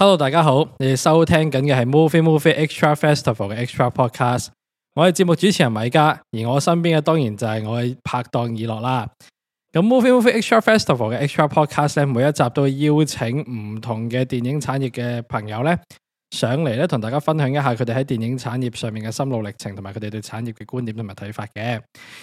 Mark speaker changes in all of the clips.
Speaker 1: hello，大家好，你哋收聽緊嘅係 Movie Movie Extra Festival 嘅 Extra Podcast，我係節目主持人米迦，而我身邊嘅當然就係我嘅拍檔以諾啦。咁 Movie Movie Extra Festival 嘅 Extra Podcast 咧，每一集都會邀請唔同嘅電影產業嘅朋友咧上嚟咧，同大家分享一下佢哋喺電影產業上面嘅心路歷程，同埋佢哋對產業嘅觀點同埋睇法嘅。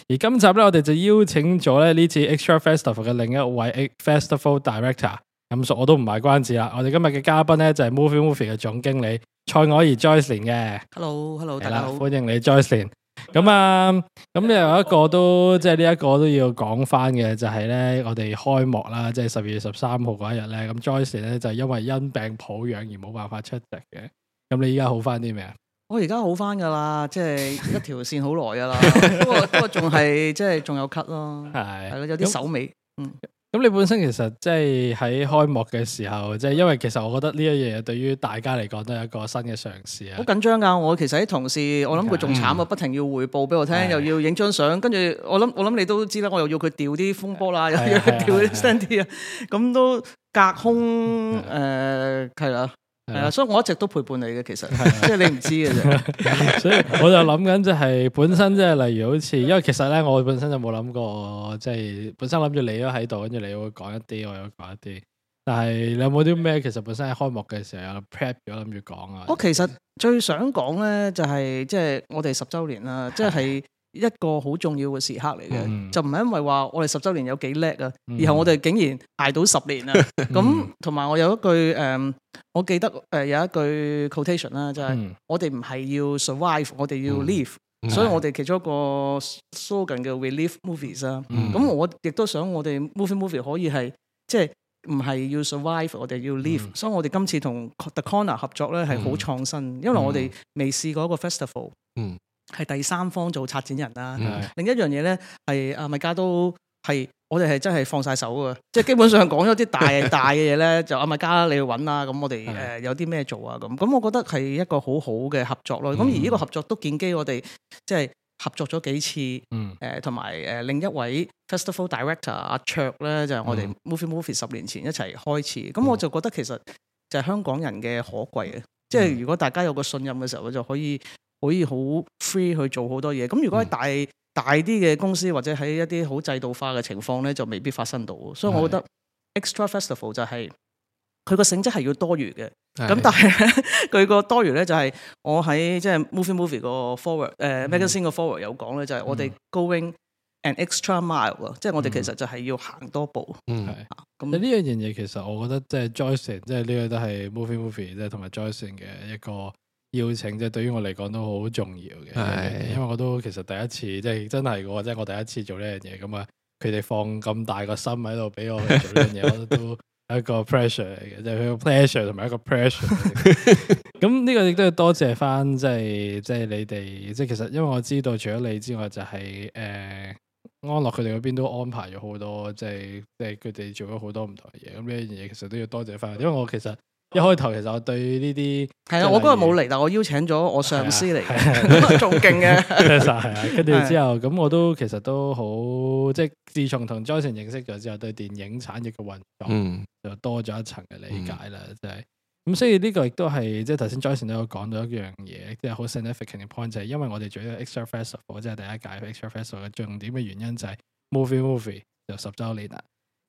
Speaker 1: 而今集咧，我哋就邀請咗咧呢次 Extra Festival 嘅另一位 Extra Festival Director。咁熟我都唔賣關子啦。我哋今日嘅嘉賓咧就係 MOViE MOViE 嘅總經理蔡靄兒 Joyce 嘅。Hello，Hello，大家好，歡迎你 Joyce。咁啊，咁又有一個都即係呢一個都要講翻嘅就係咧，我哋開幕啦，即係十二月十三號嗰一日咧，咁 Joyce 咧就因為因病抱恙而冇辦法出席嘅。咁你依家好翻啲咩啊？我而家好翻噶
Speaker 2: 啦，即係一條線好耐噶啦，不過不過仲係即係仲有咳咯，係，有啲手尾，嗯。
Speaker 1: 咁你本身其實即係喺開幕嘅時候，即係因為其實我覺得呢樣嘢對於大家嚟講都係一個新嘅嘗試啊！
Speaker 2: 好緊張㗎，我其實啲同事，我諗佢仲慘啊，不停要彙報俾我聽，嗯、又要影張相，跟住、嗯、我諗我諗你都知啦，我又要佢調啲風波啦，嗯、又要佢調啲聲啲啊，咁、啊啊啊啊、 都隔空誒，係、呃、啦。嗯係啊，所以我一直都陪伴你嘅，其實的即係你唔知嘅啫。 所以我
Speaker 1: 就諗緊，即係本身即係例如好，好似因為其實咧，我本身就冇諗過，即係本身諗住你都喺度，跟住你會講一啲，我又講一啲。但係你有冇啲咩？的其實本身喺開幕嘅時候，有 prep 咗諗住講啊？我其實最想講咧、就係，
Speaker 2: 就係即係我哋十周年啦，即係。一個好重要嘅時刻嚟嘅，嗯、就唔係因為話我哋十周年有幾叻啊，而係、嗯、我哋竟然捱到十年啊！咁同埋我有一句誒、呃，我記得誒有一句 quotation 啦、就是，就係、嗯、我哋唔係要 survive，我哋要 live、嗯。所以我哋其中一個 slogan 嘅 We live movies 啊。咁、嗯、我亦都想我哋 movie movie 可以係即係唔係要 survive，我哋要 live、嗯。所以我哋今次同 The Kongner 合作咧係好創新，嗯、因為我哋未試過一個 festival、嗯。係第三方做策展人啦，另一樣嘢咧係阿米迦都係我哋係真係放晒手嘅，即係基本上講咗啲大嘅大嘅嘢咧，就阿米迦你去揾啦，咁我哋誒有啲咩做啊咁，咁我覺得係一個好好嘅合作咯。咁而呢個合作都建基我哋即係合作咗幾次，誒同埋誒另一位 Festival Director 阿卓咧，就係我哋 Movie Movie 十年前一齊開始，咁我就覺得其實就係香港人嘅可貴嘅，即係如果大家有個信任嘅時候，我就可以。可以好 free 去做好多嘢，咁如果喺大大啲嘅公司或者喺一啲好制度化嘅情況咧，就未必發生到。所以，我覺得 extra festival 就係佢個性質係要多餘嘅。咁是的 但係咧，佢個多餘咧就係我喺即係 movie movie 個 forward，誒、呃、magazine 個 forward 有講咧，嗯、就係我哋 going an extra mile 啊，即係我哋其實就係要行多步。嗯，
Speaker 1: 嗯，嗯，係。咁你呢樣嘢其實我覺得 son, 即係 Joyce 即係呢個都係 movie movie 即係同埋 Joyce 嘅一個。邀請即係、就是，對於我嚟講都好重要嘅。的因為我都其實第一次即係、就是，真係我即係我第一次做呢樣嘢，咁啊佢哋放咁大個心喺度俾我去做呢樣嘢， 我都係一個 pressure 嚟嘅，就係個 pressure 同埋一個，個 pressure。咁呢 個亦都要多謝翻，就是，即係即係你哋，即係其實因為我知道，除咗你之外，就是，就係誒安樂佢哋嗰邊都安排咗好多，即係即係佢哋做咗好多唔同嘅嘢，咁呢樣嘢其實都要多謝翻，因為我其實。一開頭其實我對呢啲係啊，是我嗰日
Speaker 2: 冇嚟，但我邀請咗我上司嚟嘅，仲勁嘅。跟住 之後，
Speaker 1: 咁、啊、我都其實都好，啊、即係自從同 Joyce 認識咗之後，對電影產業嘅運作就多咗一層嘅理解啦，真係、嗯。咁、就係、所以呢個都係即係頭先 Joyce 都有講咗一樣嘢，即係好 significant point，就係因為我哋做呢個 Extra Festival，即真係第一屆 Extra Festival 嘅重點嘅原因就係 movie movie 就十周年啦。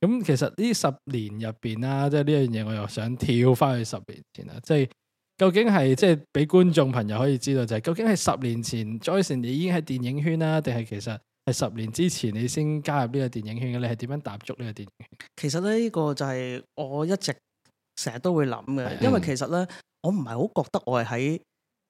Speaker 1: 咁其實呢十年入邊啦，即係呢樣嘢我又想跳翻去十年前啦，即係究竟係即係俾觀眾朋友可以知道，就係究竟係十年前 Joyce 你已經喺電影圈啦，定係其實係十年之前你先加入呢個電影圈嘅？你係點樣踏足呢個電影圈？其實呢個就係我一直成日都會
Speaker 2: 諗嘅，因為其實咧我唔係好覺得我係喺。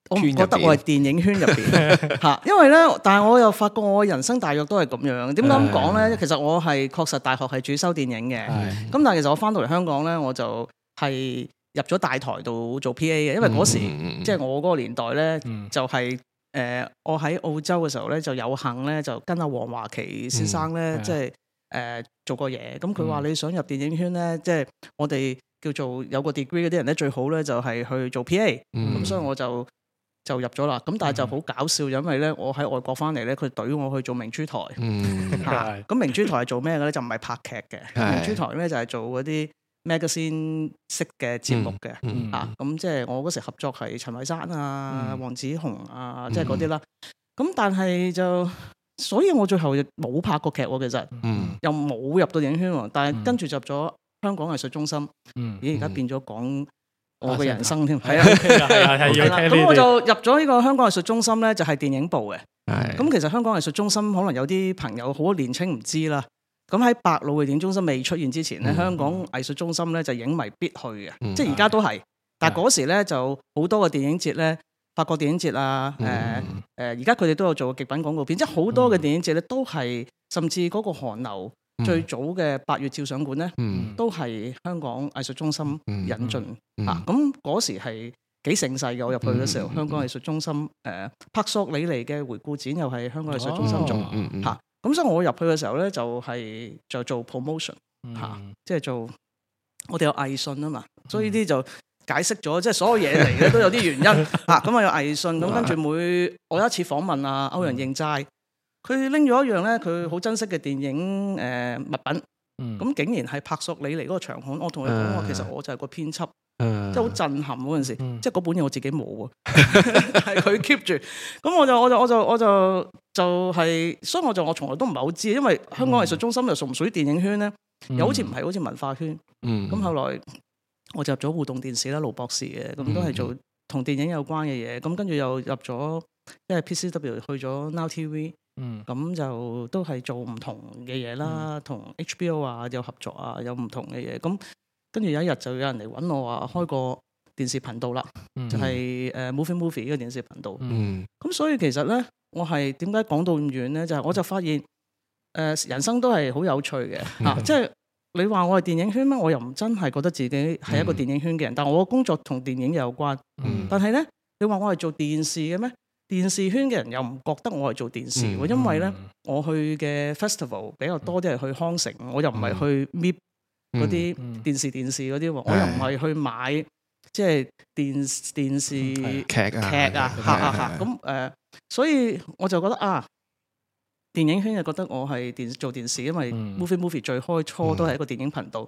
Speaker 2: 我覺得我係電影圈入邊吓， 因為咧，但係我又發覺我人生大約都係咁樣。點解咁講咧？其實我係確實大學係主修電影嘅，咁、嗯、但係其實我翻到嚟香港咧，我就係入咗大台度做 P A 嘅。因為嗰時即係、嗯、我嗰個年代咧，嗯、就係、是、誒、呃，我喺澳洲嘅時候咧，就有幸咧就跟阿黃華琪先生咧，即係誒做過嘢。咁佢話你想入電影圈咧，即、就、係、是、我哋叫做有個 degree 嗰啲人咧，最好咧就係去做 P A、嗯。咁、嗯、所以我就。就入咗啦，咁但係就好搞笑，因為咧我喺外國翻嚟咧，佢懟我去做明珠台。咁、mm, right. 啊、明珠台係做咩嘅咧？就唔係拍劇嘅，Right. 明珠台咧就係做嗰啲 magazine 式嘅節目嘅。Mm, mm, 啊，咁即係我嗰時合作係陳慧珊啊、黃、mm, 子雄啊，即係嗰啲啦。咁、mm, 但係就，所以我最後又冇拍過劇喎、啊，其實，mm, 又冇入到影圈喎。但係跟住入咗香港藝術中心，咦？而家變咗講。我嘅人生添，係啊，係啊，咁我就入咗呢個香港藝術中心咧，就係、是、電影部嘅。咁的、嗯嗯、其實香港藝術中心可能有啲朋友好年青唔知啦。咁喺百老匯電影中心未出現之前咧，香港藝術中心咧就影迷必去嘅，嗯、即係而家都係。的但係嗰時咧就好多嘅電影節咧，法國電影節啊，誒誒的，而家佢哋都有做過極品廣告片，即係好多嘅電影節咧都係，甚至嗰個韓流。最早嘅八月照相館咧，嗯、都係香港藝術中心引進、嗯嗯、啊！咁嗰時係幾盛世嘅，我入去嘅時候，嗯嗯、香港藝術中心誒柏、呃、索里尼嘅回顧展又係香港藝術中心做嚇，咁、哦嗯啊、所以我入去嘅時候咧就係、是、就做 promotion 嚇、啊，即係做我哋有藝訊啊嘛，所以呢啲就解釋咗，嗯、即係所有嘢嚟嘅都有啲原因嚇，咁、嗯、 啊有藝訊，咁跟住每我有一次訪問啊歐陽應霽。佢拎咗一樣咧，佢好珍惜嘅電影誒物品，咁、嗯、竟然係柏索里尼嗰個場刊，我同佢講話，嗯、其實我就係個編輯，嗯、即係好震撼嗰陣時，嗯、即係嗰本嘢我自己冇喎，係佢 keep 住，咁我就我就我就我就就係、是，所以我就我從來都唔係好知，因為香港藝術中心又屬唔屬於電影圈咧，嗯、又好似唔係好似文化圈，咁、嗯嗯、後來我就入咗互動電視啦，盧博士嘅咁都係做同電影有關嘅嘢，咁跟住又入咗，因為 PCW 去咗 now TV。嗯，咁就都係做唔同嘅嘢啦，同、嗯、HBO 啊有合作啊，有唔同嘅嘢。咁跟住有一日就有人嚟揾我話開個電視頻道啦，嗯、就係、是、誒、呃、Movie Movie 呢個電視頻道。嗯，咁、嗯、所以其實咧，我係點解講到咁遠咧？就係、是、我就發現誒、呃，人生都係好有趣嘅吓。即係、嗯啊就是、你話我係電影圈咩？我又唔真係覺得自己係一個電影圈嘅人，嗯、但係我工作同電影有關。嗯、但係咧，你話我係做電視嘅咩？電視圈嘅人又唔覺得我係做電視喎，因為咧我去嘅 festival 比較多啲係去康城，我又唔係去 meet 嗰啲電視電視嗰啲喎，我又唔係去買即係電電視劇劇啊嚇嚇嚇咁，誒，所以我就覺得啊～電影圈又覺得我係電做電視，因為 Movie Movie 最開初都係一個電影頻道。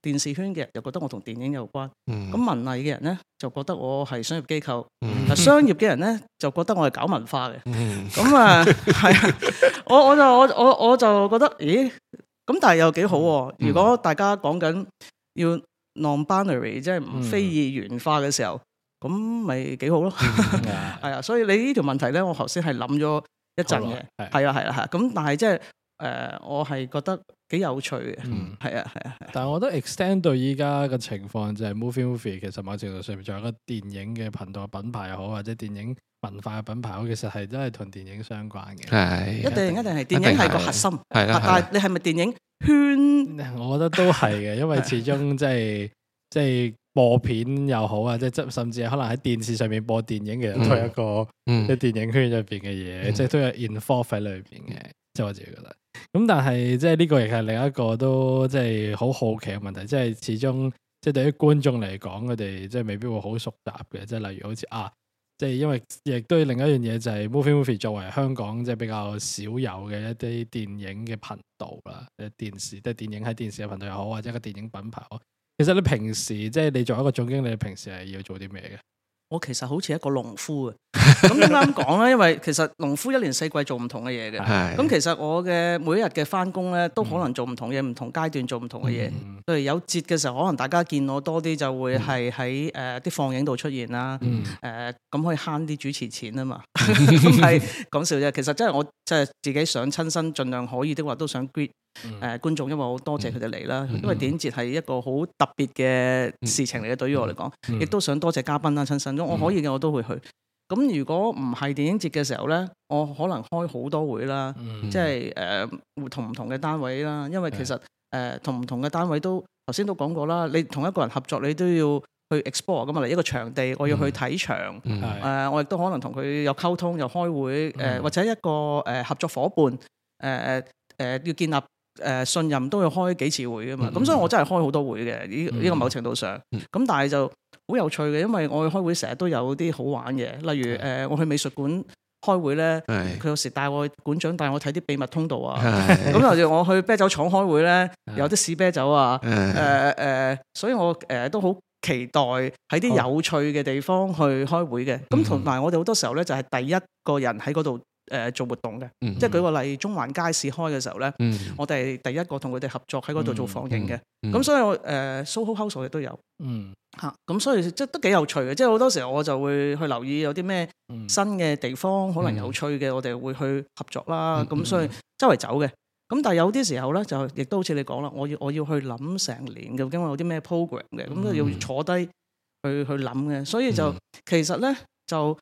Speaker 2: 電視圈嘅人又覺得我同電影有關。咁文藝嘅人咧就覺得我係商業機構。嗱，商業嘅人咧就覺得我係搞文化嘅。咁啊係啊，我我就我我我就覺得咦，咁，但係又幾好喎！如果大家講緊要 non-binary，即係唔非二元化嘅時候，咁咪幾好咯？係啊，所以你呢條問題咧，我頭先係諗咗。一陣嘅係啦係啦係，咁但係即係誒，我係覺得幾有趣嘅，係啊
Speaker 1: 係啊。但係我覺得 extend 到依家嘅情況就係 movie movie，其實某程度上面仲有一個電影嘅頻道品牌又好，或者電影文化嘅品牌好，其實係真係同電影相關嘅。係一定一定係電影係個核心。係啦。但係你係咪電影圈？我覺得都係嘅，因為始終即係即係。播片又好啊，即係甚至係可能喺電視上面播電影嘅，嗯、都係一個啲、嗯、電影圈入邊嘅嘢，嗯、即係都有 involve 喺裏邊嘅，即係、嗯、我自己覺得。咁但係即係呢個亦係另一個都即係好好奇嘅問題，即係始終即係對於觀眾嚟講，佢哋即係未必會好熟習嘅。即係例如好似啊，即係因為亦都另一樣嘢就係、是、Movie Movie 作為香港即係比較少有嘅一啲電影嘅頻道啦，誒電視即係電影喺電視嘅頻道又好，或者一個電影品牌好。其實你平時即係你作為一個總經理，平時係要做啲咩嘅？我其實好似一個農夫啊！咁點解講咧？因為
Speaker 2: 其實農夫一年四季做唔同嘅嘢嘅。咁 其實我嘅每一日嘅翻工咧，都可能做唔同嘢，唔同、嗯、階段做唔同嘅嘢。如、嗯、有節嘅時候，可能大家見我多啲，就會係喺誒啲放映度出現啦。誒，咁可以慳啲主持錢啊嘛？係講笑啫。其實真係我即係自己想親身，盡量可以的話都想。誒、呃，觀眾，因為我多謝佢哋嚟啦，嗯、因為電影節係一個好特別嘅事情嚟嘅，嗯、對於我嚟講，亦、嗯、都想多謝嘉賓啦，親身。咁我可以嘅，我都會去。咁、嗯、如果唔係電影節嘅時候咧，我可能開好多會啦，嗯、即係誒、呃，同唔同嘅單位啦。因為其實誒是的、呃，同唔同嘅單位都頭先都講過啦。你同一個人合作，你都要去 explore 咁嘛，嚟一個場地，我要去睇場。誒、嗯，我亦都可能同佢有溝通，有開會。誒、呃呃，或者一個誒合作伙伴，誒誒誒，要建立。誒、呃，信任都要開幾次會噶嘛，咁、mm hmm. 所以我真係開好多會嘅，呢呢個某程度上，咁、mm hmm. 但係就好有趣嘅，因為我去開會成日都有啲好玩嘅，例如誒、呃，我去美術館開會咧，佢、mm hmm. 有時帶我去館長帶我睇啲秘密通道啊，咁頭先我去啤酒廠開會咧，有啲試啤酒啊，誒誒、mm hmm. 呃呃，所以我誒、呃、都好期待喺啲有趣嘅地方去開會嘅，咁同埋我哋好多時候咧就係第一個人喺嗰度。Hmm. Mm hmm. 誒做活動嘅，即係舉個例，中環街市開嘅時候咧，我哋第一個同佢哋合作喺嗰度做放映嘅，咁所以我誒 Soho House 亦都有，嚇，咁所以即係都幾有趣嘅，即係好多時候我就會去留意有啲咩新嘅地方可能有趣嘅，我哋會去合作啦。咁所以周圍走嘅，咁但係有啲時候咧就亦都好似你講啦，我要我要去諗成年究竟有啲咩 program 嘅，咁都要坐低去去諗嘅，所以就其實咧就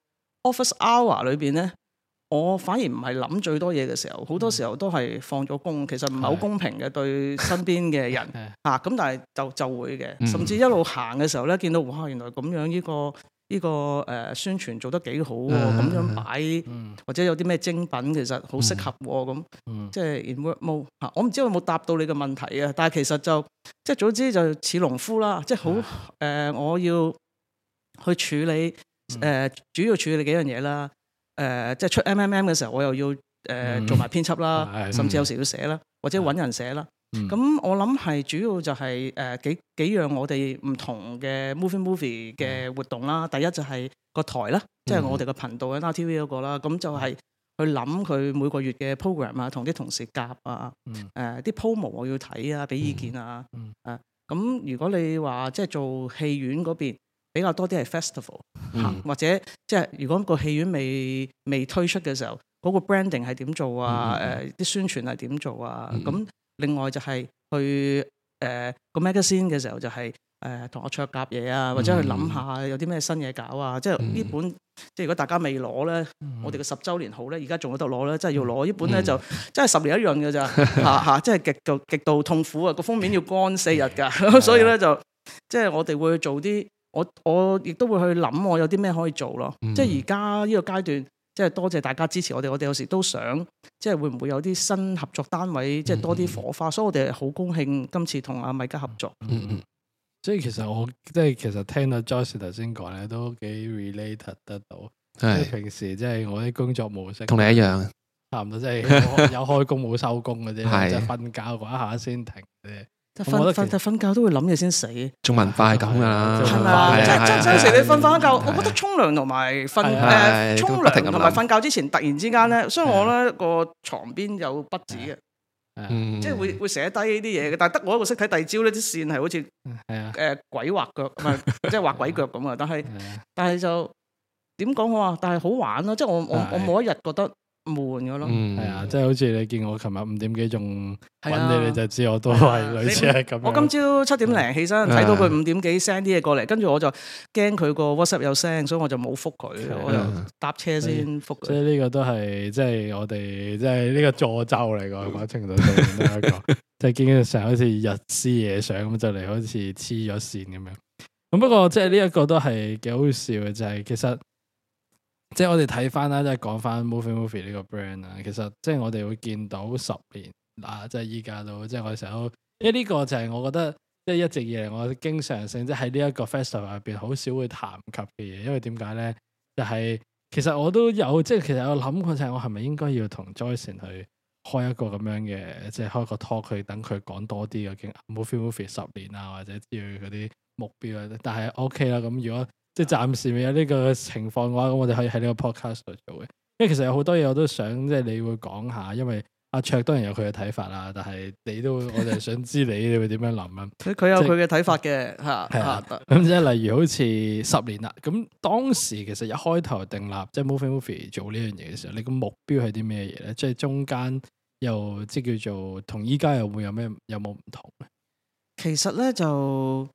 Speaker 2: office hour 裏邊咧。我反而唔係諗最多嘢嘅時候，好多時候都係放咗工。其實唔係好公平嘅是的 對身邊嘅人嚇，咁是的、啊、但係就就會嘅。甚至一路行嘅時候咧，見到哇原來咁樣呢個依、呢個誒、呃、宣傳做得幾好喎，咁是的 樣擺或者有啲咩精品其實好適合喎咁，即係 i n w 我唔知我有冇答到你嘅問題啊？但係其實就即係早知就似農夫啦，即係好誒，我是的、呃呃呃、要去處理誒、呃、主要處理幾樣嘢啦。誒、呃、即係出 MMM 嘅時候，我又要誒、呃、做埋編輯啦， 甚至有時要寫啦，或者揾人寫啦。咁、嗯呃、我諗係主要就係誒幾幾樣我哋唔同嘅 Movie Movie 嘅活動啦。第一就係個台啦，即係、嗯、我哋嘅頻道喺 RTV 嗰個啦。咁就係去諗佢每個月嘅 program 啊，同啲同事夾啊。誒、呃、啲 promo 我要睇啊，俾意見啊。誒咁如果你話即係做戲院嗰邊，比較多啲係 festival，或者即係如果個戲院未未推出嘅時候，嗰個 branding 係點做啊？誒，啲宣傳係點做啊？咁另外就係去誒個 magazine 嘅時候，就係誒同我撮夾嘢啊，或者去諗下有啲咩新嘢搞啊？即係呢本，即係如果大家未攞咧，我哋嘅十周年好咧，而家仲喺度攞咧，真係要攞呢本咧，就真係十年一樣嘅咋吓吓，即係極度極度痛苦啊！個封面要乾四日噶，所以咧就即係我哋會做啲。我我亦都會去諗，我有啲咩可以做咯。嗯、即係而家呢個階段，即係多謝大家支持我哋。我哋有時都想，即係會唔會有啲新合作單位，即係多啲火花。嗯嗯，所以我
Speaker 1: 哋好高興今次同阿米迦合作。嗯嗯，所以其實我即係其實聽到 Joyce 頭先講咧，都幾 related 得到。即係平時即係我啲工作模式同你一樣，差唔多，即係有開工冇收工嗰啲， 就瞓覺嗰一下先停的瞓瞓
Speaker 2: 瞓覺都會諗嘢先死，
Speaker 3: 做文化係咁噶啦，係咪啊？即係即係有時你瞓
Speaker 2: 翻覺，我覺得沖涼同埋瞓誒，沖涼同埋瞓覺之前突然之間咧，雖然我咧個床邊有筆紙嘅，
Speaker 4: 即係
Speaker 2: 會會寫低呢啲嘢嘅，但係得我一個識睇第二朝咧，啲線係好似係啊，誒鬼畫腳咁啊，即係畫鬼腳咁啊，但係但係就點講好啊？但係好玩咯，即係我我我冇一日覺得。悶嘅咯，
Speaker 1: 係啊，即係好似你見我琴日五點幾仲搵你，你就知我都係類似係咁樣。我今
Speaker 2: 朝七點零起身，睇、嗯、到佢五點幾 send 啲嘢過嚟，跟住我就驚佢個 WhatsApp 有聲所以我就冇覆佢，啊、我就搭車先覆佢。即係呢個
Speaker 1: 都係即係我哋即係呢個助咒嚟嘅，喺、嗯、程度上面呢一個，即係 經常好似日思夜想咁就嚟，好似黐咗線咁樣。咁不過即係呢一個都係幾好笑嘅，就係、是、其實。即係我哋睇翻啦，即係講翻 MOViE MOViE 呢個 brand 啦。其實即係我哋會見到十年嗱，即係而家都，即係我哋成日都，因為呢個就係我覺得即係一直以嚟我經常性即係喺呢一個 festival 入邊好少會談及嘅嘢。因為點解咧？就係、是、其實我都有即係，其實我諗過就係我係咪應該要同 Joyce 去開一個咁樣嘅，即係開個 talk 去等佢講多啲嘅 MOViE MOViE 十年啊，或者之類啲目標啊。但係 OK 啦，咁如果。即係暫時未有呢個情況嘅話，咁我哋可以喺呢個 Podcast 度做嘅。因為其實有好多嘢我都想，即係你會講下。因為阿卓當然有佢嘅睇法啦，但係你都，我就係想知你你會點樣諗啊？佢有佢
Speaker 2: 嘅睇法嘅，吓係
Speaker 1: 啊。咁、啊、即係例如好似十年啦，咁 當時其實一開頭訂立即係 MOViE MOViE 做呢樣嘢嘅時候，你個目標係啲咩嘢咧？即係中間又即叫做同依家又會有咩有冇唔同咧？其實咧
Speaker 2: 就誒、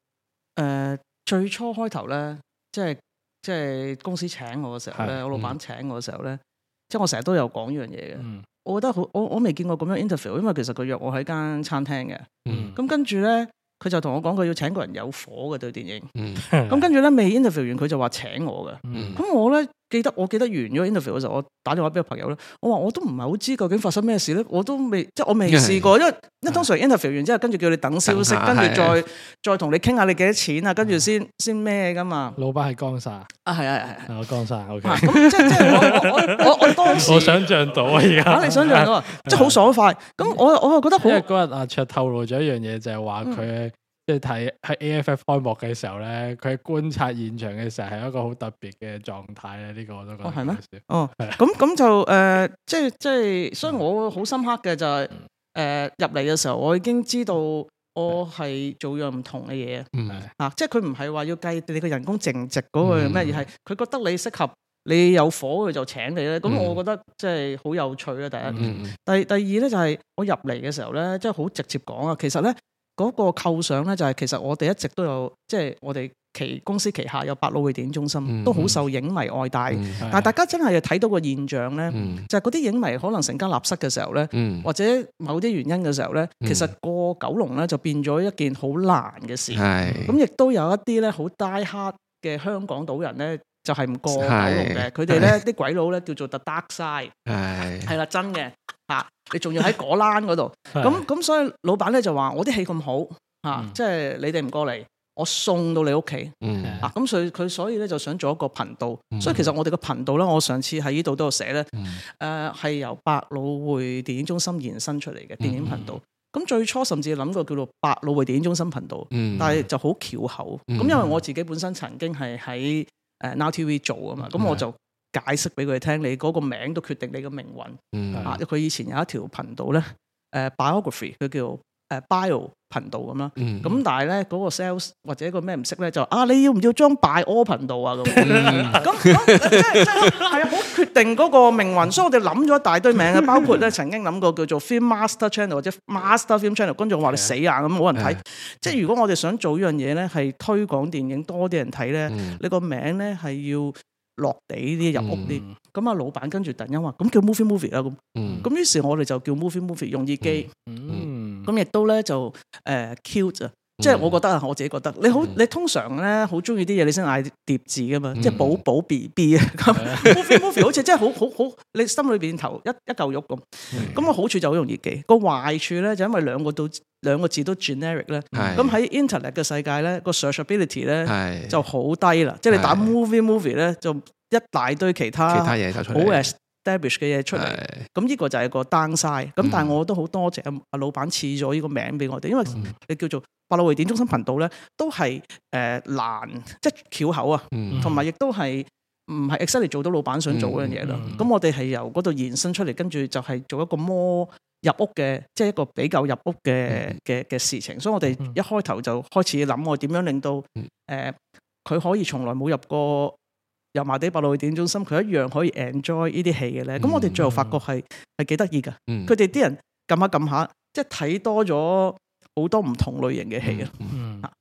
Speaker 2: 呃、最初開頭咧。即係即係公司請我嘅時候咧，嗯、我老闆請我嘅時候咧，即係我成日都有講呢樣嘢嘅。嗯、我覺得好我我未見過咁樣 interview，因為其實佢約我喺間餐廳嘅。咁、嗯、跟住咧，佢就同我講佢要請個人有火嘅，對電影。咁、嗯、 跟住咧，未 interview 完佢就話請我嘅。咁、嗯、我咧。記得，我記得完咗 interview 嗰陣，我打電話俾個朋友咧，我話我都唔係好知究竟發生咩事咧，我都未即係我未試過，因為因為通常 interview 完之後，跟住叫你等消息，跟住再再同你傾下你幾多錢啊，跟住先先咩噶嘛。老闆係江曬啊，係係係係，我江晒，OK。咁即即我我我當時我想像到啊，而家你想像到啊，即係好
Speaker 1: 爽快。咁我我又覺得好，因為嗰日阿卓透露咗一樣嘢，就係話佢。即係睇喺 AFF 開幕嘅時候咧，佢喺觀察現場嘅時候係一個好特別嘅狀態咧。呢、這個我都覺得係咩？哦，咁咁、 哦、就
Speaker 2: 誒、呃，即係即係，所以我好深刻嘅就係誒入嚟嘅時候，我已經知道我係做咗唔同嘅嘢啊！的啊，即係佢唔係話要計你嘅人工淨值嗰個咩，的而係佢覺得你適合你有火，佢就請你咧。咁的、嗯、我覺得即係好有趣啊！第一，第、嗯、第二咧就係、是、我入嚟嘅時候咧，即係好直接講啊！其實咧。嗰個構想咧就係其實我哋一直都有，即、就、係、是、我哋旗公司旗下有百老匯電影中心，嗯、都好受影迷愛戴。嗯、但係大家真係睇到個現象咧，就係嗰啲影迷可能成家立室嘅時候咧，嗯、或者某啲原因嘅時候咧，嗯、其實過九龍咧就變咗一件好難嘅事。咁亦都有一啲咧好 d 黑嘅香港島人咧，就係唔過九龍嘅。佢哋咧啲鬼佬咧叫做特 h e Dark Side，係啦、哎、真嘅。真吓，你仲要喺果欄嗰度，咁咁 是所以老闆咧就話我啲戲咁好，吓、 啊，即係你哋唔過嚟，我送到你屋企， 啊，咁所以佢所以咧就想做一個頻道， 所以其實我哋嘅頻道咧，我上次喺呢度都有寫咧，誒、呃、係由百老匯電影中心延伸出嚟嘅電影頻道，咁、 啊、最初甚至諗過叫做百老匯電影中心頻道，但係就好拗口，咁、 啊、 因為我自己本身曾經係喺誒 now TV 做啊嘛，咁我就。 解釋俾佢哋聽，你嗰個名都決定你個命運。啊，佢以前有一條頻道咧，誒，biography，佢叫誒 bio 頻道咁啦。咁但係咧，嗰個 sales 或者個咩唔識咧，就啊，你要唔要將 bio 頻道啊咁？咁咁即係啊，好決定嗰個命運。所以我哋諗咗一大堆名嘅，包括咧，曾經諗過叫做 film master channel 或者 master film channel，觀眾話你死硬咁，冇人睇。即係如果我哋想做一樣嘢咧，係推廣電影多啲人睇咧，你個名咧係要。落地啲入屋啲，咁、嗯、mo 啊老闆跟住突然間話，咁叫 movie movie 啦，咁咁於是，我哋就叫 movie movie 用耳機，咁、嗯嗯嗯、亦都咧就誒、uh, cute 啊，嗯、即係我覺得啊，我自己覺得你好，你通常咧好中意啲嘢，你先嗌疊字噶嘛，即係寶寶 B B 啊，咁 movie movie 好似真係好好好，好，好，你心裏邊頭一一嚿肉咁，咁個、嗯、好處就好容易記，個壞處咧就因為兩個都。兩個字都 generic 咧是，咁喺 internet 嘅世界咧，個 searchability 咧就好低啦。是即係你打 mo movie movie 咧，就一大堆其他其他嘢出嚟，好 establish 嘅嘢出嚟。咁呢個就係個 downside、嗯。咁但係我都好多謝阿阿老闆賜咗呢個名俾我哋，因為你叫做百老匯電中心頻道咧，都係誒、呃、難即係巧口啊，同埋亦都係唔係 exactly 做到老闆想做嗰樣嘢啦。咁、嗯、我哋係由嗰度延伸出嚟，跟住就係做一個 more 入屋嘅，即係一個比較入屋嘅嘅嘅事情，所以我哋一開頭就開始諗我點樣令到誒佢、嗯呃、可以從來冇入過油麻地百老匯電影中心，佢一樣可以 enjoy 呢啲戲嘅咧。咁、嗯、我哋最後發覺係係幾得意噶，佢哋啲人撳下撳下，即係睇多咗
Speaker 1: 好多唔同類型嘅戲啊。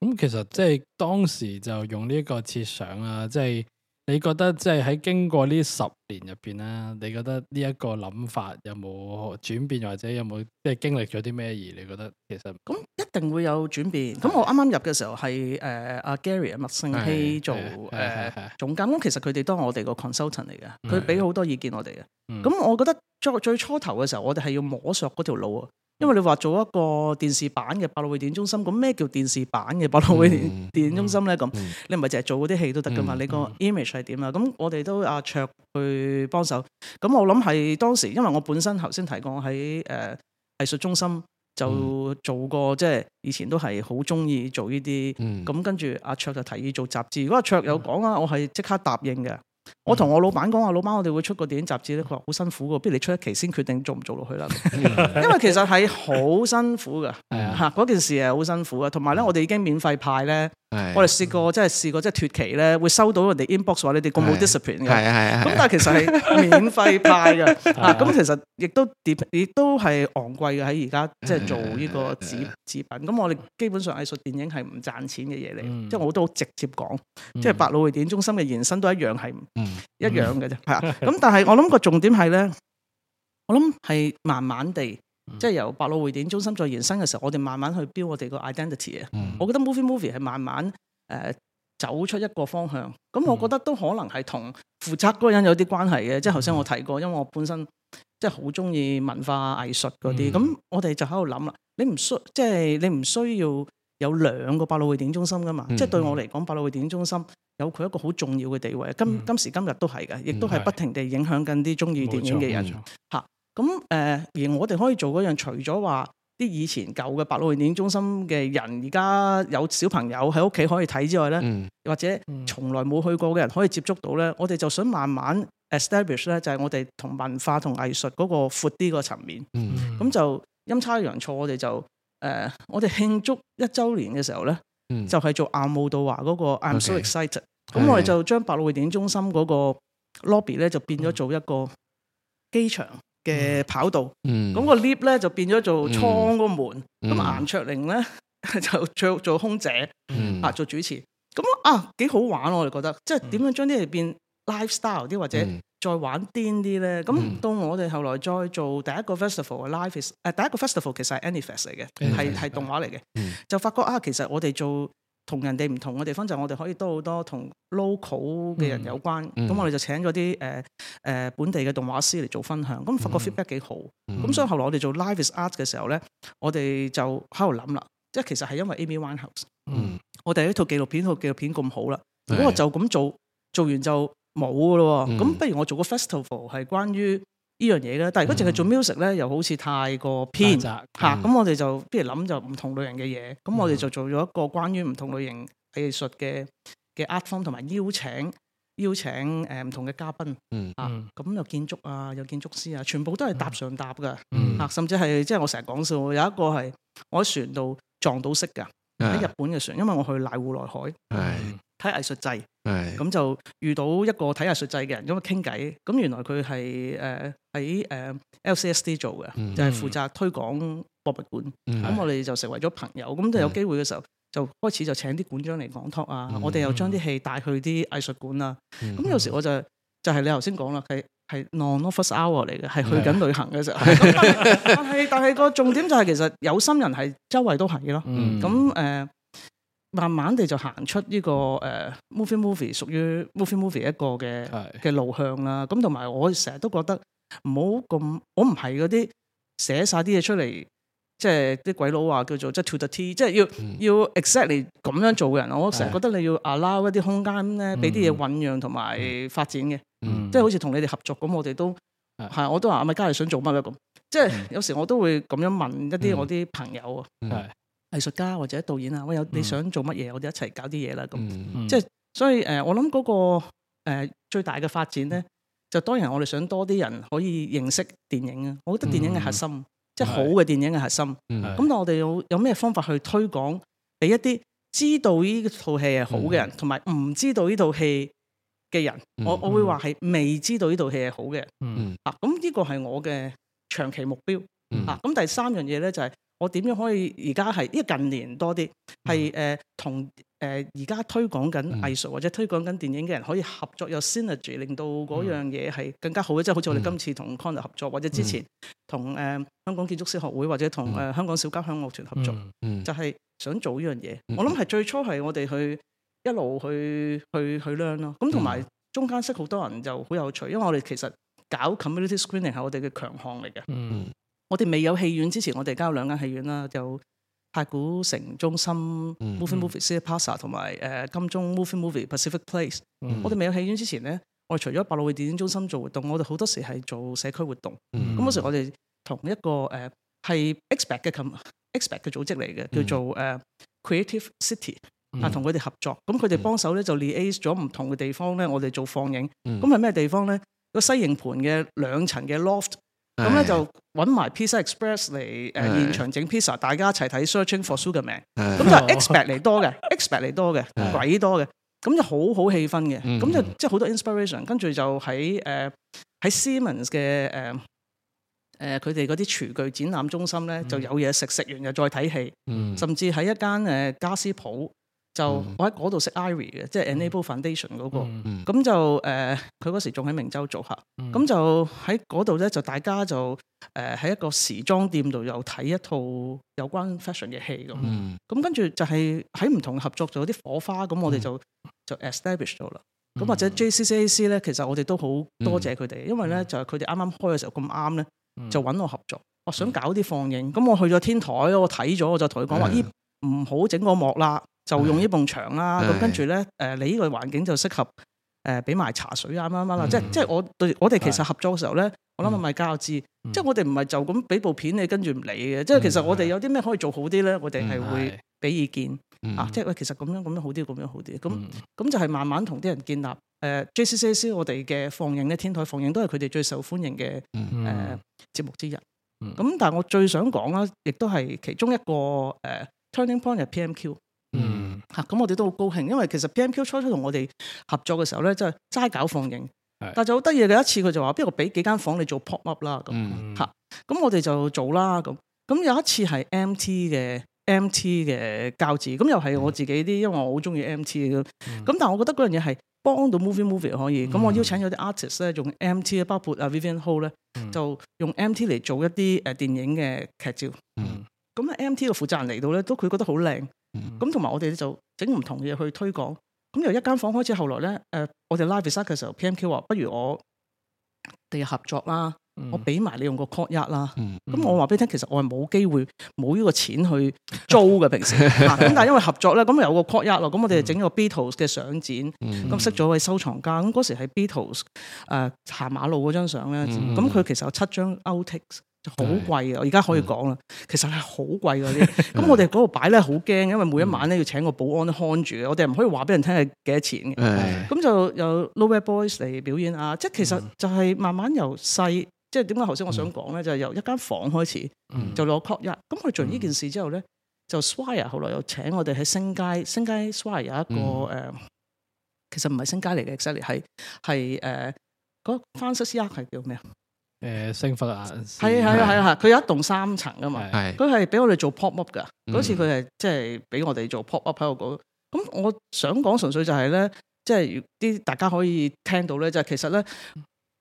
Speaker 1: 咁其實即係當時就用呢一個設想啊，即係。你覺得即係喺經過呢十年入邊啦，你覺得呢一個諗法有冇轉變，或者有冇即係經歷咗啲咩嘢？你覺得其實咁一定會有轉變。咁是我啱啱入嘅時候係誒阿 Gary 啊麥聖希
Speaker 2: 做誒總監。咁其實佢哋當我哋個 consultant 嚟嘅，佢俾好多意見我哋嘅。咁是我覺得在最初頭嘅時候，我哋係要摸索嗰條路啊。因為你話做一個電視版嘅百老匯電影中心，咁咩叫電視版嘅百老匯電、嗯、電影中心咧？咁、嗯、你唔係淨係做嗰啲戲都得噶嘛？嗯、你個 image 係點、嗯、啊？咁我哋都阿卓去幫手。咁我諗係當時，因為我本身頭先提過喺誒、呃、藝術中心就做過，即係、嗯、以前都係好中意做呢啲。咁跟住阿卓就提議做雜誌。如果阿、啊、卓有講啦，嗯、我係即刻答應嘅。 我同我老闆講話，老闆我哋會出個電影雜誌咧，佢話好辛苦噶不如你出一期先決定做唔做落去啦。 因為其實係好辛苦噶吓嗰 件事係好辛苦啊，同埋咧我哋已經免費派咧。 我哋試過，過，即係試過，即係脫期咧，會收到人哋 inbox 話你哋咁冇 discipline 嘅？係啊係啊。咁但係其實係免費派嘅，啊，咁其實亦都點亦都係昂貴嘅喺而家，即係做呢個紙紙品。咁我哋基本上藝術電影係唔賺錢嘅嘢嚟，即係、嗯、我都好直接講，即係百老匯電影中心嘅延伸都一樣係，一樣嘅啫。係啊，咁但係我諗個重點係咧，我諗係慢慢地。即係由百老匯電影中心再延伸嘅時候，我哋慢慢去標我哋個 identity 啊！我覺得 movie movie 係慢慢誒走出一個方向。咁我覺得都可能係同負責嗰個人有啲關係嘅。即係頭先我提過，因為我本身即係好中意文化藝術嗰啲。咁我哋就喺度諗啦，你唔需即係你唔需要有兩個百老匯電影中心㗎嘛？即係對我嚟講，百老匯電影中心有佢一個好重要嘅地位。今今時今日都係嘅，亦都係不停地影響緊啲中意電影嘅人嚇。咁誒，嗯嗯、而我哋可以做嗰樣，除咗話啲以前舊嘅百老匯電影中心嘅人，而家有小朋友喺屋企可以睇之外咧，嗯、或者從來冇去過嘅人可以接觸到咧，我哋就想慢慢 establish 咧，就係、是、我哋同文化同藝術嗰個闊啲個層面。咁、嗯嗯、就陰差陽錯我哋就誒、呃、我哋慶祝一周年嘅時候咧，嗯、就係做阿慕道華嗰個 I'm okay, so excited okay,、嗯。咁我哋就將百老匯電影中心嗰個 lobby 咧，就變咗做一個機場。嘅跑道，咁、嗯、個 lift 咧就變咗做倉嗰個門，咁阿顏卓玲咧就做做空姐，
Speaker 4: 嗯、
Speaker 2: 啊做主持，咁、嗯、啊幾好玩，啊、我哋覺得，即係點樣將啲嘢變 lifestyle 啲或者再玩癲啲咧，咁、嗯、到我哋後來再做第一個 festival 嘅 life is 誒、呃，第一個 festival 其實係 AnyFest 嚟嘅，係係動畫嚟嘅，嗯、就發覺啊，其實我哋做。人同人哋唔同嘅地方就係、是、我哋可以多好多同 local 嘅人有關。咁、嗯嗯、我哋就請咗啲誒誒本地嘅動畫師嚟做分享，咁發覺 feedback 幾好，咁、嗯、所以後來我哋做 Live is Art 嘅時候咧，嗯、我哋就喺度諗啦，即係其實係因為 Amy Winehouse，、嗯、我哋呢套紀錄片套紀錄片咁好啦，如果、嗯、就咁做做完就冇噶咯，咁、嗯、不如我做個 festival 係關於。呢樣嘢啦，但係如果淨係做 music 咧，又好似太過偏嚇，咁、嗯、我哋就，就不如諗就唔同類型嘅嘢，咁、嗯、我哋就做咗一個關於唔同類型藝術嘅嘅 art form 同埋邀請，邀請誒唔同嘅嘉賓、嗯、是啊，咁有建築啊，有建築師啊，全部都係搭上搭噶，啊、嗯，甚至係即係我成日講笑，有一個係我喺船度撞到識㗎，喺、嗯、日本嘅船，因為我去瀨戶內海。嗯睇藝術祭，咁就遇到一個睇藝術祭嘅人，咁啊傾偈，咁原來佢係誒喺誒 LCSD 做嘅，就係負責推廣博物館。咁我哋就成為咗朋友，咁就有機會嘅時候就開始就請啲館長嚟講 talk 啊，我哋又將啲戲帶去啲藝術館啊。咁有時我就就係你頭先講啦，係係 non office hour 嚟嘅，係去緊旅行嘅時候。但係但係個重點就係其實有心人係周圍都係咯。咁誒。慢慢地就行出呢個誒，movie movie 屬於 movie movie 一個嘅嘅是的 路向啦。咁同埋我成日都覺得唔好咁，我唔係嗰啲寫晒啲嘢出嚟，即係啲鬼佬話叫做即係 to the t，即係要、嗯、要 exactly 咁樣做嘅人。我成日覺得你要 allow 一啲空間咧，俾啲嘢醞釀同埋發展嘅，嗯、即係好似同你哋合作咁，我哋都係、嗯，我都話阿米迦係想做乜咧咁。即係有時我都會咁樣問一啲我啲朋友啊。嗯嗯嗯藝術家或者導演啊，我有你想做乜嘢，我哋一齊搞啲嘢啦，咁即係所以誒，我諗嗰個誒最大嘅發展咧，就當然我哋想多啲人可以認識電影啊。我覺得電影嘅核心，即係、mm hmm. 好嘅電影嘅核心。咁但、mm hmm. 我哋有有咩方法去推廣俾一啲知道呢套戲係好嘅人，同埋唔知道呢套戲嘅人。Mm hmm. 我我會話係未知道呢套戲係好嘅人。Mm hmm. 啊，咁呢個係我嘅長期目標。啊，咁第三樣嘢咧就係。我點樣可以而家係？因為近年多啲係誒同誒而家推廣緊藝術、嗯、或者推廣緊電影嘅人可以合作有 synergy，令到嗰樣嘢係更加好。即係、嗯、好似我哋今次同 Connor 合作，或者之前同誒、呃、香港建築師學會或者同誒、呃、香港小交響樂團合作，嗯嗯、就係想做依樣嘢。嗯、我諗係最初係我哋去一路去去去，去 learn 咯。咁同埋中間識好多人就好有趣，因為我哋其實搞 community screening 係我哋嘅強項嚟嘅。嗯我哋未有戲院之前，我哋加咗兩間戲院啦，有太古城中心 Movie Movie Cityplaza 同埋誒金鐘 Movie Movie Pacific Place。我哋未有戲院之前咧，我哋除咗百老匯電影中心做活動，我哋好多時係做社區活動。咁嗰時我哋同一個誒係 Xpect 嘅 Xpect 嘅組織嚟嘅，叫做誒 Creative City 啊，同佢哋合作。咁佢哋幫手咧就 liaise 咗唔同嘅地方咧，我哋做放映。咁係咩地方咧？個西營盤嘅兩層嘅 loft。咁咧就揾埋 Pizza Express 嚟誒現場整 pizza，大家一齊睇 Searching for Sugar Man。咁就 Expect 嚟多嘅，Expect 嚟多嘅，鬼多嘅，咁就好好氣氛嘅。咁就即係好多 inspiration。跟住就喺誒喺 Siemens 嘅誒誒佢哋嗰啲廚具展覽中心咧，就有嘢食，食完又再睇戲。甚至喺一間誒家私鋪。就我喺嗰度識 Ivy 嘅，即係 Enable Foundation 嗰個，咁就誒佢嗰時仲喺明州做客，咁就喺嗰度咧就大家就誒喺一個時裝店度又睇一套有關 fashion 嘅戲咁，咁跟住就係喺唔同合作就有啲火花，咁我哋就就 establish 咗啦。咁或者 JCCAC 咧，其實我哋都好多謝佢哋，因為咧就係佢哋啱啱開嘅時候咁啱咧，就揾我合作，我想搞啲放映，咁我去咗天台我睇咗，我就同佢講話，咦唔好整個幕啦。就用呢埲牆啦，咁跟住咧，誒你呢個環境就適合誒俾埋茶水啊，啱啱啦，即係即係我對我哋其實合作嘅時候咧，我諗係咪交資，即係我哋唔係就咁俾部片你跟住唔嚟嘅，即係其實我哋有啲咩可以做好啲咧，我哋係會俾意見啊，即係喂，其實咁樣咁樣好啲，咁樣好啲，咁咁就係慢慢同啲人建立誒 JCC 我哋嘅放映咧，天台放映都係佢哋最受歡迎嘅誒節目之一。咁但係我最想講啦，亦都係其中一個誒 Turning Point 嘅 PMQ。嗯吓、咁、啊、我哋都好高興，因為其實 P M Q 初初同我哋合作嘅時候咧，真係齋搞放映，是但就好得意嘅一次，佢就話不如我俾幾間房你做 pop up 啦咁吓，咁、嗯啊、我哋就做啦咁。咁、啊、有一次係 M T 嘅 M T 嘅膠紙，咁又係我自己啲，因為我好中意 M T 嘅。咁、嗯、但係我覺得嗰樣嘢係幫到 movie movie 可以。咁、嗯、我邀請咗啲 artist 咧，用 M T 咧，包括阿 Vivian Ho 咧，嗯、就用 M T 嚟做一啲誒電影嘅劇照。咁咧、嗯嗯、M T 嘅負責人嚟到咧，都佢覺得好靚。咁、嗯、同埋我哋就整唔同嘢去推廣，咁由一間房開始，後來咧，誒、呃，我哋 live s h 嘅時候，P M Q 話不如我哋合作啦，嗯、我俾埋你用個 code 一啦，咁、嗯、我話俾你聽，其實我係冇機會冇呢個錢去租嘅平時，咁、 啊、但係因為合作咧，咁有個 code 一咯，咁我哋整個 Beatles 嘅相展，咁識咗位收藏家，咁嗰時係 Beatles 誒、呃、行馬路嗰張相咧，咁佢其實有七張 o u t t a 好貴啊！我而家可以講啦，其實係好貴嗰啲。咁我哋嗰度擺咧，好驚，因為每一晚咧要請個保安看住嘅。我哋唔可以話俾人聽係幾多錢嘅。咁的就由 Lower Boys 嚟表演啊！即係其實就係慢慢由細，即係點解頭先我想講咧，就係、係、由一間房間開始就一，就攞確入。咁佢做完呢件事之後咧，就 Swire 後來又請我哋喺星街，星街 Swire 有一個誒、嗯，其實唔係星街嚟嘅，actually e 係係嗰 French 係叫咩啊？
Speaker 1: 誒，升幅啊，係啊係啊係
Speaker 2: 啊，佢有一棟三層噶嘛，佢係俾我哋做 pop up 噶,嗰次佢係即係俾我哋做 pop up 喺度嗰，咁我想講純粹就係、是、咧，即係啲大家可以聽到咧，就係、是、其實咧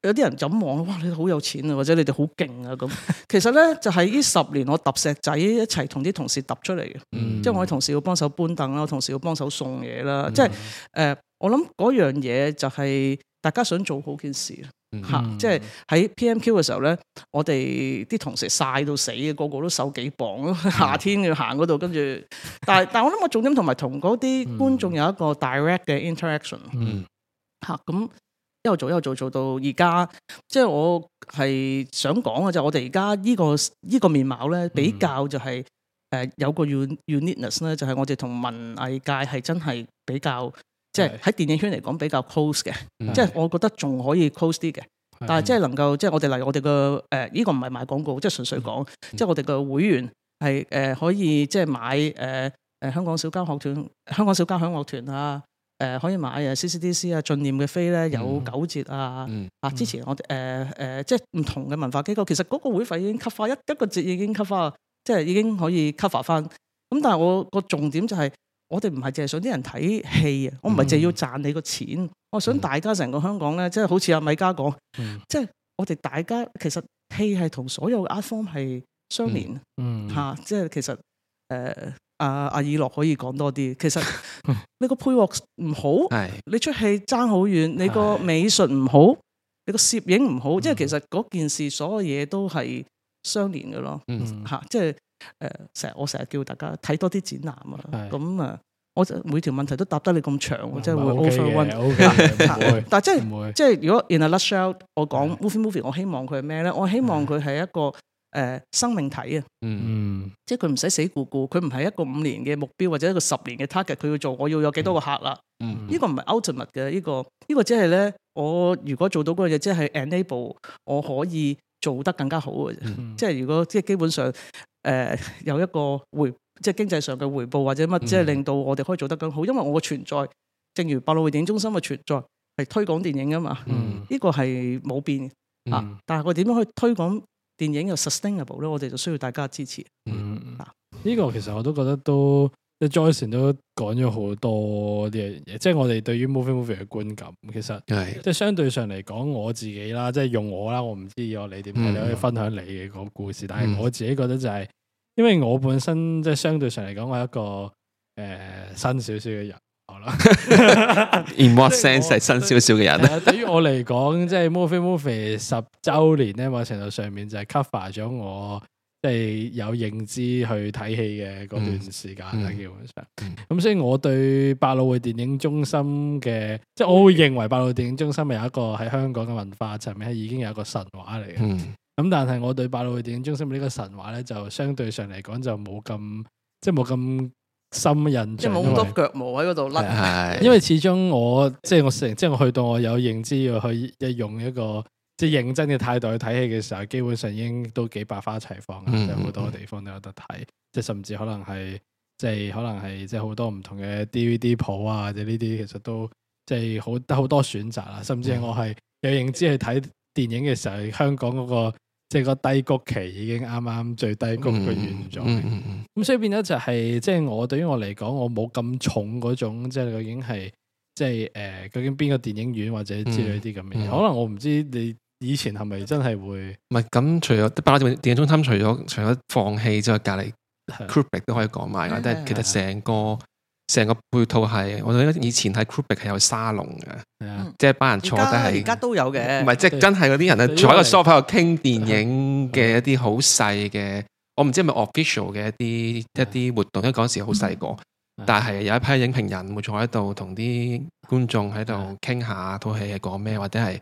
Speaker 2: 有啲人就咁望，哇你好有錢啊，或者你哋好勁啊咁，其實咧就係、是、呢十年我揼石仔一齊同啲同事揼出嚟嘅，即係、嗯、我啲同事要幫手搬凳啦，同事要幫手送嘢啦，即係誒，我諗嗰樣嘢就係大家想做好件事。吓，mm hmm. 即係喺 PMQ 嘅時候咧，我哋啲同事曬到死嘅，個個都瘦幾磅咯。夏天要行嗰度，跟住，但係但係我諗我重點同埋同嗰啲觀眾有一個 direct 嘅 interaction，mm。吓、hmm. 啊，咁一路做一路做做到而家，即係我係想講嘅就係、我哋而家呢個呢、這個面貌咧，比較就係、是、誒、mm hmm. 呃、有個 uniqueness 咧，就係我哋同文藝界係真係比較。即係喺電影圈嚟講比較 close 嘅，嗯、即係我覺得仲可以 close 啲嘅，嗯、但係即係能夠即係我哋例如我哋、呃呢個誒呢個唔係賣廣告，即係純粹講，嗯、即係我哋個會員係誒、呃、可以即係買誒誒、呃、香港小交響樂團、香港小交響樂團啊，誒、呃、可以買誒 CCDC 啊、進念嘅飛咧有九折啊，嗯、啊之前我哋誒誒、呃呃、即係唔同嘅文化機構，其實嗰個會費已經 cover 一一個折已經 cover，即係已經可以 cover 翻。咁但係我個重點就係、是。我哋唔係淨係想啲人睇戲啊！嗯、我唔係淨係要賺你個錢，嗯、我想大家成個香港咧，即係、嗯、好似阿米嘉講，即係、嗯、我哋大家其實戲係同所有嘅 art form 係相連，吓、嗯啊，即、就、係、是、其實誒，阿阿以諾可以講多啲。其實你個配樂唔好， 你出戲爭好遠，你個美術唔好，嗯、你個攝影唔好，即係、嗯、其實嗰件事所有嘢都係相連嘅咯，吓、嗯啊，即、就、係、是。誒，成日我成日叫大家睇多啲展覽啊，咁啊，我每條問題都答得你咁長，即係會 over-run。但係真係，即係如果 in a nutshell，我講 movie movie，我希望佢係咩咧？我希望佢係一個誒生命體啊，嗯，即係佢唔使死咕咕，佢唔係一個五年嘅目標或者一個十年嘅 target，佢要做，我要有幾多個客啦，嗯，呢個唔係 ultimate 嘅呢個，呢個只係咧，我如果做到嗰樣嘢，即係 enable 我可以做得更加好嘅，即係如果即係基本上。誒、呃，有一個回即係經濟上嘅回報或者乜，即係令到我哋可以做得更好。因為我嘅存在，正如百老匯電影中心嘅存在係推廣電影噶嘛，呢、嗯、個係冇變、嗯、啊。但係我點樣可以推廣電影嘅 sustainable 咧？我哋就需要大家支持。嗯嗯嗯。
Speaker 1: 嗱、啊，呢個其實我都覺得都。即 Joyce 都講咗好多啲嘢，即係我哋對於《Movie Movie》嘅觀感，其實是即係相對上嚟講我自己啦，即係用我啦，我唔知我你點睇？嗯、你可以分享你嘅個故事。但係我自己覺得就係、是，因為我本身即係相對上嚟講，我係一個誒、呃、新少少嘅人，好啦。
Speaker 3: In what sense 係 新少少嘅人？ 對
Speaker 1: 於、呃、我嚟講，即係《Movie Movie》十周年咧，某程度上面就係 cover 咗我。即係有認知去睇戲嘅嗰段時間啦，基本上。咁、嗯啊、所以我對百老匯電影中心嘅，即係我會認為百老匯電影中心係有一個喺香港嘅文化層面係已經有一個神話嚟嘅。咁、嗯、但係我對百老匯電影中心呢個神話咧，就相對上嚟講就冇咁，即係冇咁深印象。即冇咁多腳
Speaker 2: 毛喺嗰度甩。的的因
Speaker 1: 為始終我即係我成，即係我去到我有認知要去一用一個。即係認真嘅態度去睇戲嘅時候，基本上已經都幾百花齊放嘅，即係好多地方都有得睇。即係甚至可能係，即係可能係，即係好多唔同嘅 DVD 鋪啊，或者呢啲其實都即係好得好多選擇啦。甚至我係有認知去睇電影嘅時候，香港嗰個即係個低谷期已經啱啱最低谷嘅完咗。咁所以變咗就係，即係我對於我嚟講，我冇咁重嗰種，即係究竟係即係誒，究竟邊個電影院或者之類啲咁嘅嘢。可能我唔知你。以前係咪真係會？
Speaker 3: 唔係咁，除咗《百老匯電影中心》，除咗除咗放棄之外，隔籬 Kubrick 都可以講埋。但係其實成個成個配套係，我哋因為以前喺 Kubrick 係有沙龍嘅，即係班人坐低係。而家都
Speaker 2: 有嘅。唔係，即係真係
Speaker 3: 嗰啲人坐喺個 shop 喺度傾電影嘅一啲好細嘅。我唔知係咪 official 嘅一啲一啲活動，因為嗰時好細個。但係有一批影評人會坐喺度同啲觀眾喺度傾下套戲係講咩，或者係。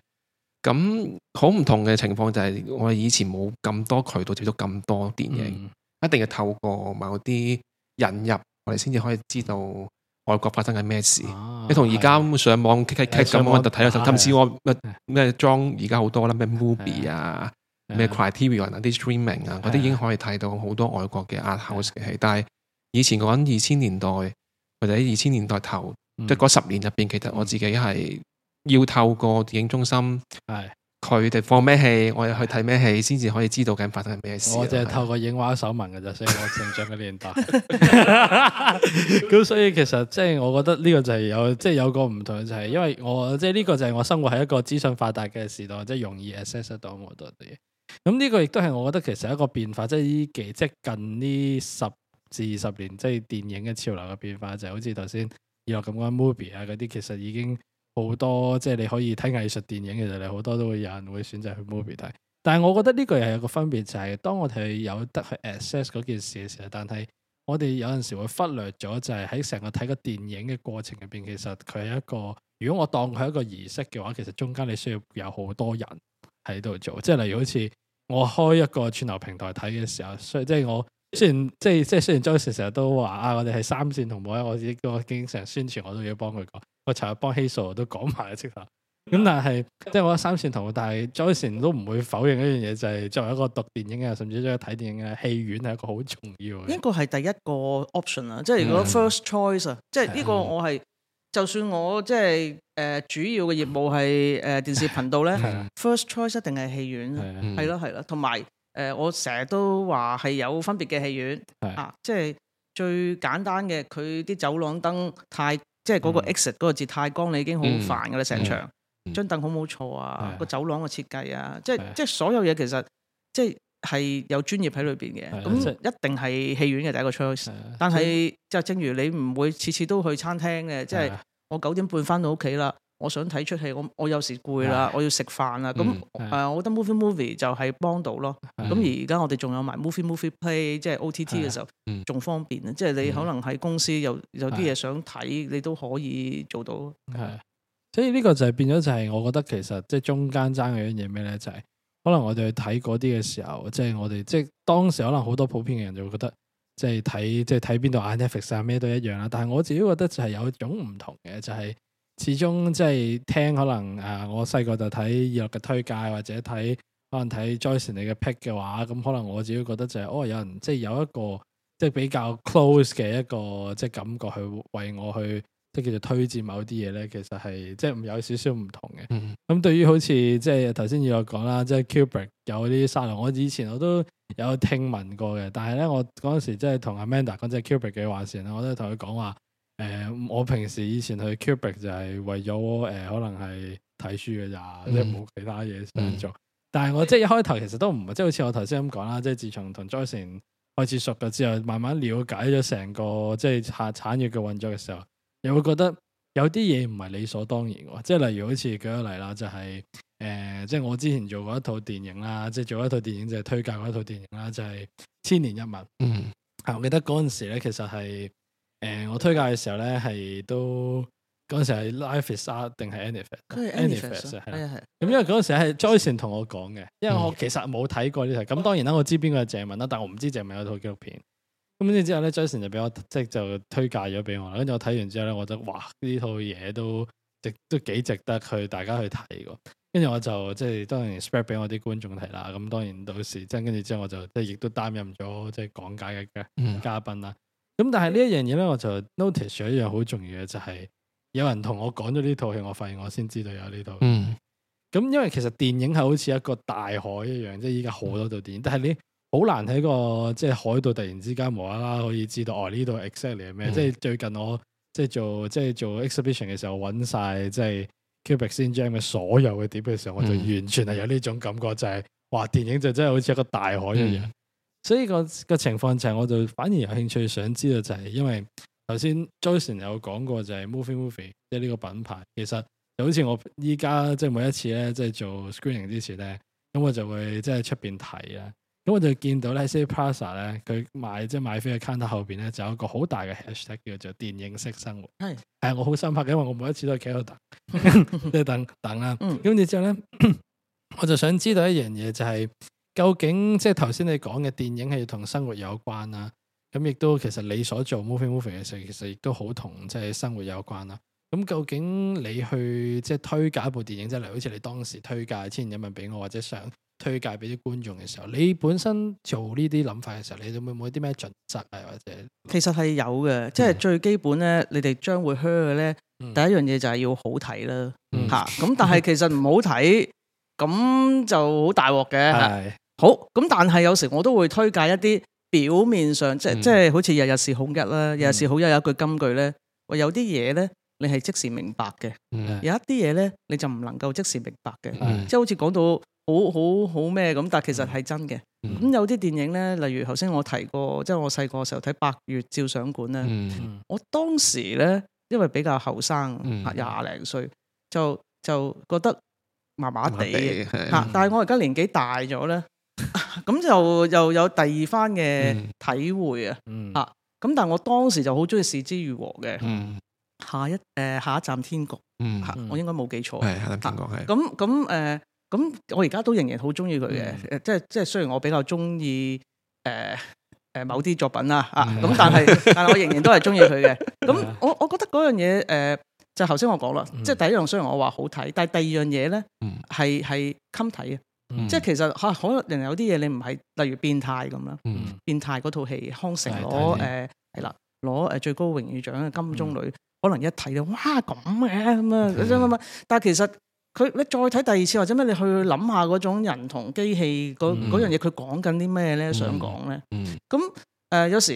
Speaker 3: 咁好唔同嘅情況就係我哋以前冇咁多渠道接觸咁多電影，一定要透過某啲引入我哋先至可以知道外國發生緊咩事。你同而家上網上我就睇到，甚至我咩咩裝而家好多啦，咩 movie 啊、咩 Criterion 啊啲 streaming 啊，嗰啲已經可以睇到好多外國嘅 art house 嘅戲。但係以前講緊二千年代或者二千年代頭即係嗰十年入邊，其實我自己係。要透過電影中心，係佢哋放咩戲，我哋去睇咩戲，先至可以知道緊發生係咩事。我淨係透
Speaker 1: 過影畫手文嘅咋，所以我成長嘅年代。咁 所以其實即係我覺得呢個就係有即係、就是、有個唔同，就係因為我即係呢個就係我生活喺一個資訊發達嘅時代，即、就、係、是、容易 access 到好多嘢。咁呢個亦都係我覺得其實一個變化，即係呢幾即係近呢十至二十年，即、就、係、是、電影嘅潮流嘅變化，就係、是、好似頭先以諾咁講 movie 啊嗰啲，其實已經。好多即係你可以睇藝術電影嘅時候，其實你好多都會有人會選擇去 movie 睇。但係我覺得呢個又係有個分別，就係、是、當我哋有得去 access 嗰件事嘅時候，但係我哋有陣時會忽略咗，就係喺成個睇個電影嘅過程入邊，其實佢係一個。如果我當佢係一個儀式嘅話，其實中間你需要有好多人喺度做。即係例如好似我開一個串流平台睇嘅時候，所以即係我雖然即係即係雖然周 o 成日都話啊，我哋係三線同步，我，我自己都經常宣傳，我都要幫佢講。我查下幫希蘇都講埋啊，即係咁，但係、嗯、即係我覺得三線同，但係周成都唔會否認一樣嘢，就係、是、作為一個讀電影啊，甚至於睇電影嘅戲院係一個好重要嘅。呢個係第一個
Speaker 2: option 啊，即係如果 first choice 啊、嗯，即係呢個我係、嗯、就算我即係誒主要嘅業務係誒電視頻道咧、嗯嗯、，first choice 一定係戲院，係咯係咯，同埋誒我成日都話係有分別嘅戲院、嗯、的啊，即係最簡單嘅佢啲走廊燈，燈，燈太。即係嗰個 exit 嗰、嗯、個字太光，你已經煩好煩㗎啦！成場張凳好唔好坐啊？個、啊、走廊嘅設計啊，啊即係即係所有嘢其實即係係有專業喺裏邊嘅，咁、啊、一定係戲院嘅第一個 choice。但係就正如你唔會次次都去餐廳嘅，即係、啊、我九點半翻到屋企啦。我想睇出戲，我我有時攰啦，我要食飯啦。咁誒的、嗯嗯，我覺得 Movie Movie 就係幫到咯。咁的而而家我哋仲有埋 Movie Movie Play，即係 O T T 嘅時候，仲、嗯、方便啊！即係的你可能喺公司有有啲嘢想睇，的你都可以做到。係，
Speaker 1: 所以呢個就係變咗，就係我覺得其實即係中間爭嘅一樣嘢咩咧，就係、是、可能我哋去睇嗰啲嘅時候，即、就、係、是、我哋即係當時可能好多普遍嘅人就會覺得，即係睇即係睇邊度 Netflix 啊，咩都一樣啦。但係我自己覺得就係有一種唔同嘅，就係、是就。是始終即係聽可能誒、呃，我細個就睇以諾嘅推介，或者睇可能睇 Joyce 你嘅 pick 嘅話，咁、嗯、可能我自己覺得就係、是、哦，有人即係、就是、有一個即係比較 close 嘅一個即係感覺去為我去即係叫做推薦某啲嘢咧，其實係即係有少少唔同嘅。咁、嗯嗯、對於好似即係頭先以諾講啦，即係 Cubic 有啲沙龍，我以前我都有聽聞過嘅，但係咧我嗰陣時即係同阿 Manda 講即係 Cubic 嘅話時，我都同佢講話。誒、呃，我平時以前去 Cubic 就係為咗誒，可能係睇書嘅咋，mm hmm. 即係冇其他嘢想做。Mm hmm. 但係我即係一開頭其實都唔係，即係好似我頭先咁講啦，即係自從同 Joyce 開始熟嘅之後，慢慢了解咗成個即係產產業嘅運作嘅時候，又會覺得有啲嘢唔係理所當然嘅。即係例如好似舉個例啦，就係、是、誒、呃，即係我之前做過一套電影啦，即係做一套電影就係推介嗰一套電影啦，就係、是、千年一問。嗯、mm，啊、hmm.，我記得嗰陣時咧，其實係。誒、嗯，我推介嘅時候咧，係都嗰陣時係 Life is Art 定係 Anifest 係 Anifest 係係。咁的的因為嗰陣時係 Joyce 同我講嘅，的因為我其實冇睇過呢套。咁、嗯、當然啦，我知邊個係鄭文啦，哇但我唔知鄭文有套紀錄片。咁跟住之後咧 Joyce 就俾我即係就推介咗俾我啦。跟住我睇完之後咧，我覺得哇呢套嘢都值都幾值得去大家去睇喎。跟住我就即係當然 spread 俾我啲觀眾睇啦。咁當然到時真跟住之後，我就即係亦都擔任咗即係講解嘅嘉嘉賓啦。嗯嗯咁、嗯、但係呢一樣嘢咧，我就 notice 咗一樣好重要嘅，就係、是、有人同我講咗呢套戲，我發現我先知道有呢套。咁、嗯、因為其實電影係好似一個大海一樣，即係依家好多套電影，嗯、但係你好難喺個即係海度突然之間無啦啦可以知道哦呢度 exactly 係咩。嗯、即係最近我即係做即係做 exhibition 嘅時候，揾晒即係 Cubixin Jam 嘅所有嘅碟嘅時候，嗯、我就完全係有呢種感覺，就係、是、哇電影就真係好似一個大海一樣。嗯所以個個情況就係，我就反而有興趣想知道，就係因為頭先 Joyce 有講過，就係 Movie Movie 即係呢個品牌。其實就好似我依家即係每一次咧，即係做 screening 之前咧，咁我就會即係出邊睇啊。咁我就見到咧 Cityplaza 咧，佢買即係買飛嘅 counter 後邊咧，就有一個好大嘅 hashtag 叫做電影式生活。係是，係我好深刻嘅，因為我每一次都係企喺度等，即係 等等啦。咁、嗯、然之後咧， 我就想知道一樣嘢就係。究竟即係頭先你講嘅電影係要同生活有關啦，咁亦都其實你所做 movie movie 嘅時候，其實亦都好同即係生活有關啦。咁究竟你去即係推介一部電影，即係例如好似你當時推介《千與一文》俾我，或者想推介俾啲觀眾嘅時候，你本身做呢啲諗法嘅時候，你會唔會冇啲咩準則啊或者？
Speaker 2: 其實係有嘅，即係最基本咧，你哋將會 hear 嘅咧，第一樣嘢就係要好睇啦，吓咁。但係其實唔好睇，咁就好大鑊嘅。好咁，但係有時我都會推介一啲表面上即即係好似日日是好日啦，日日是好日，有一句金句咧，話有啲嘢咧，你係即時明白嘅，有一啲嘢咧，你就唔能夠即時明白嘅，即係好似講到好好好咩咁，但係其實係真嘅。咁有啲電影咧，例如頭先我提過，即係我細個嘅時候睇《八月照相館》咧，我當時咧因為比較後生，廿零歲就就覺得麻麻地吓，但係我而家年紀大咗咧。咁就又有第二番嘅體會啊！啊，咁但係我當時就好中意是枝裕和嘅，下一誒下一站天國，嗯，我應該冇記錯係下一站天國係。咁咁誒，咁我而家都仍然好中意佢嘅，即係即係雖然我比較中意誒誒某啲作品啦，啊，咁但係但係我仍然都係中意佢嘅。咁我我覺得嗰樣嘢誒，就頭先我講啦，即係第一樣雖然我話好睇，但係第二樣嘢咧，係係襟睇啊！即係其實嚇，可能有啲嘢你唔係，例如變態咁啦。變態嗰套戲，康城攞誒係啦，攞誒最高榮譽獎嘅金棕櫚，可能一睇到哇咁嘅咁啊！咁啊！但係其實佢你再睇第二次或者咩，你去諗下嗰種人同機器嗰樣嘢，佢講緊啲咩咧？想講咧？咁誒有時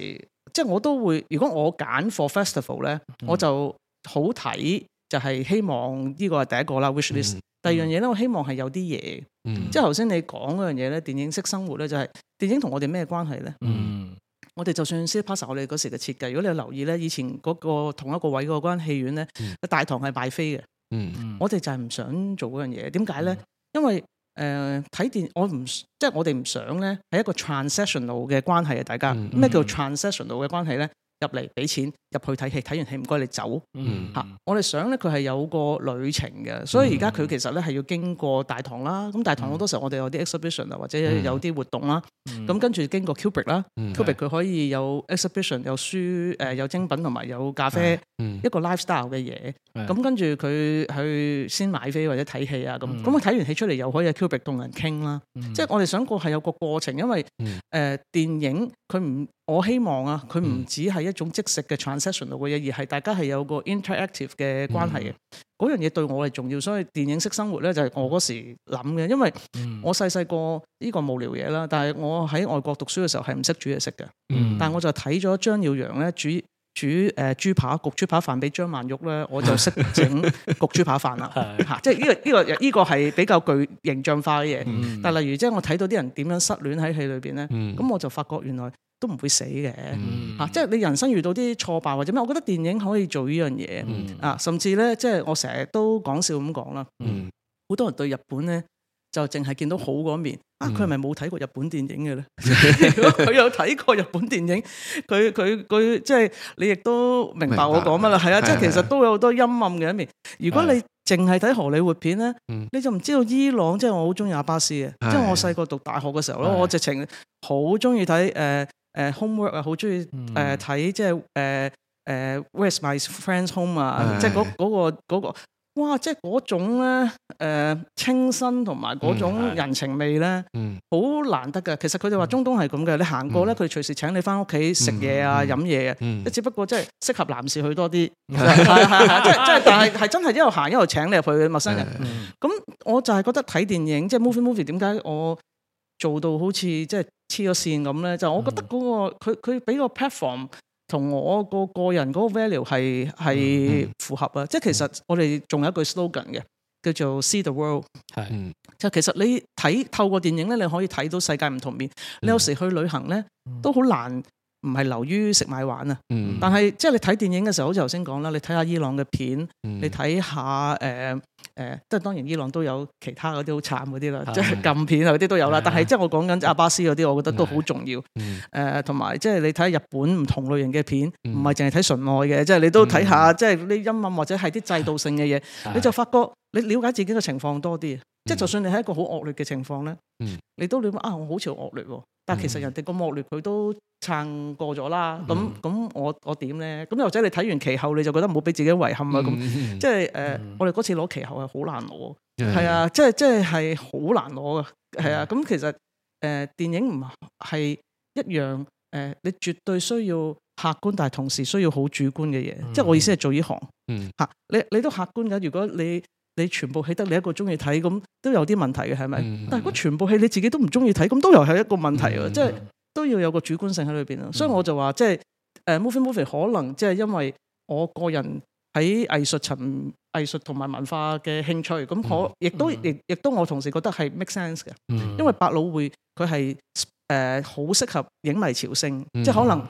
Speaker 2: 即係我都會，如果我揀 for festival 咧，我就好睇就係希望呢個係第一個啦，Wish List。第二樣嘢咧，我希望係有啲嘢，嗯、即係頭先你講嗰樣嘢咧，電影式生活咧，就係電影同我哋咩關係咧？嗯，我哋就算 set up 我哋嗰時嘅設計，如果你留意咧，以前嗰個同一個位嗰間戲院咧，嗯、大堂係賣飛嘅、嗯。嗯我哋就係唔想做嗰樣嘢，點解咧？嗯、因為誒睇、呃、電，我唔即係我哋唔想咧，係一個 transactional 嘅關係啊！大家咩、嗯嗯、叫 transactional 嘅關係咧？入嚟俾錢。入去睇戲，睇完戲唔該你走嚇，我哋想咧佢係有個旅程嘅，所以而家佢其實咧係要經過大堂啦，咁大堂好多時候我哋有啲 exhibition 啊，或者有啲活動啦，咁跟住經過 Cubic 啦，Cubic 佢可以有 exhibition、有書、誒有精品同埋有咖啡，一個 lifestyle 嘅嘢，咁跟住佢去先買飛或者睇戲啊咁，咁佢睇完戲出嚟又可以喺 Cubic 同人傾啦，即係我哋想過係有個過程，因為誒電影佢唔我希望啊佢唔止係一種即食嘅產。嘅嘢，而係大家係有個 interactive 嘅關係嘅，嗰、嗯、樣嘢對我係重要，所以電影式生活咧就係我嗰時諗嘅，因為我細細個呢個無聊嘢啦，但係我喺外國讀書嘅時候係唔識煮嘢食嘅，嗯、但係我就睇咗張耀揚咧煮。煮誒豬扒，焗豬扒飯俾張曼玉咧，我就識整焗豬扒飯啦，嚇、 呢個！即係呢個呢、呢個呢個係比較具形象化嘅嘢。嗯、但係例如即係我睇到啲人點樣失戀喺戲裏邊咧，咁、嗯、我就發覺原來都唔會死嘅嚇。即係、嗯啊就是、你人生遇到啲挫敗或者咩，我覺得電影可以做呢樣嘢、嗯、啊。甚至咧，即、就、係、是、我成日都講笑咁講啦。好、嗯、多人對日本咧就淨係見到好嗰面。啊！佢係咪冇睇過日本電影嘅咧？如果佢 有睇過日本電影，佢佢佢即係你亦都明白我講乜啦。係啊，即係、啊、其實都有好多陰暗嘅一面。如果你淨係睇荷里活片咧，的你就唔知道伊朗即係、嗯、我好中意亞巴士嘅，即係的我細個讀大學嘅時候咧，的我直情好中意睇誒誒 Homework 啊，好中意誒睇即係誒誒 Where's my friend's home 啊的，即係嗰嗰個個。嗰個嗰個哇！即係嗰種咧，誒，清新同埋嗰種人情味咧，好難得噶。其實佢哋話中東係咁嘅，你行過咧，佢隨時請你翻屋企食嘢啊，飲嘢啊。只不過即係適合男士去多啲，即係即係，但係係真係一路行一路請你入去陌生人。咁我就係覺得睇電影即係 movie movie，點解我做到好似即係黐咗線咁咧？就我覺得嗰個佢佢俾個 platform 同我個個人嗰個 value 係係符合啊！嗯、即係其實我哋仲有一句 slogan 嘅，叫做 see the world。係。即係其實你睇透過電影咧，你可以睇到世界唔同面。你有時去旅行咧，都好難，唔係流於食埋玩啊。但係即係你睇電影嘅時候，好似頭先講啦，你睇下伊朗嘅片，你睇下誒。呃誒，即係當然，伊朗都有其他嗰啲好慘嗰啲啦，即係禁片啊嗰啲都有啦。但係即係我講緊阿巴斯嗰啲，我覺得都好重要。誒，同埋即係你睇日本唔同類型嘅片，唔係淨係睇純愛嘅，即係你都睇下，即係啲音樂或者係啲制度性嘅嘢，你就發覺你了解自己嘅情況多啲。即係就算你係一個好惡劣嘅情況咧，你都諗啊，我好似好惡劣喎，但其實人哋個惡劣佢都撐過咗啦。咁咁我我點咧？咁又或者你睇完其後你就覺得冇俾自己遺憾啊咁。即係誒，我哋嗰次攞其係好難攞，係、嗯、啊，即係即係係好難攞噶，係啊。咁、嗯、其實誒、呃，電影唔係一樣誒、呃，你絕對需要客觀，但係同時需要好主觀嘅嘢。嗯、即係我意思係做呢行，吓、嗯啊、你你都客觀噶。如果你你全部戲得你一個中意睇，咁都有啲問題嘅，係咪？嗯嗯、但係如果全部戲你自己都唔中意睇，咁都又係一個問題啊。嗯嗯、即係都要有個主觀性喺裏邊啊。所以我就話，即係誒、呃、movie movie 可能即係因為我個人喺藝術層。藝術同埋文化嘅興趣，咁我亦都亦亦都，亦亦都我同事同時覺得係 make sense 嘅，mm hmm. 因為百老匯佢係誒好適合影迷朝聖、mm hmm.，即係可能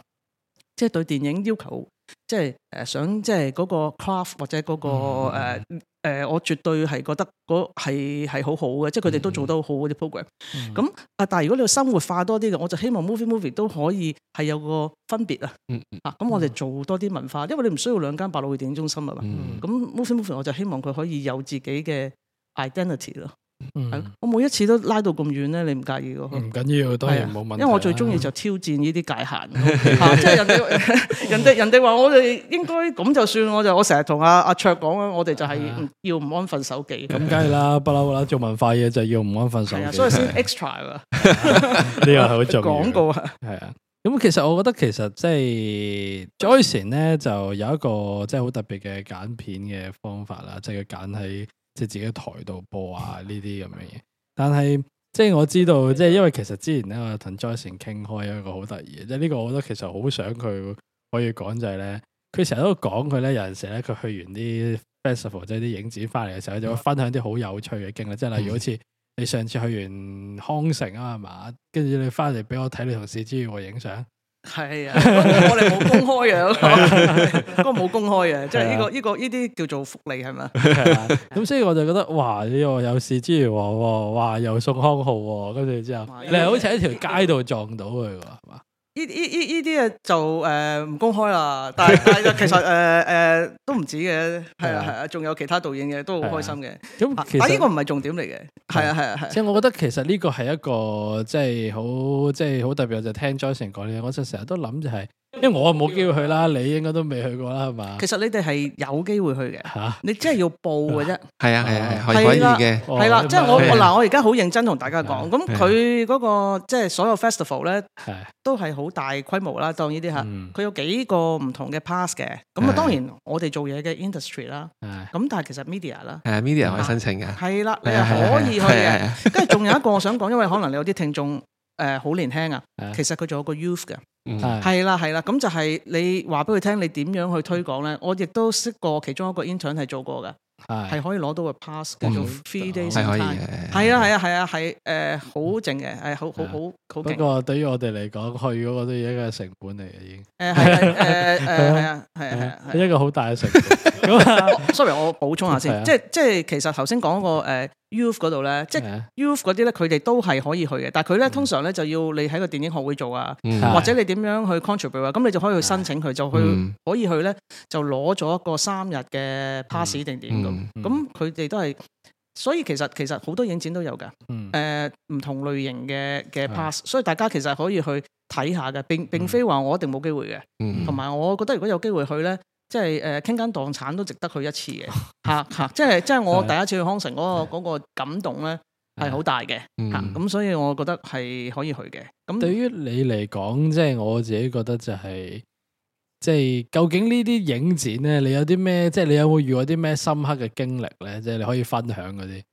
Speaker 2: 即係對電影要求。即係誒想即係嗰個 craft 或者嗰、嗰個誒、mm hmm. 呃、我絕對係覺得嗰係好好嘅，即係佢哋都做得好好啲 program。咁啊、mm hmm.，但係如果你要生活化多啲嘅，我就希望 movie movie 都可以係有個分別、mm hmm. 啊。啊，咁我哋做多啲文化，因為你唔需要兩間百老匯電影中心啊嘛。咁 movie、mm hmm. movie 我就希望佢可以有自己嘅 identity 咯。嗯，我每一次都拉到咁遠咧，你唔介意嘅？
Speaker 1: 唔緊要，當然冇問題。因為我最中意
Speaker 2: 就挑戰呢啲界限 Okay， 即係人哋人哋人哋話我哋應該咁就算，我就我成日同阿阿卓講啊，我哋就係要唔安分守己、嗯。咁梗係啦，
Speaker 1: 不嬲啦，做文化嘢就係要唔安分守係、嗯、所以先 extra 啦。 呢個好做廣告啊。係啊，咁其實我覺得其實即係 Joyce 呢，就有一個即係好特別嘅揀片嘅方法啦，即係佢揀喺。即係自己台度播啊，呢啲咁嘅嘢。但係即係我知道，即係因為其實之前咧，我同 Joyce 成，傾開一個好得意嘅，即係呢個我覺得其實好想佢可以講就係咧，佢成日都講佢咧，有陣時咧佢去完啲 festival 即係啲影展翻嚟嘅時候，就會分享啲好有趣嘅經歷，即係例如好似你上次去完康城啊嘛，跟住 你翻嚟俾我睇你同事知餘嘅影相。係啊，我哋冇公開嘅，嗰 個冇公開嘅，的即係呢、這個呢、這
Speaker 2: 個呢啲叫做福利係咪？
Speaker 1: 咁的 所以我就覺得哇，呢、這個有事之餘話哇，又送康號，跟住之後哇你係好似喺條街度撞到佢嘅係嘛？
Speaker 2: 哇哇呢呢呢啲嘢就誒唔、呃、公開啦，但係但係其實誒誒、呃呃、都唔止嘅，係啊係啊，仲、啊、有其他導演嘅都好開心嘅。咁、啊嗯、其實，呢、啊這個唔係重點嚟嘅，係啊係啊係。
Speaker 1: 即係、啊啊、我覺得其實呢個係一個即係好即係好特別，就是、聽 Joyce 成講嘢，我就成日都諗就係。因為我冇機會去啦，你應該都未去過啦，係嘛？其實你哋係有機會去嘅吓，你真係要報嘅啫。
Speaker 3: 係啊係啊，可以嘅。係啦，即係我嗱，我
Speaker 2: 而家好認真同大家講，咁佢嗰個即係所有 festival 咧，都係好大規模啦。當呢啲吓，佢有幾個唔同嘅 pass 嘅。咁啊，當然我哋做嘢嘅 industry 啦。咁但係其實 media 啦，
Speaker 3: 誒，media 可以申請嘅。係啦，你係可以去嘅。
Speaker 2: 跟住仲有一個我想講，因為可能你有啲聽眾誒好年輕啊，其實佢仲有個 youth 嘅。係啦係啦，咁就係你話俾佢聽你點樣去推廣咧？我亦都識過其中一個 intern 係做過嘅，係係可以攞到個 pass，叫做 three days time，係啊係啊係啊係誒好正嘅，係好好好好。不過
Speaker 1: 對於我哋嚟講，去嗰個都係一個成本嚟嘅已經誒係誒誒係啊係啊係啊，係一個好大嘅成本。咁
Speaker 2: sorry，我補充下先，即係即係其實頭先講個誒。Youth 嗰度咧，即係 Yeah. Youth 嗰啲咧，佢哋都係可以去嘅。但係佢咧通常咧就要你喺個電影學會做啊，Yeah. 或者你點樣去 contribute 啊，咁你就可以去申請佢，就去 Yeah. 可以去咧，就攞咗一個三日嘅 pass 定點咁。咁佢哋都係，所以其實其實好多影展都有嘅，誒唔 Yeah.、呃、同類型嘅嘅 pass。Yeah. 所以大家其實可以去睇下嘅，並並非話我一定冇機會嘅。同埋 Yeah. Yeah. 我覺得如果有機會去咧。即係誒傾家蕩產都值得去一次嘅，嚇嚇、 啊！即係即係我第一次去康城嗰、 那個那個感動咧係好大嘅，嚇、嗯！咁、啊、所以我覺得係
Speaker 1: 可以去嘅。咁對於你嚟講，即、就、係、是、我自己覺得就係、是，即、就、係、是、究竟呢啲影展咧，你有啲咩？即、就、係、是、你有冇遇過啲咩深刻嘅經歷咧？即、就、係、是、你可以分享嗰啲。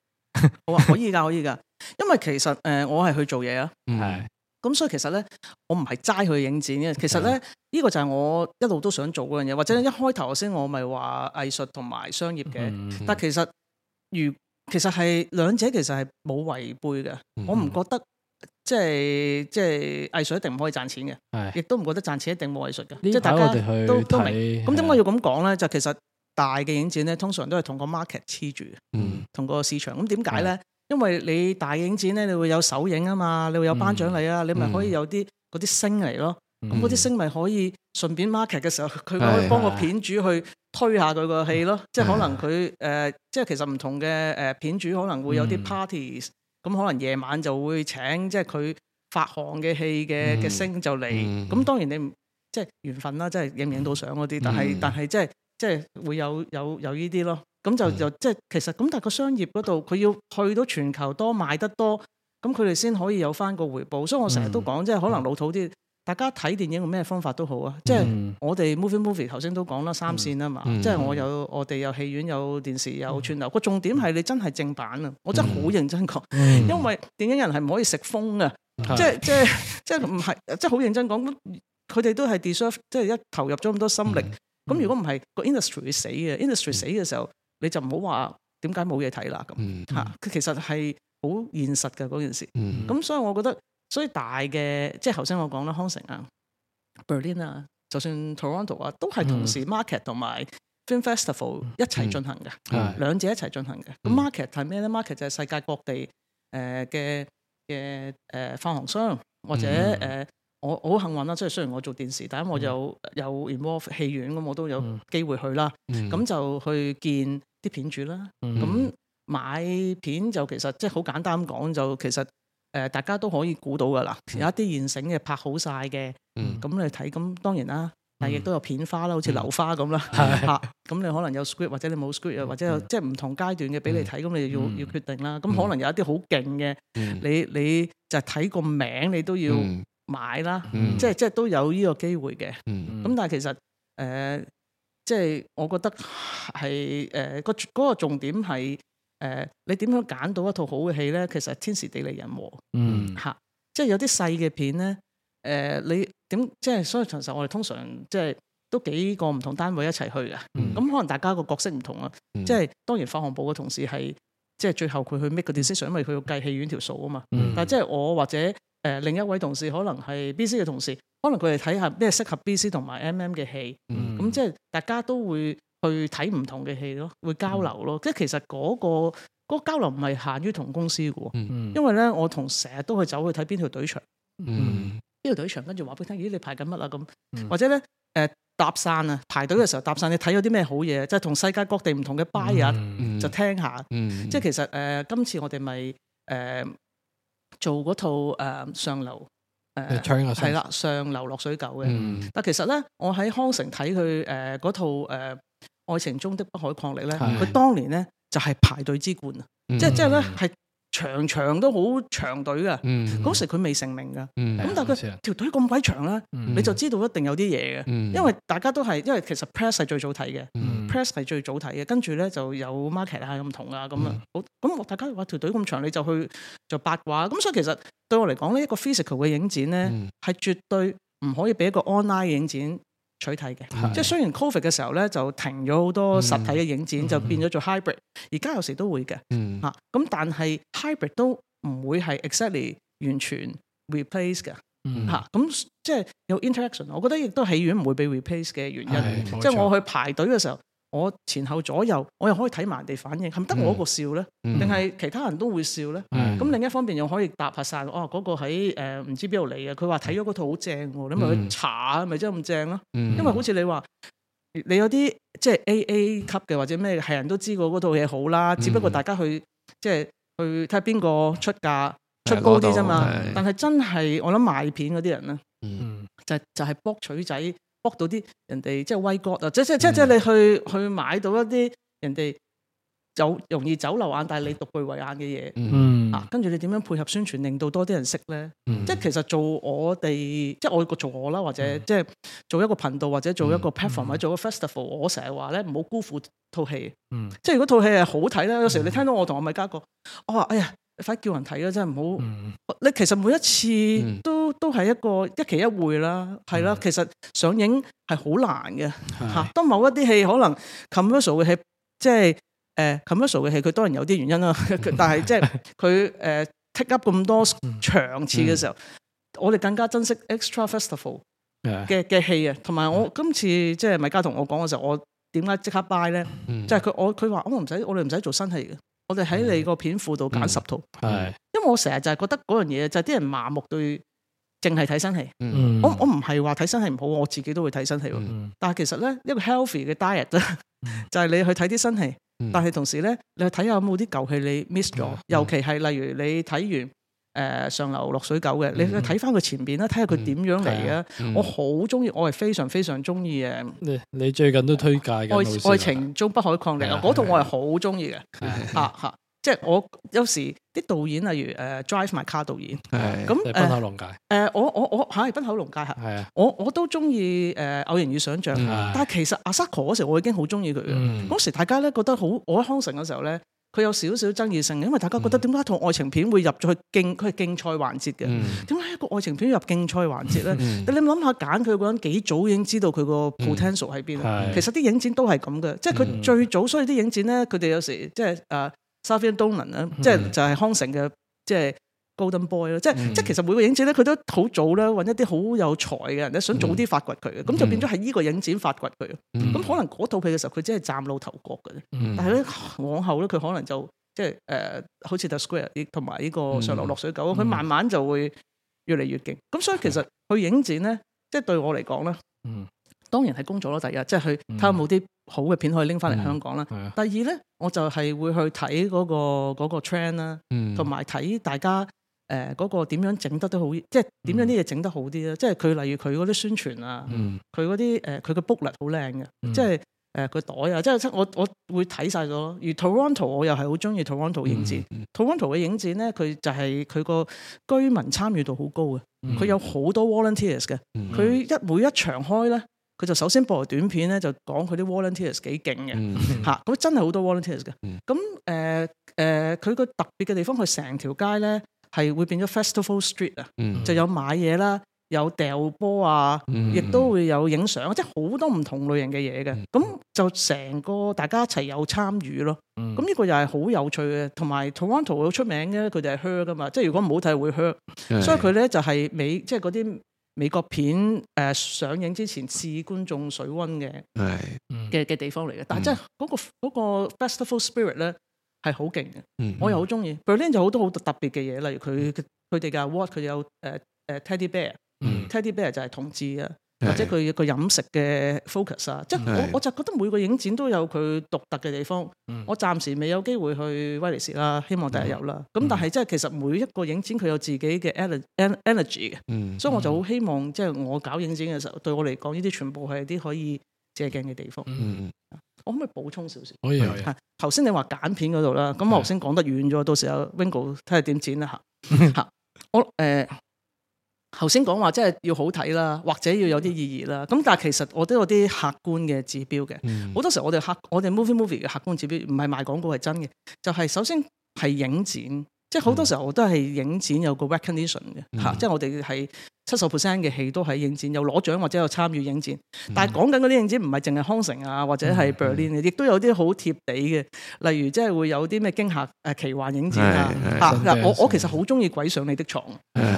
Speaker 1: 我 話 可以㗎，可以㗎，因為其實誒、呃、我係去做嘢啊，係、嗯。嗯。
Speaker 2: 咁所以其實咧，我唔係齋去影展嘅。其實咧，呢個就係我一路都想做嗰樣嘢。或者一開頭先，我咪話藝術同埋商業嘅。嗯、但其實，如其實係兩者其實係冇違背嘅。嗯、我唔覺得即係即係藝術一定唔可以賺錢嘅，亦都唔覺得賺錢一定冇藝術嘅。即係大家都都明。咁點解要咁講咧？就其實大嘅影展咧，通常都係同個 market 黐住，同個市場。咁點解咧？因為你大影展咧，你會有首映啊嘛，你會有頒獎禮啊，嗯、你咪可以有啲嗰啲星嚟咯。咁嗰啲星咪可以順便 market 嘅時候，佢可以幫個片主去推下佢個戲咯。啊、即係可能佢誒、呃，即係其實唔同嘅誒、呃、片主可能會有啲 parties，咁、嗯、可能夜晚就會請即係佢發行嘅戲嘅嘅、嗯、星就嚟。咁、嗯、當然你唔即係緣分啦，即係影唔影到相嗰啲。但係、嗯、但係即係即係會有有有呢啲咯。咁就就即係其實咁，但係個商業嗰度佢要去到全球多賣得多，咁佢哋先可以有翻個回報。所以我成日都講，即係可能老土啲，大家睇電影用咩方法都好啊。即係我哋 movie movie 頭先都講啦，三線啊嘛。即係我有我哋有戲院有電視有串流。個重點係你真係正版啊！我真係好認真講，因為電影人係唔可以食風啊。即係即係即係唔係即係好認真講，佢哋都係 deserve 即係一投入咗咁多心力。咁如果唔係個 industry 會死嘅，industry 死嘅時候。你就唔好話點解冇嘢睇啦咁嚇，佢、mm hmm. 其實係好現實嘅嗰件事。咁、mm hmm. 所以我覺得，所以大嘅即係頭先我講啦，康城啊、Berlin 啊，就算 Toronto 啊，都係同時 market 同埋 film festival 一齊進行嘅，mm hmm. 兩者一齊進行嘅。咁、mm hmm. market 係咩咧？market 就係世界各地誒嘅嘅誒發行商或者誒。Mm hmm. 呃我好幸運啦，即係雖然我做電視，但係我有有 involve 戲院咁，我都有機會去啦。咁、嗯、就去見啲片主啦。咁、嗯、買片就其實即係好簡單講，就其實誒大家都可以估到噶啦。有一啲現成嘅拍好晒嘅，咁、嗯、你睇咁當然啦，但亦都有片花啦，好似流花咁啦吓。咁、嗯 啊、你可能有 script 或者你冇 script 啊，或者有即係唔同階段嘅俾你睇，咁、嗯、你就要、嗯、要決定啦。咁可能有一啲好勁嘅，你你就睇個名你都要。 買啦，嗯、即係即係都有呢個機會嘅。咁、嗯嗯、但係其實誒、呃，即係我覺得係誒個嗰個重點係誒、呃、你點樣揀到一套好嘅戲咧？其實天時地利人和嚇、嗯啊，即係有啲細嘅片咧誒、呃，你點即係所以通常我哋通常即係都幾個唔同單位一齊去嘅。咁、嗯、可能大家個角色唔同啊，嗯、即係當然發行部嘅同事係即係最後佢去 make 個 decision，因為佢要計戲院條數啊嘛。但係即係、嗯、我或者，誒、呃、另一位同事可能係 B C 嘅同事，可能佢哋睇下咩適合 B C 同埋 M M 嘅戲，咁、嗯嗯嗯、即係大家都會去睇唔同嘅戲咯，會交流咯。嗯、即係其實嗰、嗰個嗰個交流唔係限於同公司嘅喎，嗯、因為咧我同成日都去走去睇邊條隊場，
Speaker 4: 邊、
Speaker 2: 嗯、條隊場跟住話俾佢聽，咦你排緊乜啊咁，嗯、或者咧誒搭訕啊排隊嘅時候搭訕，你睇咗啲咩好嘢，即係同世界各地唔同嘅 Buyer，就、聽下，即係其實誒今次我哋咪誒。嗯嗯做嗰套誒上流，係啦上流落水狗嘅。但其實咧，我喺康城睇佢誒嗰套誒愛情中的不可抗力咧，佢當年咧就係排隊之冠啊！即係即係咧係長長都好長隊嘅。嗰時佢未成名嘅，咁但係佢條隊咁鬼長咧，你就知道一定有啲嘢嘅。因為大家都係因為其實 Press 係最早睇嘅。Press 係最早睇嘅，跟住咧就有 market 啊，咁同啊，咁啊，好咁我大家話條隊咁長，你就去做八卦。咁所以其實對我嚟講呢一個 physical 嘅影展咧係、嗯、絕對唔可以俾一個 online 影展取替嘅。即係是雖然 Covid 嘅時候咧就停咗好多實體嘅影展，嗯、就變咗做 hybrid，而家有時都會嘅嚇。咁、嗯啊、但係 hybrid 都唔會係 exactly 完全 replace 㗎嚇。咁、嗯啊、即係有 interaction，我覺得亦都戲院唔會被 replace 嘅原因。即係我去排隊嘅時候。我前後左右，我又可以睇埋人哋反應，係咪得我一個笑咧？定係、嗯、其他人都會笑咧？咁、嗯、另一方面又可以搭下晒，哦。嗰、嗰個喺誒唔知邊度嚟嘅，佢話睇咗嗰套好正，嗯、你咪去查下，咪真係咁正咯。嗯、因為好似你話，你有啲即係 A A 級嘅或者咩，係人都知個嗰套嘢好啦。只不過大家去、嗯、即係去睇下邊個出價出高啲啫嘛。嗯嗯、但係真係我諗賣片嗰啲人咧，就就係博取仔。嗯嗯嗯博到啲人哋即係威國啊！即係即係、嗯、即係你去去買到一啲人哋就容易走漏眼，但係你獨具慧眼嘅嘢。嗯啊，跟住你點樣配合宣傳，令到多啲人識咧？嗯、即係其實做我哋，即係我個做我啦，或者、嗯、即係做一個頻道，或者做一個 platform，、嗯、或者做個 festival。我成日話咧，唔好辜負套戲。嗯，嗯即係如果套戲係好睇咧，有時候你聽到我同阿米迦講，我話哎呀。快叫人睇啦，真係唔好。嗯、你其實每一次都都係一個一期一會啦，係、嗯、啦。其實上映係好難嘅嚇是、啊。當某一啲戲可能 commercial 嘅戲，即係誒 commercial 嘅戲，佢當然有啲原因啦。但係即係佢誒 take up 咁多場次嘅時候，嗯、我哋更加珍惜 extra festival 嘅嘅的戲啊。同埋我今次的、嗯、即係米迦同我講嘅時候，我點解即刻 buy 咧？就係佢我佢話我唔使，我哋唔使做新戲嘅。我哋喺你個片庫度揀十套，係、嗯，因為我成日就係覺得嗰樣嘢就係啲人麻木對，淨係睇新戲。嗯、我我唔係話睇新戲唔好，我自己都會睇新戲。嗯、但係其實咧，一個 healthy 嘅 diet 咧、嗯， 就係你去睇啲新戲，嗯、但係同時咧，你去睇下有冇啲舊戲你 miss 咗，嗯、尤其係例如你睇完。誒上流落水狗嘅，你睇翻佢前邊啦，睇下佢點樣嚟嘅。我好中意，我係非常非常中意誒。
Speaker 1: 你最近都推介愛愛情
Speaker 2: 中不可抗力啊！嗰套我係好中意嘅。嚇嚇，即係我有時啲導演例如誒 Drive My Car 導演，咁誒誒，我我我係濱口龍介嚇。我我都中意誒偶然與想像，但係其實 Asako 嗰時我已經好中意佢嘅。嗰時大家咧覺得好，我喺康城嘅時候咧。佢有少少爭議性嘅，因為大家覺得點解一套愛情片會入咗去競，佢係競賽環節嘅。點解、嗯、一個愛情片入競賽環節咧？嗯、你諗下，揀佢嗰陣幾早已經知道佢個 potential 喺邊。其實啲影展都係咁嘅，即係佢最早，所以啲影展咧，佢哋有時即係誒 Sylvia Donen 啦，即係就係康城嘅即係。Golden Boy 咯，嗯、即係即係，其實每個影展咧，佢都好早咧，揾一啲好有才嘅人咧，想早啲發掘佢嘅，咁、嗯、就變咗喺呢個影展發掘佢。咁、嗯、可能嗰套片嘅時候，佢真係嶄露頭角嘅。嗯、但係咧，往後咧，佢可能就即係誒、呃，好似 The Square 同埋呢個上流落，落水狗，佢、嗯、慢慢就會越嚟越勁。咁、嗯、所以其實去影展咧，即係對我嚟講咧，嗯、當然係工作咯，第一，即係去睇下有冇啲好嘅片可以拎翻嚟香港啦。嗯嗯、第二咧，我就係會去睇嗰、那個嗰、那個 trend 啦，同埋睇大家。嗯誒嗰、 哎那個點樣整得都好，即係點樣啲嘢整得好啲咧？即係佢例如佢嗰啲宣傳啊，佢嗰啲誒佢個 booklet 好靚嘅，即係誒個袋啊，即係我我會睇晒咗咯。而 Toronto 我又係好中意 Toronto 影展，Toronto 嘅影展咧，佢 就係佢個居民參與度好高嘅，佢、 嗯、有好多 volunteers 嘅，佢一每一場開咧，佢就首先播嚟短片咧，就講佢啲 volunteers 幾勁嘅嚇，咁真係好多 volunteers 嘅。咁誒誒，佢個特別嘅地方佢成條街咧。嗯 係會變咗 Festival Street 啊、mm，hmm. 就有買嘢啦，有掉波啊，亦都會有影相，mm hmm. 即係好多唔同類型嘅嘢嘅。咁、mm hmm. 就成個大家一齊有參與咯。咁呢、mm hmm. 個又係好有趣嘅，同埋 Toronto 好出名嘅，佢哋係 HUR 噶嘛，即係如果唔好睇會 HUR、ER, mm。Hmm. 所以佢咧就係、是、美，即係嗰啲美國片誒上映之前試觀眾水溫嘅，嘅嘅、mm hmm. 地方嚟嘅。但係即係嗰、嗰個嗰個 Festival Spirit 咧。係好勁嘅，mm hmm. 我又好中意。Berlin 就好多好特別嘅嘢，例如佢佢哋嘅 what 佢有誒誒、呃呃、teddy
Speaker 3: bear，teddy、
Speaker 2: mm hmm. bear 就係同志啊，mm hmm. 或者佢佢飲食嘅 focus 啊，mm hmm. 即係我我就覺得每個影展都有佢獨特嘅地方。Mm hmm. 我暫時未有機會去威尼斯啦，希望第日有啦。咁、mm hmm. 但係即係其實每一個影展佢有自己嘅 ener energy 嘅、mm，hmm. 所以我就好希望即係、就是、我搞影展嘅時候，對我嚟講呢啲全部係啲可以借鏡嘅地方。Mm hmm. 我可唔可以補充少少？可以，oh yeah, yeah, yeah，可以。頭先你話揀片嗰度啦，咁我頭先講得遠咗，Yeah. 到時候有 Wingo 睇下點剪啦吓。吓， 我、呃、誒，頭先講話即係要好睇啦，或者要有啲意義啦。咁 Yeah. 但係其實我都有啲客觀嘅指標嘅。好、mm. 多時候我哋客我哋 mo movie movie 嘅客觀指標唔係賣廣告係真嘅，就係、係、首先係影展，mm. 即係好多時候我都係影展有個 recognition 嘅吓，即係我哋係。七十 percent 嘅戲都係影展，又攞獎或者有參與影展。但係講緊嗰啲影展唔係淨係康城啊，或者係 Berlin 嘅，亦都有啲好貼地嘅，例如即係會有啲咩驚嚇誒奇幻影展啊嗱，我我其實好中意《鬼上你的床》，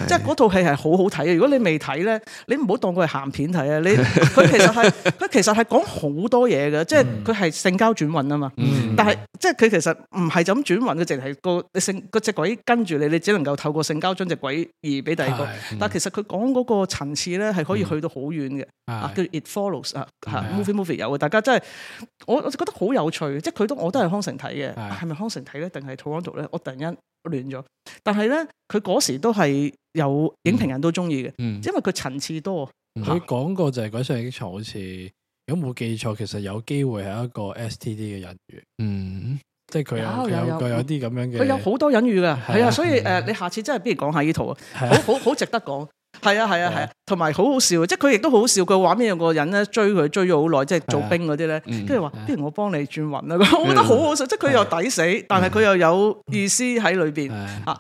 Speaker 2: 即係嗰套戲係好好睇嘅。如果你未睇咧，你唔好當佢係鹹片睇啊！你佢其實係佢其實係講好多嘢嘅，即係佢係性交轉運啊嘛。但係即係佢其實唔係就咁轉運嘅，淨係個性隻鬼跟住你，你只能夠透過性交將隻鬼移俾第二個。但其實佢講，講嗰個層次咧，係可以去到好遠嘅，啊，叫 It Follows 啊，MOViE MOViE 有嘅，大家真係我，我就覺得好有趣，即係佢都我都係康城睇嘅，係咪康城睇咧，定係 Toronto 咧？我突然間亂咗，但係咧，佢嗰時都係有影評人都中意嘅，因為佢層次多。
Speaker 1: 佢講過就係鬼上衣場，好似如果冇記錯，其實有機會係一個 STD 嘅隱喻，嗯，即係佢有有個有啲咁樣嘅，佢有
Speaker 2: 好多隱喻嘅，係啊，所以誒，你下次真係不如講下呢套啊，好好好值得講。係啊係啊係啊，同埋好好笑即係佢亦都好好笑，佢畫面，有個人咧追佢追咗好耐，即係做兵嗰啲咧，跟住話：不如我幫你轉運啦！我覺得好好笑，即係佢又抵死，啊、但係佢又有意思喺裏邊吓。咁、啊啊、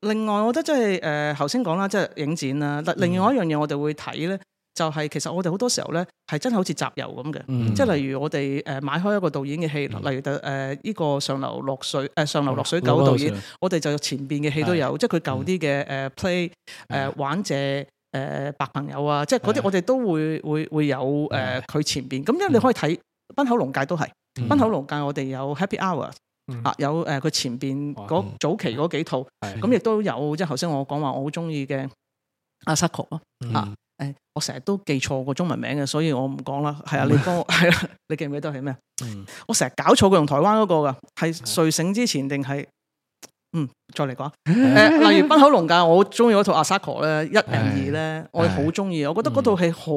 Speaker 2: 另外，我覺得即係誒頭先講啦，即係影展啦。嗱，另外一樣嘢我哋會睇咧。就係其實我哋好多時候咧，係真係好似集郵咁嘅，即係例如我哋誒買開一個導演嘅戲，例如就呢依個上流落水誒上流落水狗導演，我哋就前邊嘅戲都有，即係佢舊啲嘅誒 play 誒玩者誒白朋友啊，即係嗰啲我哋都會會會有誒佢前邊咁，因為你可以睇《濱口龍介》，都係《濱口龍介》。我哋有 Happy Hour 啊，有誒佢前邊早期嗰幾套，咁亦都有即係頭先我講話我好中意嘅阿 Sakur 咯啊。誒，我成日都記錯個中文名嘅，所以我唔講啦。係啊，你幫，係啊，你記唔記得係咩？嗯、我成日搞錯佢用台灣嗰個噶，係睡醒之前定係？嗯，再嚟講，誒、 呃，例如濱口龍介，我好中意嗰套 Asako 咧，一零二咧，呢呢、哎、我好中意。哎、我覺得嗰套戲好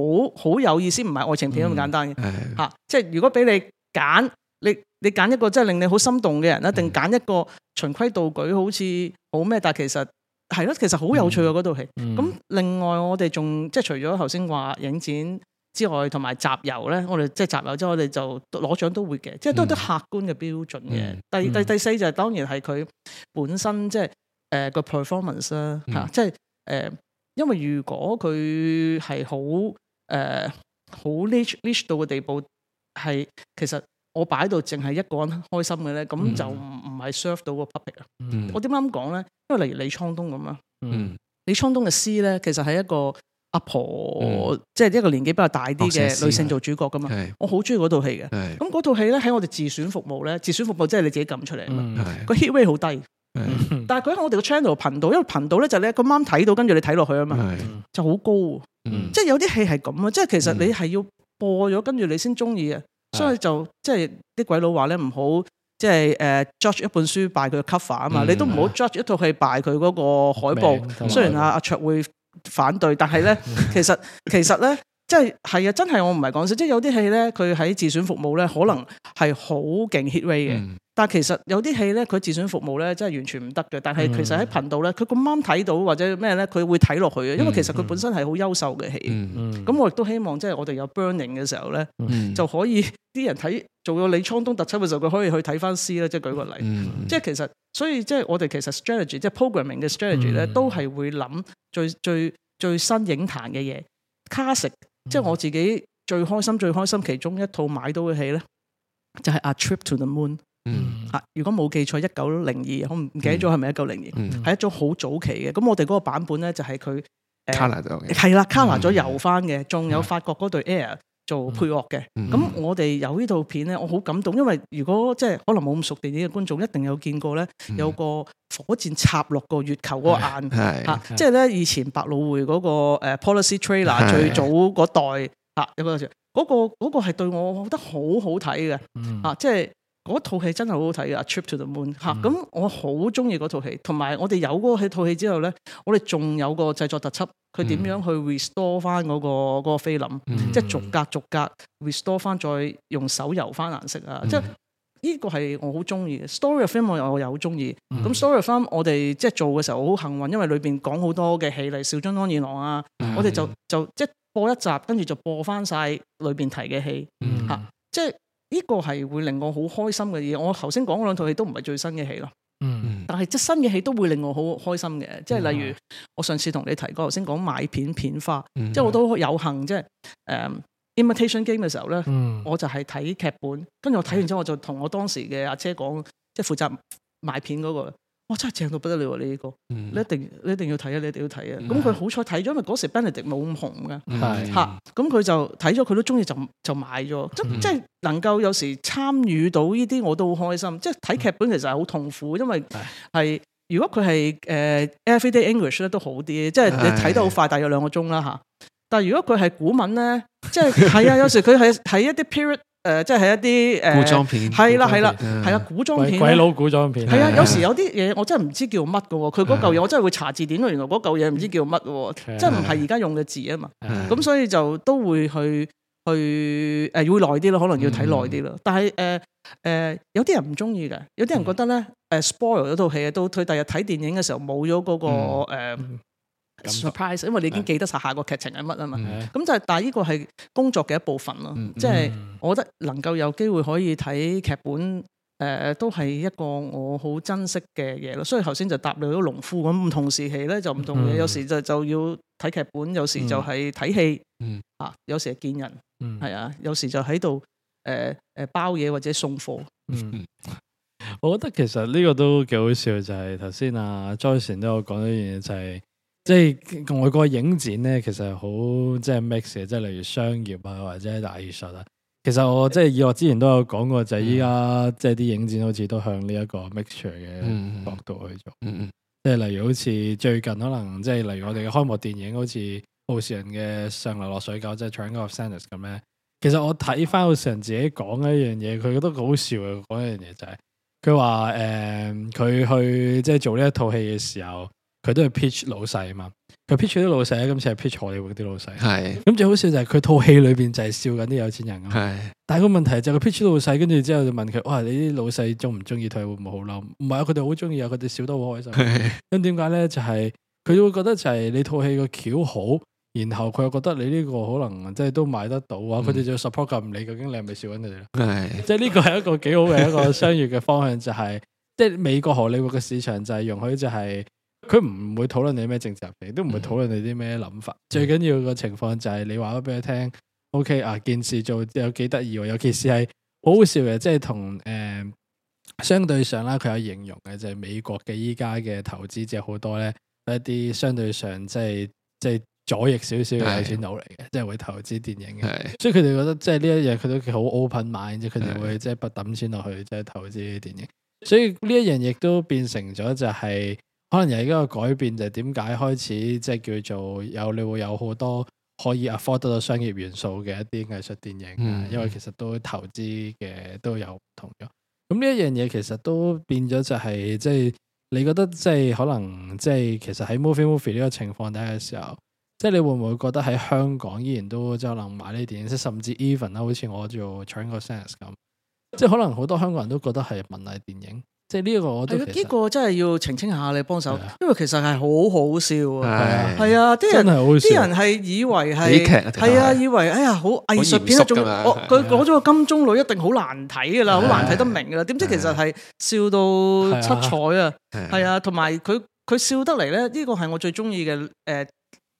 Speaker 2: 好有意思，唔係愛情片咁簡單嘅吓、哎哎啊。即係如果俾你揀，你你揀一個即係令你好心動嘅人，一定揀一個循規蹈矩，好似好咩，但其實。係咯，其實好有趣啊嗰套戲。咁、嗯嗯、另外我哋仲即係除咗頭先話影展之外，同埋集郵咧，我哋即係集郵之外我哋就攞獎都會嘅，即係都係都客觀嘅標準嘅、嗯嗯。第第第四就係當然係佢本身即係誒、呃、個 performance 啦、啊、吓，嗯、即係誒、呃、因為如果佢係好誒好 niche niche 到嘅地步，係其實。我擺到淨係一個人開心嘅咧，咁就唔係 serve 到個 public 啊！我點啱咁講咧？因為例如李滄東咁啊，李滄東嘅詩咧，其實係一個阿婆，即係一個年紀比較大啲嘅女性做主角噶嘛。我好中意嗰套戲嘅。咁嗰套戲咧喺我哋自選服務咧，自選服務即係你自己撳出嚟啊嘛。個 hit rate 好低，但係佢喺我哋個 channel 頻道，因為頻道咧就你咁啱睇到，跟住你睇落去啊嘛，就好高。即係有啲戲係咁啊，即係其實你係要播咗，跟住你先中意啊。所以就即係啲鬼佬話咧，唔好即係誒 judge 一本書拜佢 cover、嗯、啊嘛，你都唔好 judge 一套戲拜佢嗰個海報。嗯啊、雖然阿、啊、阿卓會反對，但係咧、嗯啊、其實其實咧。 即係係啊，真係我唔係講笑，即係有啲戲咧，佢喺自選服務咧，可能係好勁 hit rate 嘅。嗯、但係其實有啲戲咧，佢自選服務咧，真係完全唔得嘅。但係其實喺頻道咧，佢咁啱睇到或者咩咧，佢會睇落去嘅。因為其實佢本身係好優秀嘅戲。咁、嗯嗯、我亦都希望即係我哋有 burning 嘅時候咧，嗯、就可以啲人睇做咗李滄東特輯嘅時候，佢可以去睇翻 C 啦。即係舉個例、嗯嗯即，即係其實所以即係我哋其實 strategy 即係 programming 嘅 strategy 咧、嗯，嗯、都係會諗最最最新影壇嘅嘢即係我自己最開心最開心其中一套買到嘅戲咧，就係、是、A Trip to the Moon。嗯，啊，如果冇記錯，02，記一九零二，我唔唔記得咗係咪一九零二？係一種好早期嘅。咁我哋嗰個版本咧就係、是、佢。c a 係啦，卡拿咗游翻嘅，仲、嗯、有法國嗰對 Air、嗯。做配樂嘅，咁、嗯、我哋有呢套片咧，我好感動，因為如果即係可能冇咁熟電影嘅觀眾，一定有見過咧，嗯、有個火箭插落個月球嗰個眼，吓、嗯，嗯啊、即係咧以前百老匯嗰個誒、uh, policy trailer、嗯、最早嗰代吓是、啊，有冇嗰時，嗰、嗰個嗰、嗰個係對我，我覺得好好睇嘅，啊，即係。嗰套戲真係好好睇嘅，《Trip to the Moon》嚇、嗯，咁、啊、我好中意嗰套戲。同埋我哋有嗰套戲之後咧，我哋仲有個製作特輯，佢點樣去 restore 翻嗰、那個菲林，那個 film, 嗯、即係逐格逐格 restore 翻，再用手油翻顏色啊！嗯、即係呢個係我好中意嘅。Story of Film 我又好中意。咁 Story of Film 我哋、嗯、即係做嘅時候好幸運，因為裏邊講好多嘅戲例如《小津安二郎》啊，嗯、我哋就就即係播一集，跟住就播翻晒裏邊提嘅戲嚇、啊，即係。呢個係會令我好開心嘅嘢，我頭先講嗰兩套戲都唔係最新嘅戲咯。嗯，但係即新嘅戲都會令我好開心嘅，即係例如、嗯、我上次同你提過頭先講買片片花，嗯、即係我都有幸即係誒《呃、Imitation Game》嘅時候咧、嗯，我就係睇劇本，跟住我睇完之後我就同我當時嘅阿姐講，即係負責買片嗰、那個。哇！真係正到不得了呢、呢個、嗯你，你一定你一定要睇啊！你一定要睇啊！咁佢、嗯、好彩睇咗，因為嗰時 Benedict 冇咁紅㗎，嚇咁佢就睇咗，佢都中意就就買咗。嗯、即即係能夠有時參與到呢啲，我都好開心。即係睇劇本其實係好痛苦，因為係的如果佢係誒 Everyday English 咧都好啲，即係你睇得好快，大約兩個鐘啦嚇。但係如果佢係古文咧，即係係啊，有時佢係睇一啲 period。誒、呃，即係一啲誒，呃、古裝片係啦，係啦，係啦，古裝片古，鬼佬古裝片，係啊，有時有啲嘢我真係唔知叫乜㗎喎，佢嗰嚿嘢我真係會查字典，原來嗰嚿嘢唔知叫乜，啊、真唔係而家用嘅字啊嘛，咁、啊啊、所以就都會去去誒，要耐啲咯，可能要睇耐啲咯，嗯、但係誒誒，有啲人唔中意嘅，有啲人覺得咧誒，spoil 嗰套戲啊，到佢第日睇電影嘅時候冇咗嗰個誒。呃嗯 Surprise，因為你已經記得晒下個劇情係乜啊嘛，咁就係，hmm. 但係呢個係工作嘅一部分咯，即係、mm hmm. 我覺得能夠有機會可以睇劇本，誒、呃、都係一個我好珍惜嘅嘢咯。所以頭先就答你嗰農夫咁唔同時期咧就唔同嘅，mm hmm. 有時就就要睇劇本，有時就係睇戲，mm hmm. 啊，有時見人，係、mm hmm. 啊，有時就喺度誒誒包嘢或者送貨。嗯、
Speaker 1: mm，hmm. 我覺得其實呢個都幾好笑，就係頭先阿 Joey Sir 咧，講咗一樣嘢就係。即係外國影展咧，其實好即係 mix 嘅，即係例如商業啊，或者係藝術啊。其實我即係以我之前都有講過，就依、是、家、嗯、即係啲影展好似都向呢一個 mix 嘅角度去做。嗯嗯、即係例如好似最近可能即係例如我哋嘅開幕電影，好似奧士倫嘅《上流落水狗》，即係《Triangle of Sadness》咁咧。其實我睇翻奧士倫自己講嘅一樣嘢，佢覺得好笑嘅講嘅樣嘢就係、是，佢話誒，佢、呃、去即係做呢一套戲嘅時候。佢都係 pitch 老細啊嘛，佢 pitch 啲老細，今次係 pitch 荷里活啲老細，係咁是最好笑就係佢套戲裏邊就係笑緊啲有錢人啊，係是，但係個問題就係佢 pitch 老細，跟住之後就問佢，哇，你啲老細中唔中意佢會唔會好嬲？唔係啊，佢哋好中意啊，佢哋笑得好開心，咁點解咧？就係、是、佢會覺得就係你套戲個橋好，然後佢又覺得你呢個可能即係都買得到啊，佢哋、嗯、就 support 緊你，唔理究竟你係咪笑緊佢哋？係是，即係呢個係一個幾好嘅一個商業嘅方向， 就係即係美國荷里活嘅市場就係容許就係、是。佢唔會討論你咩政策嘅，都唔會討論你啲咩諗法。嗯、最緊要個情況就係你話咗俾佢聽，OK 啊件事做有幾得意，尤其是係好好笑嘅，即係同誒相對上啦，佢有形容嘅就係、是、美國嘅依家嘅投資者好多咧，一啲相對上即係即係左翼少少嘅有錢佬嚟嘅，即係會投資電影嘅。所以佢哋覺得即係呢一樣，佢都好 open mind，即佢哋會即係抌錢落去即係投資電影。所以呢一樣亦都變成咗就係、是。就是就是就是可能又一個改變就係點解開始即係叫做有你會有好多可以 afford 得到商業元素嘅一啲藝術電影啊，嗯嗯，因為其實都投資嘅都有唔同咗。咁呢一樣嘢其實都變咗就係即係你覺得即係可能即係、就是、其實喺 movie movie 呢個情況底下嘅時候，即、就、係、是、你會唔會覺得喺香港依然都即係可能買呢啲電影，即甚至 even 啦，好似我做《Triangle of Sadness》咁，即係可能好多香港人都覺得係文藝電影。即係呢一個，我覺得呢
Speaker 2: 個真係要澄清下你幫手，因為
Speaker 1: 其實係好好笑
Speaker 2: 啊，係啊，啲人啲人係以為係喜劇，係啊，以為哎呀好藝術片啊，仲佢攞咗個金鐘女一定好難睇噶啦，好難睇得明噶啦，點知其實係笑到七彩啊，係啊，同埋佢佢笑得嚟咧，呢個係我最中意嘅誒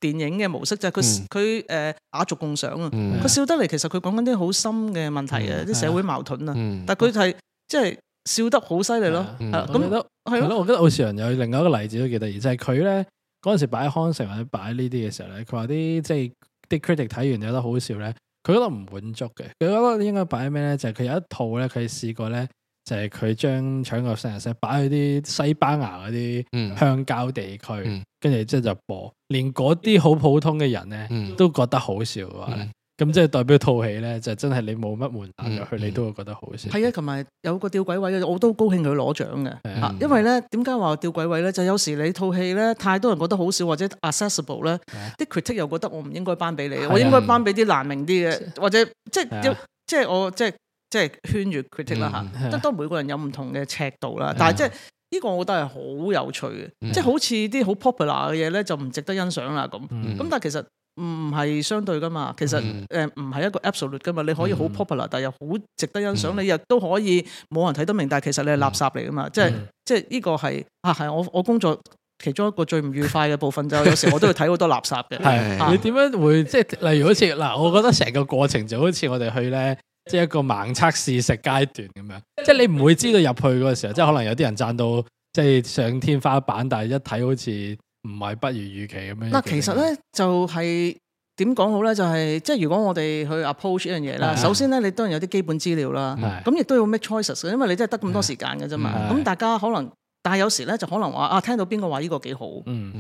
Speaker 2: 電影嘅模式就係佢佢誒雅俗共賞啊，佢笑得嚟其實佢講緊啲好深嘅問題啊，啲社會矛盾啊，但佢係即係。笑得好犀利咯，咁係
Speaker 1: 咯，我覺得奧士倫有另外一個例子都幾得意，就係佢咧嗰陣時擺康城或者擺呢啲嘅時候咧，佢話啲即係啲 critic 睇完有得好笑咧，佢覺得唔滿足嘅，佢覺得應該擺咩咧，就係、是、佢有一套咧，佢試過咧，就係佢將搶個聖塞擺喺啲西班牙嗰啲鄉郊地區，跟住之後就播，嗯、連嗰啲好普通嘅人咧、嗯、都覺得好笑嘅話咧。嗯咁即係代表套戲咧，就真係你冇乜門檻入去，你都會覺得好笑。係啊，同埋有個吊詭位嘅，我都高興佢攞獎嘅嚇。
Speaker 2: 因為咧，點解話吊詭位咧？就有時你套戲咧，太多人覺得好笑或者 accessible 咧，啲 critic 又覺得我唔應該頒俾你，我應該頒俾啲難明啲嘅，或者即係即係我即係即係圈住 critic 啦嚇。得當每個人有唔同嘅尺度啦。但係即係呢個，我覺得係好有趣嘅，即係好似啲好 popular 嘅嘢咧，就唔值得欣賞啦咁。咁但係其實。唔唔係相對噶嘛，其實誒唔係一個 absolute 噶嘛，你可以好 popular，嗯、但又好值得欣賞，嗯、你亦都可以冇人睇得明，但係其實你係垃圾嚟噶嘛，嗯、即係即係呢個係啊係我我工作其中一個最唔愉快嘅部分， 就有時我都要睇好多垃圾嘅。
Speaker 4: 係是、啊、你
Speaker 1: 點樣會即係例如好似嗱，我覺得成個過程就好似我哋去咧，即係一個盲測試食階段咁樣，即係你唔會知道入去嗰時候，即係可能有啲人讚到即係上天花板，但係一睇好似。唔係不，不如預期咁樣。嗱，其實咧
Speaker 2: 就係點講好咧，就係、是就是、即係如果我哋去 approach 一樣嘢啦。的首先咧，你當然有啲基本資料啦，咁亦都要 make choices，因為你真係得咁多時間嘅啫嘛。咁的大家可能，但係有時咧就可能話啊，聽到邊個話呢個幾好，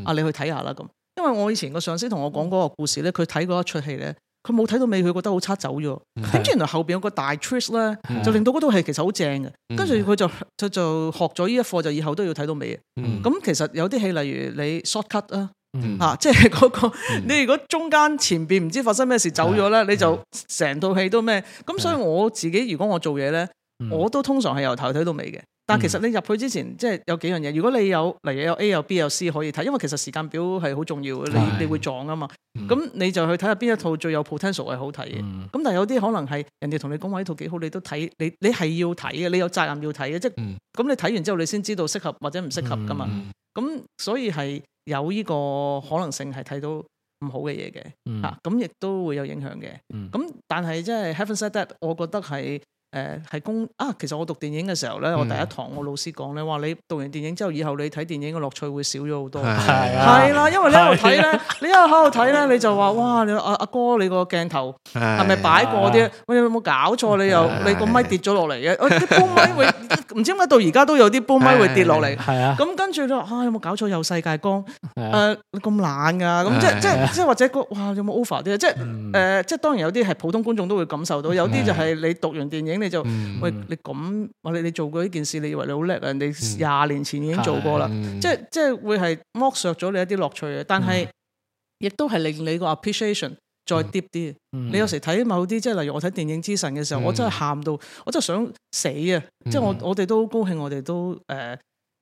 Speaker 2: 啊的，你去睇下啦咁。因為我以前個上司同我講嗰個故事咧，佢睇嗰一齣戲咧。佢冇睇到尾，佢覺得好差，走咗。跟住是的 原來後邊有個大 trick 咧，是的 就令到嗰套戲其實好正嘅。跟住佢就就就，就學咗呢一課，就以後都要睇到尾。咁是的 其實有啲戲，例如你 short cut 是的 啊，吓即係嗰個是的 你如果中間前邊唔知發生咩事走咗咧，是的 你就成套戲都咩？咁是的 所以我自己如果我做嘢咧，我都通常係由頭睇到尾嘅。但其實你入去之前，即係有幾樣嘢。如果你有，例如有 A、有 B、有 C 可以睇，因為其實時間表係好重要嘅，你的你會撞啊嘛。咁、嗯、你就去睇下邊一套最有 potential 係好睇嘅。咁、嗯、但係有啲可能係人哋同你講話呢套幾好，你都睇你你係要睇嘅，你有責任要睇嘅。嗯、即係咁你睇完之後，你先知道適合或者唔適合噶嘛。咁、嗯、所以係有呢個可能性係睇到唔好嘅嘢嘅嚇，咁亦、嗯啊、都會有影響嘅。咁、嗯、但係即係 having said that，我覺得係。誒，係公啊！其實我讀電影嘅時候咧，我第一堂我老師講咧，話你讀完電影之後，以後你睇電影嘅樂趣會少咗好多，係啦，啊啊，因為你喺度睇咧，你一喺度睇咧，你就話哇，你阿阿哥你個鏡頭係咪擺過啲？喂、啊、有冇搞錯？你又你個咪跌咗落嚟嘅？啲 boom 咪會唔知點解到而家都有啲 boom 咪會跌落嚟？係啊，咁跟住咧啊，有冇搞錯？有世界光誒、呃，你咁懶噶？咁、嗯、 即係即係即係或者個哇有冇 o f f e r 啲？即係誒、呃，即係當然有啲係普通觀眾都會感受到，有啲就係你讀完電影。你就、嗯、喂，你咁我你你做過呢件事，你以為你好叻啊？你廿年前已經做過啦、嗯，即係即係會係剝削咗你一啲樂趣嘅，但係、嗯、亦都係令你個 appreciation 再 deep 啲。嗯、你有時睇某啲，即係例如我睇電影之神嘅時候，嗯、我真係喊到我真係想死啊！即係、嗯、我我哋都高興，我哋都誒。呃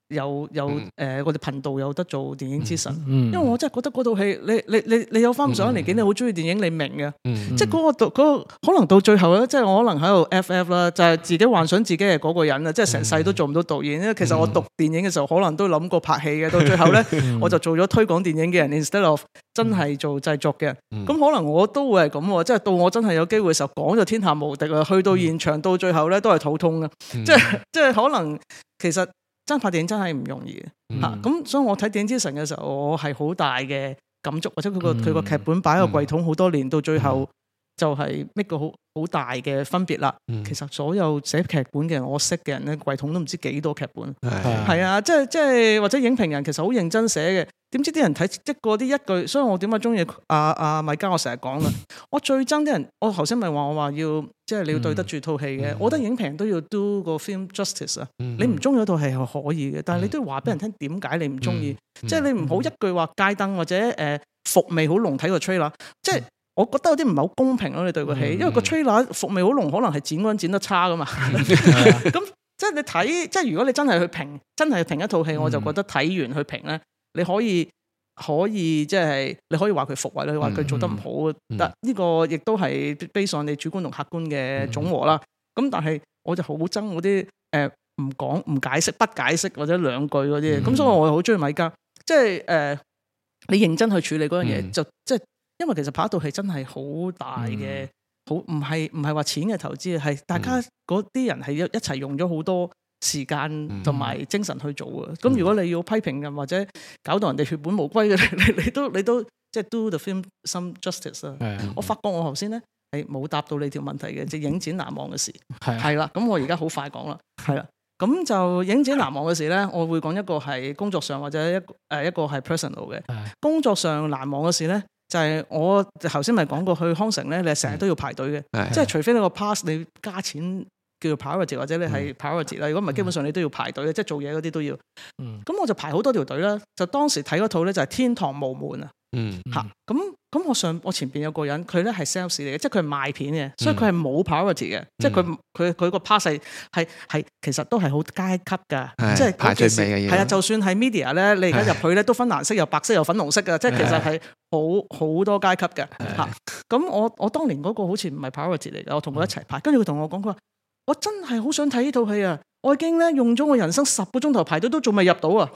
Speaker 2: 有有誒，我哋頻道有得做電影之神，因為我真係覺得嗰套戲，你你你你有翻咁上下年紀，你好中意電影，你明嘅，即係嗰個導嗰個可能到最後咧，即係我可能喺度 FF 啦，就係自己幻想自己係嗰個人啊，即係成世都做唔到導演。因為其實我讀電影嘅時候，可能都諗過拍戲嘅，到最後咧，我就做咗推廣電影嘅人，instead of 真係做製作嘅。咁可能我都會係咁，即係到我真係有機會嘅時候，講就天下無敵啦，去到現場到最後咧，都係肚痛嘅，即係即係可能其實。真拍電影真係唔容易咁、嗯啊、所以我睇《電影之神》嘅時候，我係好大嘅感觸，或者佢個佢個劇本擺喺個櫃桶好多年，嗯嗯、到最後。就係 make 個好好大嘅分別啦。嗯、其實所有寫劇本嘅人，我識嘅人咧櫃桶都唔知幾多劇本。係、哎、呀啊，即係即係或者影評人其實好認真寫嘅。點知啲人睇即個啲一句，所以我點解中意阿阿米迦？我成日講噶，我最憎啲人。我頭先咪話我話要即係你要對得住套戲嘅。嗯嗯、我覺得影評都要 do 個 film justice 啊、嗯。嗯、你唔中意套戲係可以嘅，但係你都要話俾人聽點解你唔中意。即係你唔好一句話街燈或者誒伏味好濃睇個 trailer 即係。嗯。我覺得有啲唔係好公平咯，你對個戲，因為個吹蠟，伏味好濃，可能係剪光剪得差噶嘛。咁即係你睇，即係如果你真係去評，真係評一套戲，我就覺得睇完去評咧，你可以可以即係，就是、你可以話佢伏位，你話佢做得唔好，嗯嗯、但呢個亦都係悲 a s e 上你主觀同客觀嘅總和啦。咁、嗯嗯、但係我就好憎嗰啲誒唔講唔解釋不解釋或者兩句嗰啲，咁、嗯、所以我好中意米家，即係誒你認真去處理嗰樣嘢，就即係。是因為其實拍一套戲真係好大嘅，好唔係唔係話錢嘅投資啊，係大家嗰啲人係一一齊用咗好多時間同埋精神去做嘅。咁、嗯、如果你要批評人或者搞到人哋血本無歸嘅，你你都你都即係、就是、do the film some justice 啦。嗯嗯、我發覺我頭先咧係冇答到你條問題嘅，即、就、係、是、影展難忘嘅事係啦。咁、啊啊啊、我而家好快講啦，係啦、啊。咁就影展難忘嘅事咧，我會講一個係工作上或者一誒一個係 personal 嘅。啊、工作上難忘嘅事咧。就係我頭先咪講過去康城咧，你成日都要排隊嘅，嗯、即係除非你個 pass 你加錢叫做 priority 或者你係 priority 啦、嗯，如果唔係基本上你都要排隊嘅，即係、嗯、做嘢嗰啲都要。咁、嗯、我就排好多條隊啦，就當時睇嗰套咧就係、是《天堂無門》啊。嗯，吓咁咁，我上我前邊有個人，佢咧係 sales 嚟嘅，即係佢係賣片嘅，所以佢係冇 priority 嘅，即係佢佢佢個 pass 係係其實都係好階級噶，即係排最尾嘅嘢，係啊，就算係 media 咧，你而家入去咧都分藍色、又白色、又粉紅色嘅，即係其實係好好多階級嘅吓。咁我我當年嗰個好似唔係 priority 嚟嘅，我同佢一齊排，跟住，佢同我講，佢話我真係好想睇呢套戲啊！我已經咧用咗我人生十個鐘頭排隊，都仲未入到啊！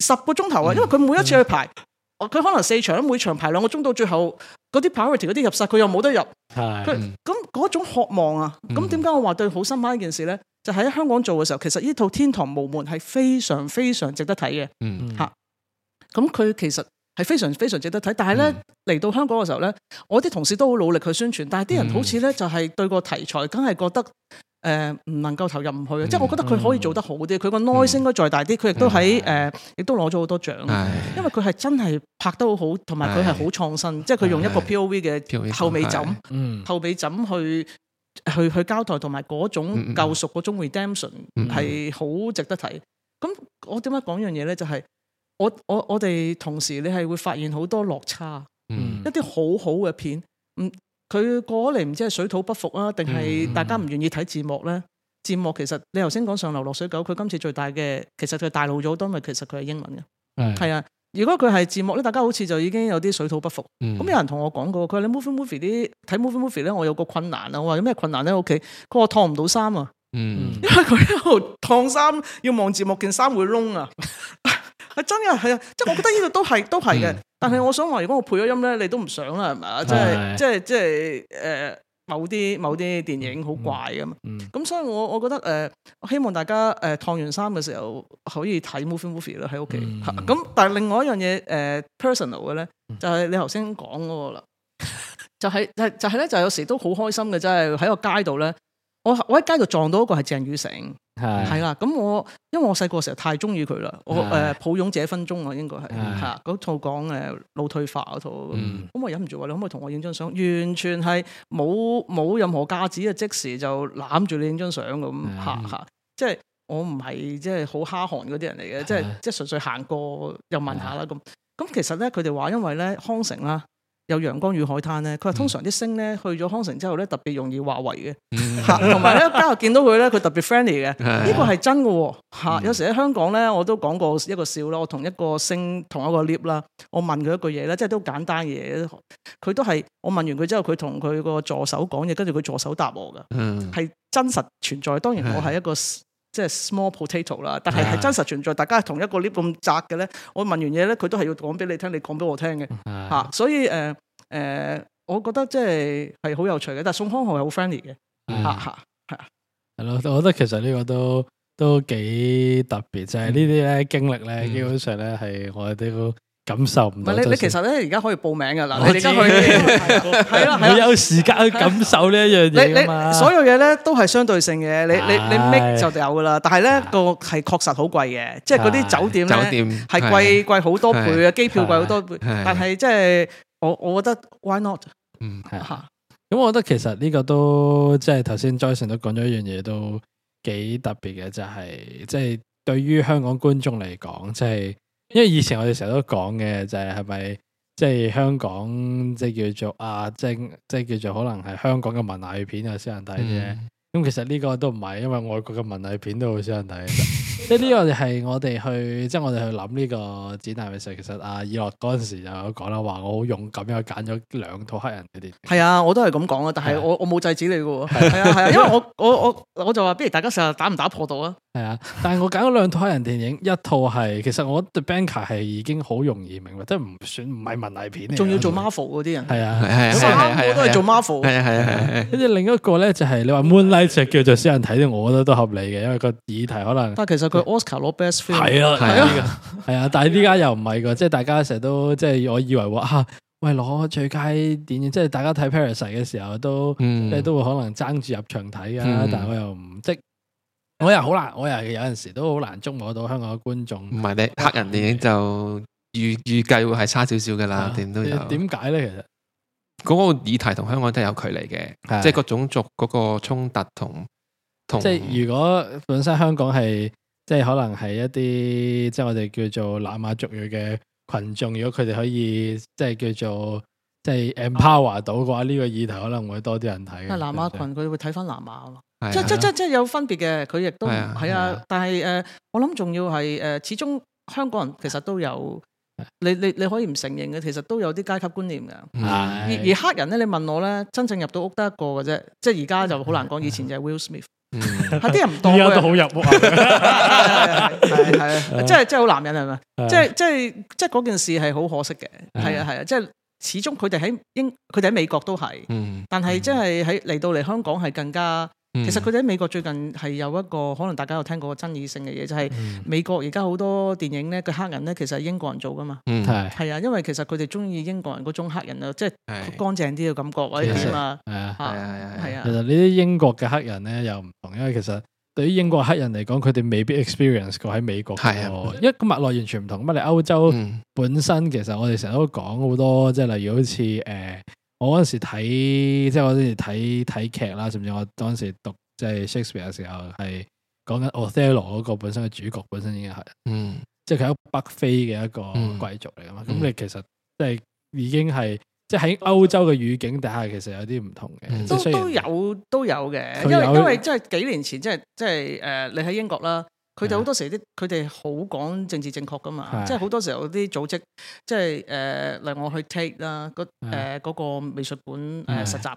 Speaker 2: 十個鐘頭啊，因為佢每一次去排。佢可能四場，每場排兩個鐘，到最後嗰啲 priority 嗰啲入晒，佢又冇得入。
Speaker 4: 係的，
Speaker 2: 咁嗰種渴望啊！咁點解我話對好深刻一件事咧？就喺、是、香港做嘅時候，其實呢套《天堂無門》係非常非常值得睇嘅。嗯嗯。吓，咁佢其實係非常非常值得睇，但係咧嚟到香港嘅時候咧，我啲同事都好努力去宣傳，但係啲人好似咧就係對個題材，梗係覺得。誒，唔能夠投入唔去，即係我覺得佢可以做得好啲，佢個 noise 應該再大啲，佢亦都喺誒，亦都攞咗好多獎，因為佢係真係拍得好，同埋佢係好創新，即係佢用一個 POV 嘅後尾枕，後尾枕去去去交代，同埋嗰種救贖嗰種 redemption 係好值得睇。咁我點解講樣嘢呢？就係我我我哋同時你係會發現好多落差，一啲好好嘅片，佢過嚟唔知係水土不服啊，定係大家唔願意睇字幕咧？嗯、字幕其實你頭先講上流落水狗，佢今次最大嘅其實佢大路咗，因為其實佢係英文嘅，係啊是的。如果佢係字幕咧，大家好似就已經有啲水土不服。咁、嗯、有人同我講過，佢話你 movie movie 啲睇 movie movie 咧，我有個困難啊。我話有咩困難咧屋企，佢話我燙唔到衫啊，因為佢一路燙衫要望字幕，件衫會窿啊。係真嘅，係啊！即係我覺得呢個都係都係嘅。但係我想話，如果我配咗音咧，你都唔想啦，係嘛？即係即係即係誒，某啲某啲電影好怪嘅嘛。咁所以我我覺得誒、呃，我希望大家誒燙完衫嘅時候可以睇《MOViE MOViE》啦，喺屋企。咁但係另外一樣嘢誒，personal 嘅咧，就係、係、你頭先講嗰個啦、嗯 就係，就係就就係咧，就係就係就係、有時都好開心嘅，即係喺個街度咧。我我喺街度撞到一個係鄭雨成，係啦，咁我因為我細個時候太中意佢啦，我誒抱擁者分鐘啊，應該係吓嗰套講誒老退化嗰套，咁我忍唔住話你可唔可以同我影張相？完全係冇冇任何架子啊，即時就攬住你影張相咁拍下，即係我唔係即係好哈韓嗰啲人嚟嘅，即係即係純粹行過又問下啦咁。咁其實咧佢哋話因為咧康城啦。有陽光與海灘咧，佢話通常啲星咧去咗康城之後咧，特別容易華 為嘅，嚇，同埋咧加入見到佢咧，佢特別 friendly 嘅，呢 個係真㗎，嚇。 有時喺香港咧，我都講過一個笑啦，我同一個星同一個 lift 啦，我問佢一句嘢咧，即係都簡單嘅嘢，佢都係我問完佢之後，佢同佢個助手講嘢，跟住佢助手答我嘅，係 真實存在。當然我係一個。 即係 small potato 啦，但係係真實存在，的大家係同一個 lift 咁窄嘅咧。我問完嘢咧，佢都係要講俾你聽，你講俾我聽嘅嚇的。所以誒誒、呃呃，我覺得即係係好有趣嘅。但係宋康昊係好 friendly 嘅
Speaker 1: 嚇，嚇係啊。係咯的的，我覺得其實呢個都都幾特別，就係呢啲咧經歷咧，基本上咧係我哋都。感受唔到。唔係你，你其實
Speaker 2: 咧，而家可以報名㗎啦。我而家去，係啦係啦。你有時
Speaker 1: 間去感受呢一樣嘢啊嘛！所有
Speaker 2: 嘢咧都係相對性嘅。你你你 make 就有㗎啦。但係咧個係確實好貴嘅，即係嗰啲酒店咧係貴貴好多倍嘅，機票貴好多倍。但係即係我我覺得 why not？嗯，係啊。
Speaker 1: 咁我覺得其實呢個都即係頭先 Joyce 都講咗一樣嘢，都幾特別嘅，就係即係對於香港觀眾嚟講，即係。因為以前我哋成日都講嘅就係係咪即係香港即係、就是、叫做啊即係即係叫做可能係香港嘅文藝片啊先、就是、人大嘅。嗯咁其實呢個都唔係，因為外國嘅文藝片都好少人睇。即係呢個就係我哋去，即係我哋去諗呢個展覽嘅時候，其實阿以樂嗰陣時就講啦，話我好勇敢，又揀咗兩套黑人嘅電影。
Speaker 2: 係啊，我都係咁講啊，但係我我冇制止你噶。係啊係啊，因為我我我我就話，不如大家成日打唔打破到啊？
Speaker 1: 係啊，但係我揀咗兩套黑人電影，一套係其實我對 Banker 係已經好容易明白，即係唔算唔係文藝片嚟。仲要做 Marvel 嗰啲人？係啊係啊 Marvel 都係做 Marvel。係啊係係係，跟住另一個咧就係你話 Moonlight。一直叫做私人睇我覺得都合理嘅，因為個議題可能。但
Speaker 2: 其實佢 Oscar 攞 best film。係啊係啊，
Speaker 1: 係啊， 啊！但係呢家又唔係㗎，即係大家成日都即係我以為話嚇、啊，喂攞最佳電影，即係大家睇 Paris 嘅時候都、嗯、即係都會可能爭住入場睇啊！嗯、但係我又唔即，我又好難，我又有陣時都好難捉摸到香港嘅觀
Speaker 3: 眾。唔係你黑人電影就預、嗯、預計會係差少少㗎啦，點、啊、都有？點解咧？其實？嗰個議題同香港都有距離嘅，是即係個種族嗰個衝突同同即係如果
Speaker 1: 本身香港係即係可能係一啲即係我哋叫做南亞族裔嘅群眾，如果佢哋可以即係、就是、叫做即係、就是、empower 到嘅話，呢、啊、個議題可能會多啲人睇。
Speaker 2: 南亞群佢會睇返南亞咯，是啊、即即即即係有分別嘅，佢亦都係啊。但係誒，我諗仲要係誒、呃，始終香港人其實都有。你你你可以唔承認嘅，其實都有啲階級觀念嘅。而而黑人咧，你問我咧，真正入到屋得一個嘅啫，即係而家就好難講。以前就係 Will Smith，係啲人唔多嘅。而家都好入屋、 哎，係、哎、啊，真係真係好男人係咪、哎？ 即係即係即係嗰件事係好可惜嘅，係啊係啊，即係始終佢哋喺英，佢哋喺美國都係，但係即係喺嚟到嚟香港係更加。嗯、其實佢哋喺美國最近係有一個可能大家有聽過爭議性嘅嘢，就係、是、美國而家好多電影咧，個黑人咧其實係英國人做噶嘛。係係啊，的因為其實佢哋中意英國人嗰種黑人啊，即係乾淨啲嘅感覺位啊嘛。係啊係啊係啊。其
Speaker 1: 實呢啲英國嘅黑人咧又唔同，因為其實對於英國黑人嚟講，佢哋未必 experience 過喺美國嘅，的因為個脈絡完全唔同。咁你嚟歐洲本身，其實我哋成日都講好多，即係例如好似誒。呃我嗰陣時睇，即係我嗰陣時睇睇劇啦，甚至我當時讀即係莎士比亞嘅時候，係講緊奧賽羅嗰個本身嘅主角本身已經係，嗯，即係佢喺北非嘅一個貴族嚟噶嘛，咁、嗯嗯、你其實即係已經係，即係喺歐洲嘅語境底下，其實有啲唔同嘅、嗯，都都
Speaker 2: 有都有嘅，因為有因為即係幾年前，即係即係誒，你喺英國啦。佢哋好多時啲，佢哋好講政治正確㗎嘛，Yeah. 即係好多時候啲組織，即係誒、呃，例我去 take 啦、啊，個誒嗰個美術館誒 Yeah.、呃、實習，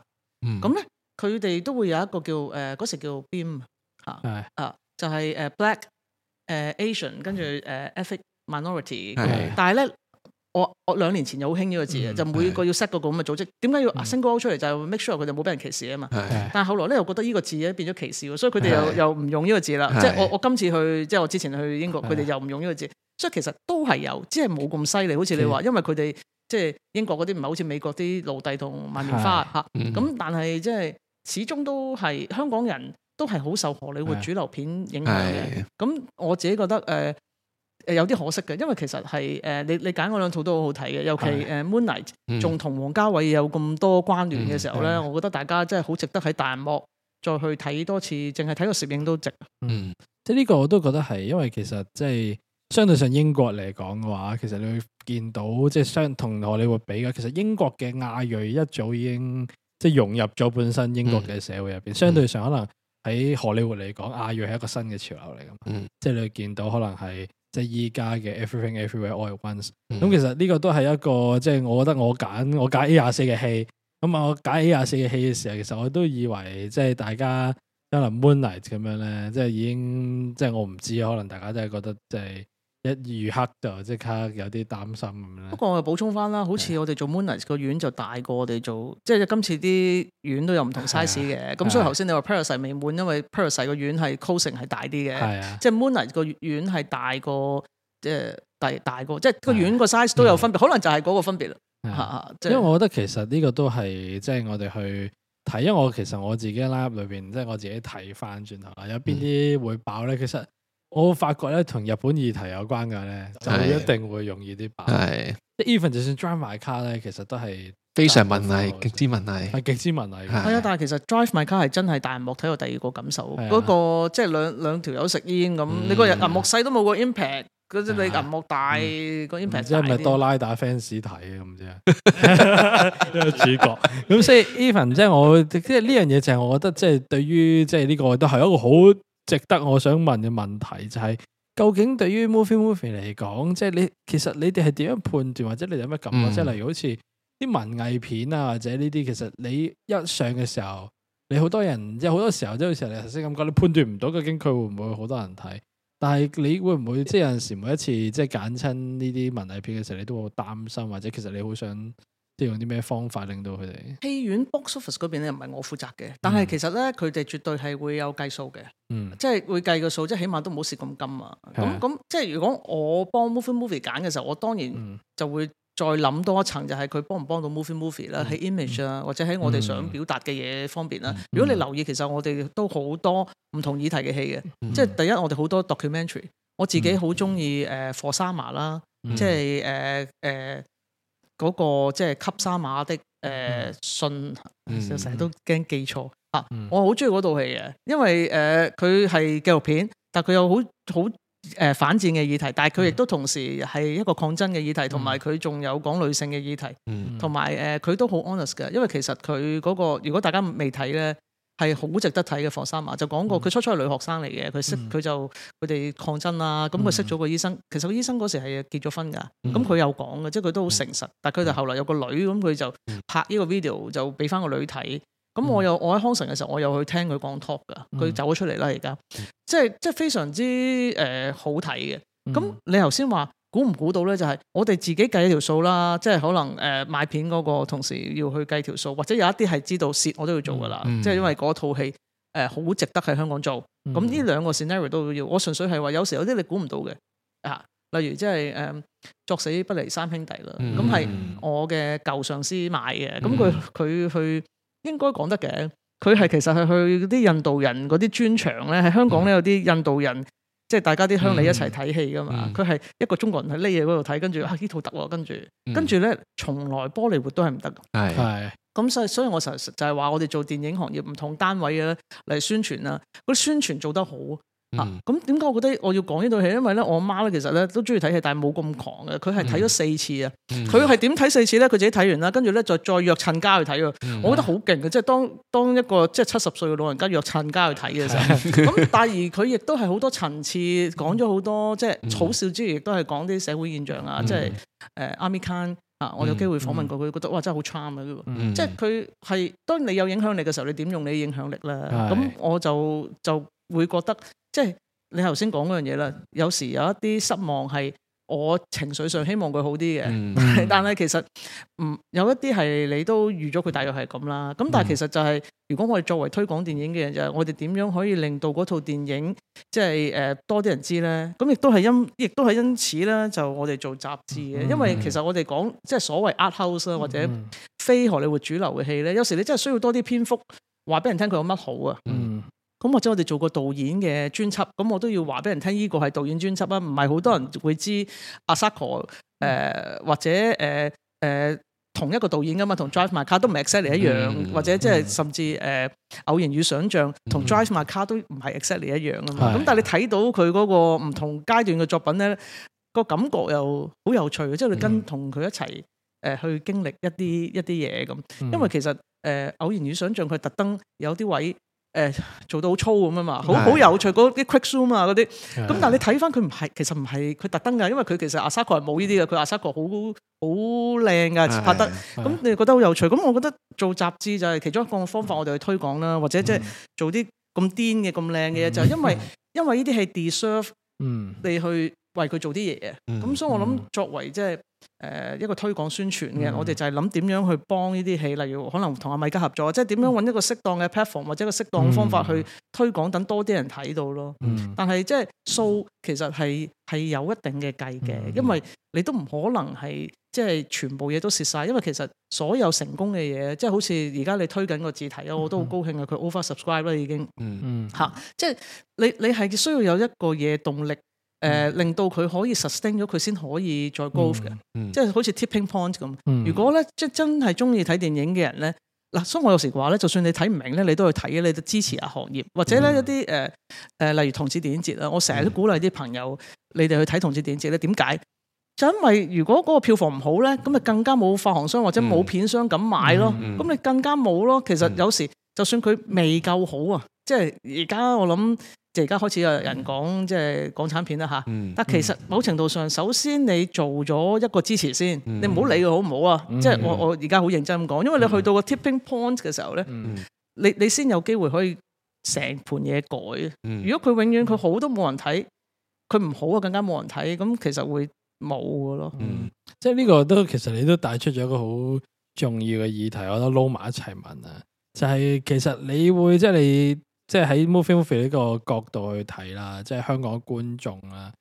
Speaker 2: 咁咧佢哋都會有一個叫誒嗰、呃、時叫 beam 嚇、啊，Yeah. 啊就係、是、誒 Black 誒、呃、Asian 跟住誒 ethnic minority，但係咧。我我兩年前又好興呢個字嘅，就每個要 set 個咁嘅組織。點解要升 i 出嚟？就 make sure 佢哋冇俾人歧視啊嘛。但係後來咧，我覺得呢個字咧變咗歧視，所以佢哋又又唔用呢個字啦。即係我我今次去，即係我之前去英國，佢哋又唔用呢個字。所以其實都係有，即係冇咁犀利。好似你話，因為佢哋即係英國嗰啲唔係好似美國啲奴隸同萬年花咁，但係，即係始終都係香港人都係好受荷里活主流片影響嘅。咁我自己覺得誒。誒有啲可惜嘅，因為其實係誒你你揀嗰兩套都好好睇嘅，尤其誒、嗯《Moonlight》仲同王家衛有咁多關聯嘅時候咧，嗯嗯、我覺得大家真係好值得喺大幕再去睇多次，淨係睇個攝影都值，嗯，
Speaker 1: 即係呢個我都覺得係，因為其實即係相對上英國嚟講嘅話，其實你會見到即係相同荷里活比較，其實英國嘅亞裔一早已經即係融入咗本身英國嘅社會入邊。嗯嗯、相對上可能喺荷里活嚟講，亞裔係一個新嘅潮流嚟㗎嘛，嗯、即係你會見到可能係。即係而家嘅 Everything Everywhere All At Once，咁、嗯、其實呢個都係一個即係、就是、我覺得我揀我揀 A 廿四嘅戲，咁啊我揀 A 廿四嘅戲嘅時候，其實我都以為即係大家可能 Moonlight 咁樣咧，即、就、係、是、已經即係、就是、我唔知，可能大家真係覺得即、就、係、是。一遇黑就即刻有啲擔心咁樣。
Speaker 2: 不過我又補充翻啦，好似我哋做 Moonlight 個院就大過我哋做，的即係今次啲院都有唔同 size 嘅。咁的所以頭先你話 Parasite 未滿，因為 Parasite 個院係 coating 係大啲嘅的，即係 Moonlight 個院係大過，即係大大個，即係個院個 size 都有分別，的可能就係嗰個分別啦。的的因為
Speaker 1: 我覺得其實呢個都係即係我哋去睇，因為我其實我自己 l 拉入裏邊，即係我自己睇翻轉頭啦，有邊啲會爆咧？其實。我發覺咧，同日本議題有關嘅咧，
Speaker 3: 就一定
Speaker 1: 會容易啲爆。係 even，就算 drive my car 咧，其實都係
Speaker 2: 非
Speaker 3: 常文藝，極之文藝，係極之文藝。係
Speaker 2: 啊，但係其實 drive my car 係真係大銀幕睇有第二
Speaker 1: 個感受。
Speaker 3: 嗰
Speaker 2: 個即係兩兩條友食煙咁，你個人銀幕細都冇個 impact。你銀幕大個 impact。即係咪多
Speaker 1: 拉打 fans 睇咁啫？主角咁，所以 even 即係我即係呢樣嘢，就係我覺得即係對於即係呢個都係一個好。值得我想問嘅問題就係、是，究竟對於 mo movie movie 嚟講，即係你其實你哋係點樣判斷，或者你哋有咩感覺？即係、嗯、例如好似啲文藝片啊，或者呢啲，其實你一上嘅時候，你好多人即係好多時候，即係好似你頭先咁講你判斷唔到究竟佢會唔會好多人睇？但係你會唔會即係有陣時每一次即係揀親呢啲文藝片嘅時候，你都會擔心，或者其實你好想？即用啲咩方法，令到佢哋戲
Speaker 2: 院 box office 嗰邊咧，唔係我負責嘅。嗯、
Speaker 1: 但係其實咧，佢哋絕對係
Speaker 2: 會有計數嘅。嗯，即係會計個數，即係起碼都唔好蝕咁金啊。咁咁是的，即係如果我幫 movie movie 揀嘅時候，我當然就會再諗多一層，就係佢幫唔幫到 movie movie 啦、嗯，喺 image 啊，嗯、或者喺我哋想表達嘅嘢方面啦、啊。嗯嗯、如果你留意，其實我哋都好多唔同議題嘅戲嘅。即係、嗯嗯、第一，我哋好多 documentary。我自己好中意誒 For Sama 啦，即係誒誒。Uh, uh, uh, 嗰個即係《吸沙馬的誒、呃、信》mm，成、hmm. 日都驚記錯、mm hmm. 啊！我好中意嗰套戲嘅，因為誒佢係紀錄片，但係佢有好好誒反戰嘅議題，但係佢亦都同時係一個抗爭嘅議題，同埋佢仲有講女性嘅議題，同埋誒佢都好 honest 嘅，因為其實佢嗰、嗰個如果大家未睇咧。係好值得睇嘅《For Sama》，就講過佢初初係女學生嚟嘅，佢識佢就佢哋、mm hmm. 抗爭啦。咁佢識咗個醫生，其實個醫生嗰時係結咗婚㗎。咁佢、mm hmm. 有講嘅，即係佢都好誠實，但係佢就後嚟有個女，咁佢就拍呢個 video 就俾翻個女睇。咁我又我喺康城嘅時候，我又去聽佢講 talk 㗎。佢走出嚟啦，而家即係即係非常之誒、呃、好睇嘅。咁你頭先話。估唔估到咧？就係、是、我哋自己計一條數啦，即係可能誒買、呃、片嗰個同時要去計條數，或者有一啲係知道蝕，我都要做噶啦。嗯、即係因為嗰套戲誒好、呃、值得喺香港做，咁呢、嗯、兩個 scenario 都要。我純粹係話，有時有啲你估唔到嘅啊，例如即係誒作死不離三兄弟啦，咁係、嗯、我嘅舊上司買嘅，咁佢佢去應該講得嘅，佢係其實係去啲印度人嗰啲專場咧，喺香港咧有啲印度人。即係大家啲鄉里一齊睇戲㗎嘛，佢係、嗯嗯、一個中國人喺呢嘢嗰度睇，跟住啊呢套得喎、啊，跟住、嗯、跟住咧從來玻璃活都係唔得
Speaker 4: 嘅。係的，
Speaker 2: 咁所以所以我成日就係話，我哋做電影行業唔同單位嘅嚟宣傳啊，嗰啲宣傳、啊、做得好。啊，咁點解我覺得我要講呢套戲？因為咧，我媽咧其實咧都中意睇戲，但係冇咁狂嘅。佢係睇咗四次啊！佢係點睇四次咧？佢自己睇完啦，跟住咧就再約親家去睇喎。嗯、我覺得好勁嘅，即係當當一個即係七十歲嘅老人家約親家去睇嘅時候。咁是、嗯、但係而佢亦都係好多層次，講咗好多即係好笑之餘，亦都係講啲社會現象啊！嗯、即係誒阿米坎啊，我有機會訪問過佢，覺得哇真係好 charm 啊！即係佢係當你有影響力嘅時候，你點用你嘅影響力咧？咁是是我就就會覺得。即係你頭先講嗰樣嘢啦，有時有一啲失望係我情緒上希望佢好啲嘅、嗯嗯，但係其實唔有一啲係你都預咗佢大約係咁啦。咁但係其實就係、係、如果我哋作為推廣電影嘅人就係、我哋點樣可以令到嗰套電影即係誒、呃、多啲人知咧？咁亦都係因亦都係因此咧，就我哋做雜誌嘅，嗯嗯、因為其實我哋講即係所謂 art house 啊、嗯嗯、或者非荷里活主流嘅戲咧，有時你真係需要多啲篇幅話俾人聽佢有乜好啊。嗯咁或者我哋做個導演嘅專輯，咁我都要話俾人聽，呢個係導演專輯啊！唔係好多人會知阿沙可誒或者誒誒、呃呃、同一個導演噶嘛，同 Drive My Car 都唔係 exactly 一樣，嗯、或者即係甚至誒、呃、偶然與想像同 Drive My Car 都唔係 exactly 一樣啊嘛。咁、嗯、但係你睇到佢嗰個唔同階段嘅作品咧，個感覺又好有趣即係你跟同佢一齊誒去經歷一啲一啲嘢咁。嗯嗯、因為其實誒、呃、偶然與想像佢特登有啲位。誒、欸，做到好粗咁啊嘛，好好是的 有趣嗰啲 quick zoom 啊嗰啲，咁是的 但係你睇翻佢唔係，其實唔係佢特登噶，因為佢其實阿沙國係冇呢啲嘅，佢阿沙國好好好靚噶拍得，咁是的 你覺得好有趣，咁我覺得做雜誌就係其中一個方法，我哋去推廣啦，或者即係做啲咁癲嘅、咁靚嘅，嘢，就係因為因為呢啲係 deserve 你去。為佢做啲嘢，咁、嗯嗯嗯、所以我諗作為即係誒一個推廣宣傳嘅，嗯、我哋就係諗點樣去幫呢啲戲，例如可能同阿米迦合作，即係點樣揾一個適當嘅 platform 或者一個適當方法去推廣，等、嗯、多啲人睇到咯。但係即係數其實係係有一定嘅計嘅，因為你都唔可能係即係全部嘢都蝕晒，因為其實所有成功嘅嘢，即係好似而家你推緊個字體咯，我都好高興啊！佢 over subscribe 啦已經嗯嗯嗯，嗯嗯吓、嗯，即係你你係需要有一個嘢動力。誒、呃、令到佢可以 sustain 咗，佢先可以再 grow 嘅，即係好似 tipping point 咁。如果咧即真係中意睇電影嘅人咧，嗱、嗯，所以我有時話咧，就算你睇唔明咧，你都去睇，你都支持下行業，或者咧一啲誒誒，例如同志電影節啦，我成日都鼓勵啲朋友，嗯、你哋去睇同志電影節咧，點解？就因為如果嗰個票房唔好咧，咁咪更加冇發行商或者冇片商咁買咯，咁你更加冇咯。其實有時就算佢未夠好啊，即係而家我諗。而家開始有人講即係港產片啦嚇，嗯、但其實某程度上，嗯、首先你做咗一個支持先，嗯、你唔好理佢好唔好啊！即係、嗯、我、嗯、我而家好認真咁講，因為你去到個 tipping point 嘅時候咧、嗯，你你先有機會可以成盤嘢改。嗯、如果佢永遠佢好都冇人睇，佢唔好啊更加冇人睇，咁其實會冇嘅咯。嗯、
Speaker 1: 即係呢個都其實你都帶出咗一個好重要嘅議題，我覺得撈埋一齊問啊！就係、是、其實你會即係你。即係喺 movie movie 呢個角度去睇啦，即係香港觀眾啊，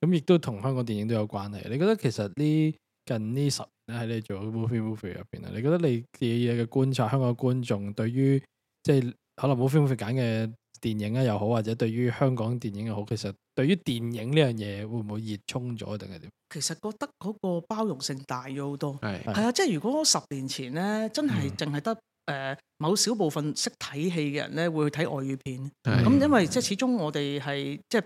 Speaker 1: 咁亦都同香港電影都有關係。你覺得其實呢近呢十年喺你做 movie movie 入邊啊，你覺得你自己嘅觀察香港觀眾對於即係可能 movie movie 揀嘅電影啊又好，或者對於香港電影又好，其實對於電影呢樣嘢會唔會熱衷咗定係點？其實覺得嗰個包容性大咗好多，係啊，即係如果十年前咧，
Speaker 2: 真係淨係得、嗯。誒、呃、某少部分識睇戲嘅人咧，會去睇外語片。咁、嗯嗯、因為即係始終我哋係即係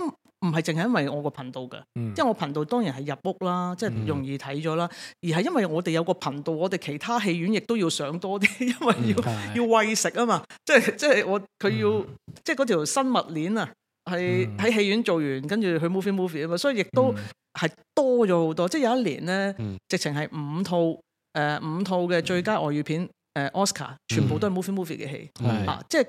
Speaker 2: 因唔係淨係因為我個頻道嘅，嗯、即係我頻道當然係入屋啦，即係容易睇咗啦。嗯、而係因為我哋有個頻道，我哋其他戲院亦都要上多啲，因為要、嗯、要餵食啊嘛。即係即係我佢要、嗯、即係嗰條生物鏈啊，係喺戲院做完，跟住去 mo movie movie 啊嘛。所以亦都係多咗好多。嗯、即係有一年咧，直情係五套誒五套嘅最佳外語片。Oscar，全部都係 mo movie movie 嘅戲，嗯、啊，即係是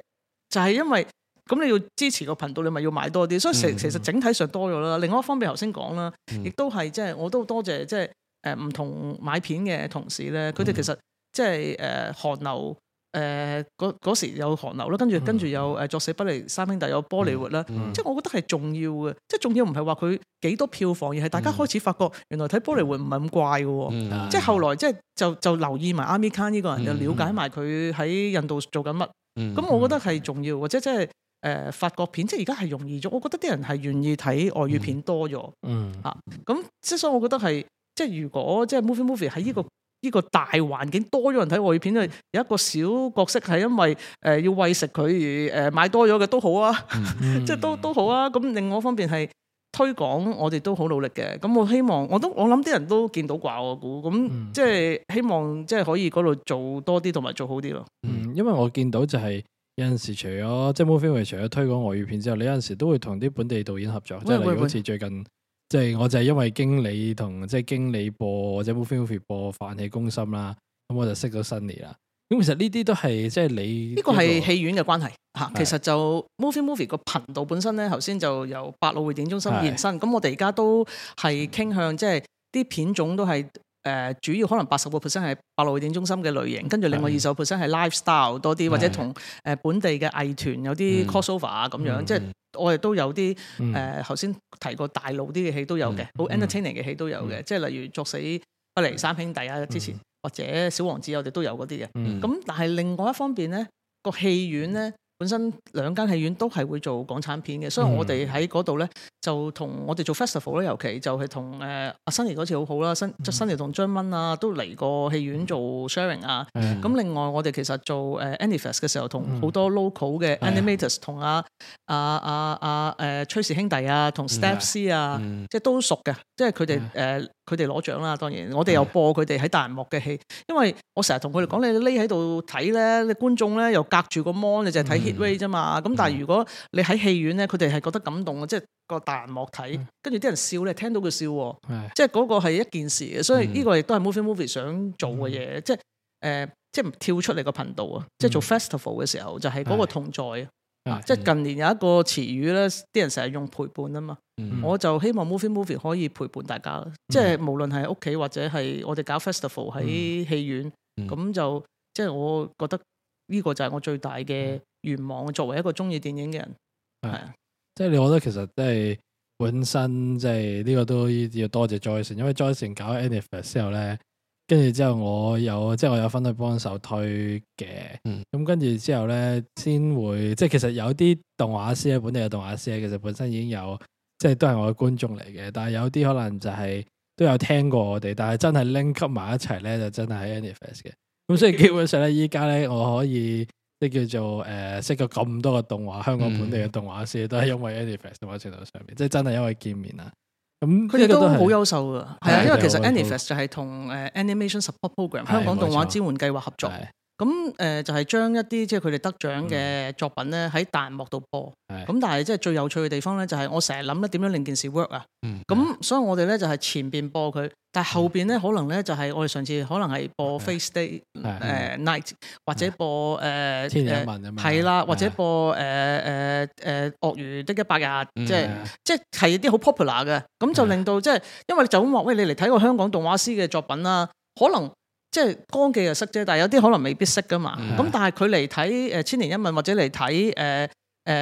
Speaker 2: 就係因為咁，你要支持個頻道，你咪要買多啲，所以實其實整體上多咗啦。嗯、另外一方面頭先講啦，亦都係即係我都多謝即係誒唔同買片嘅同事咧，佢哋其實、嗯、即係誒韓流。誒嗰、呃、時有韓流啦，跟住跟住有誒作死不離三兄弟有 wood、嗯，有玻璃活啦，即係我覺得係重要嘅，即係重要唔係話佢幾多票房，而係大家開始發覺原來睇玻璃活唔係咁怪嘅、嗯，即係後來即係就就留意埋阿米卡呢個人，就了解埋佢喺印度做緊乜，咁、嗯嗯、我覺得係重要，或者即係誒法國片，即係而家係容易咗，我覺得啲人係願意睇外語片多咗，嚇咁、嗯嗯啊、即所以，我覺得係即係如果即係 mo movie movie 喺呢個。呢個大環境多咗人睇外語片，因為有一個小角色係因為誒、呃、要餵食佢誒、呃、買多咗嘅都好啊，即係、嗯、 都都好啊。咁另外一方面係推廣，我哋都好努力嘅。咁我希望我都我諗啲人都見到啩我估。咁即係希望即係、就是、可以嗰度做多啲同埋做好啲咯。嗯，
Speaker 1: 因為我見到就係有陣時除咗即係 movie 之外，除咗推廣外語片之後，你有陣時都會同啲本地導演合作，即係是例是如好似最近。即係我就係因為經理同即係經理播，或者 movie movie 播《泛起攻心》啦，咁我就識咗 Sunny 啦。咁其實呢啲都係即係你呢個係戲
Speaker 2: 院嘅關係嚇。其實就 movie movie 個頻道本身咧，頭先就由百老匯電影中心延伸。咁是的 我哋而家都係傾向即係啲片種都係。誒主要可能八十個 percent 係百老匯電影中心嘅類型，跟住另外二十個 percent 係 lifestyle 多啲，或者同誒本地嘅藝團有啲 crossover 咁樣，嗯、即係我哋都有啲誒頭先提過大路啲嘅戲都有嘅，好 entertaining 嘅戲都有嘅，即係例如作死不離三兄弟啊，之前或者小王子我哋都有嗰啲嘅。咁、嗯、但係另外一方面咧，個戲院咧。本身兩間戲院都係會做港產片嘅，所以我哋喺嗰度咧就同我哋做 festival 咧，尤其就係同誒阿新怡嗰次好好啦，新即係新怡同張蚊啊都嚟過戲院做 sharing 啊。咁、嗯、另外我哋其實做誒 animfest 嘅時候，同好多 local 嘅 animators，同阿阿阿阿誒崔氏兄弟啊，同 Steph C 啊，嗯嗯、即係都熟嘅。即係佢哋誒，佢哋攞獎啦。當然，我哋又播佢哋喺大銀幕嘅戲，嗯、因為我成日同佢哋講你匿喺度睇咧，你呢觀眾咧又隔住個芒，你就睇 hit way 啫嘛。咁但係如果你喺戲院咧，佢哋係覺得感動，即係個大銀幕睇，跟住啲人笑咧，聽到佢笑喎，嗯、即係嗰個係一件事。所以呢個亦都係 movie movie 想做嘅嘢、嗯呃，即係誒，即係跳出嚟個頻道啊。嗯、即係做 festival 嘅時候，就係、是、嗰個同在啊。嗯嗯、即係近年有一個詞語咧，啲人成日用陪伴啊嘛。我就希望 movie movie 可以陪伴大家，嗯、即係無論係屋企或者係我哋搞 festival 喺戲院，咁、嗯、就、嗯、即係我覺得呢個就係我最大嘅願望。嗯、作為一個中意電影嘅人，
Speaker 1: 係啊、嗯，是即係你覺得其實即係本身即係呢個都要多謝 Joyce，因為 Joyce 搞 anniversary 之後咧，跟住之後我有即係我有分去幫手推嘅，咁跟住之後咧先會即係其實有啲動畫師啊，本地嘅動畫師其實本身已經有。即係都係我嘅觀眾嚟嘅，但係有啲可能就係都有聽過我哋，但係真係 link 埋一齊咧，就真係 Anifest 嘅。咁所以基本上咧，依家咧我可以即叫做誒、呃、識到咁多個動畫香港本地嘅動畫師，嗯、都係因為 Anifest 嘅程度上面，即係真係因為見面啦。咁佢哋都好優秀噶。係啊，對因為其實 Anifest
Speaker 2: 就係同誒 Animation Support Program 錯香港動畫支援計劃合作。咁誒就係將一啲即係佢哋得獎嘅作品咧喺彈幕度播，咁但係即係最有趣嘅地方咧就係我成日諗咧點樣令件事 work 啊，咁所以我哋咧就係前邊播佢，但係後邊咧可能咧就係我哋上次可能係播 Face Day 誒 Night 或者播誒天氣一問啊嘛，係啦，或者播誒誒誒鱷魚的一百日，即係即係係啲好 popular 嘅，咁就令到即係因為就咁話喂你嚟睇個香港動畫師嘅作品啦，可能。即係光記又識啫，但係有啲可能未必識噶嘛。咁但係佢嚟睇誒《千年一問》或者嚟睇誒誒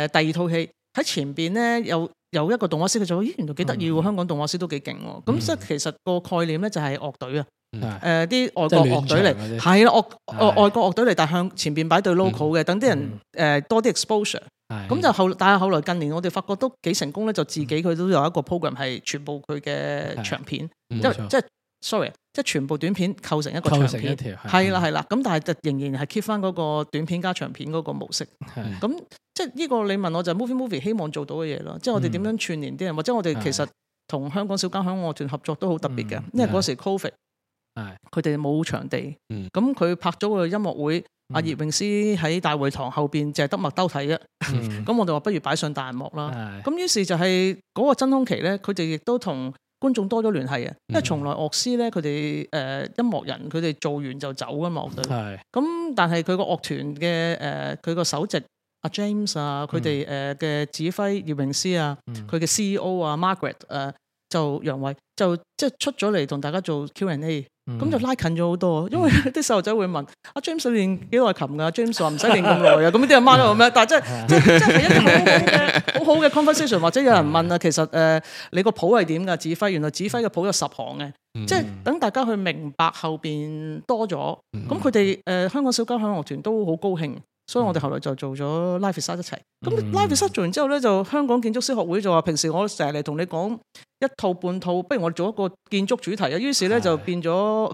Speaker 2: 第二套戲喺前邊咧，有有一個動畫師佢就咦，原來幾得意喎！香港動畫師都幾勁喎。咁即係其實個概念咧就係樂隊啊，誒啲外國樂隊嚟，係咯，外外國樂隊嚟，但向前邊擺對 logo 嘅，等啲人誒多啲 exposure。咁就後但係後來近年我哋發覺都幾成功咧，就自己佢都有一個 program 係全部佢嘅長片，即係。Sorry，即係全部短片構成一個長片，係啦係啦，咁但係就仍然係 keep 返嗰個短片加長片嗰個模式。咁即係呢個你問我就 MOViE MOViE 希望做到嘅嘢咯，即係我哋點樣串連啲人，或者我哋其實同香港小交響樂團合作都好特別嘅，因為嗰時 Covid，佢哋冇場地，咁佢拍咗個音樂會，阿葉詠詩喺大會堂後邊，就係得麥兜睇啫。咁我哋話不如擺上大幕啦，咁於是就係嗰個真空期咧，佢哋亦都同。觀眾多咗聯繫啊，因為從來樂師咧，佢哋誒音樂人佢哋做完就走噶嘛，樂隊咁是、嗯、但係佢個樂團嘅誒佢個首席阿、啊、James 啊，佢哋誒嘅指揮葉詠詩啊，佢嘅 CEO 啊 Margaret 誒、啊、就楊偉就即係出咗嚟同大家做 Q&A。A, 咁、嗯、就拉近咗好多，因為啲細路仔會問阿 James 練幾、嗯、耐琴噶？James 話唔使練咁耐啊，咁啲阿媽都咁樣，但係、即係、 即係即係即係好 好嘅 conversation，或者有人問啊，其實誒、呃、你個譜係點噶？指揮原來指揮嘅譜有十行嘅，嗯、即係等大家去明白後邊多咗，咁佢哋誒香港小交響樂團都好高興。所以我哋後來就做咗 live show 一齊。咁 live show 做完之後咧，就香港建築師學會就話：平時我成日嚟同你講一套半套，不如我哋做一個建築主題嘅。於是咧就變咗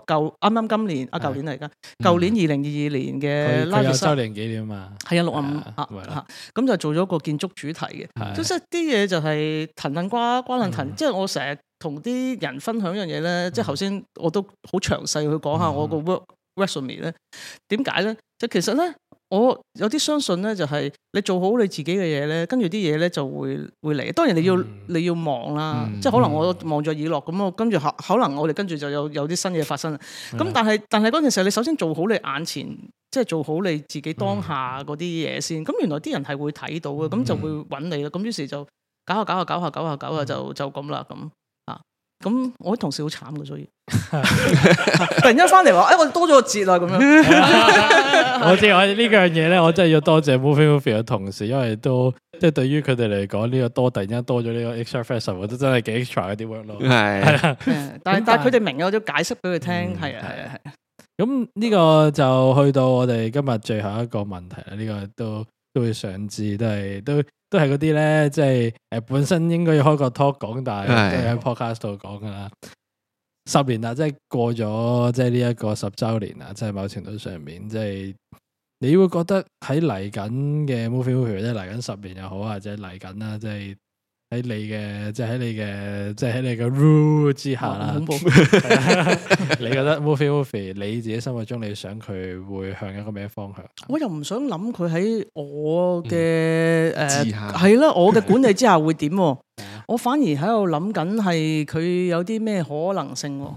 Speaker 2: 舊啱啱今年啊，舊年嚟㗎。舊年二零二二年嘅 live show 收年幾年嘛？係啊，六啊五啊，咁就做咗個建築主題嘅。即係啲嘢就係騰緊瓜，瓜緊騰。即係我成日同啲人分享一樣嘢咧，即係頭先我都好詳細去講下我個 work resume 咧。點解咧？即係其實咧。我有啲相信呢，就係你做好你自己嘅嘢呢，跟住啲嘢呢就會會嚟。當然你要、嗯、你要望啦，嗯、即係可能我望著耳落，咁我跟住可能我哋跟住就有有啲新嘢發生。咁、嗯、但係但係嗰陣時，你首先做好你眼前，即係做好你自己當下嗰啲嘢先。咁、嗯、原來啲人係會睇到嘅，咁、嗯、就會揾你啦。咁於是就搞下搞下搞下搞下搞下就就咁啦咁啊。咁、嗯嗯嗯、我啲同事好慘嘅，所以。突然間翻嚟話，誒，我多咗個節啊，咁樣。
Speaker 1: 我知，我呢樣嘢咧，我真係要多謝 MOViE MOViE 嘅同事，因為都即係對於佢哋嚟講，呢個多突然間多咗呢個 Extra Festival，我都真係幾 extra 嗰啲 work 咯。係，但
Speaker 2: 係但係佢哋明啊，我都解釋俾佢聽。係
Speaker 1: 啊，係啊，係。咁呢個就去到我哋今日最後一個問題啦。呢個都都會想知，都係都都係嗰啲咧，即係誒本身應該要開個 talk 講，但係都喺 podcast 度講噶啦。十年啦，即係過咗，即係呢一個十周年啦，即係某程度上面，即係你會覺得喺嚟緊嘅 Movie 即係嚟緊十年又好，或者嚟緊啦，即係喺你嘅，即係喺你嘅，即係喺你嘅 rule 之下啦。嗯、 你覺得 Movie Movie，你自己心目中你想佢會向一個咩方向？
Speaker 2: 我又唔想諗佢喺我嘅誒，係啦，我嘅管理之下會點？ 我反而喺度諗緊係佢有啲咩可能性、啊，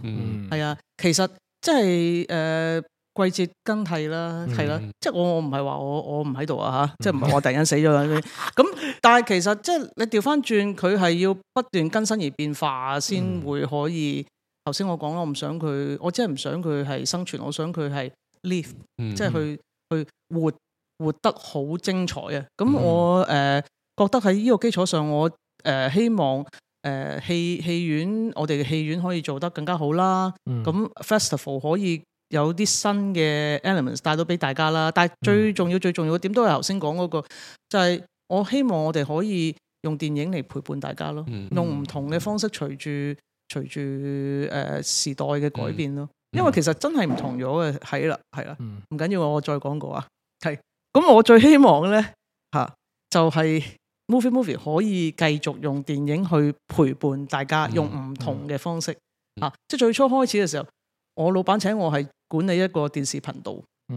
Speaker 2: 係啊，其實即係誒季節更替啦，係啦、嗯，即係、啊就是、我我唔係話我我唔喺度啊吓，即係唔係我突然間死咗咁。嗯、 但係其實即係你調翻轉，佢係要不斷更新而變化，先會可以。頭先、嗯、我講啦，我唔想佢，我真係唔想佢係生存，我想佢係 live，即係、嗯、去、嗯、去活活得好精彩啊！咁我誒覺得喺呢個基礎上我。誒、呃，希望誒戲戲院，我哋嘅戲院可以做得更加好啦。咁、嗯、Festival 可以有啲新嘅 elements 帶到俾大家啦。但係最重要、嗯、最重要嘅點都係頭先講嗰個，就係、是、我希望我哋可以用電影嚟陪伴大家咯。嗯、用唔同嘅方式隨，隨住隨住誒時代嘅改變咯。嗯、因為其實真係唔同咗嘅，係、嗯、啦，係啦，唔緊要，我再講過啊。係，咁我最希望咧吓、啊，就係、是。就是 Movie Movie 可以繼續用電影去陪伴大家，嗯嗯、用唔同嘅方式啊！即係最初開始嘅時候，我老闆請我係管理一個電視頻道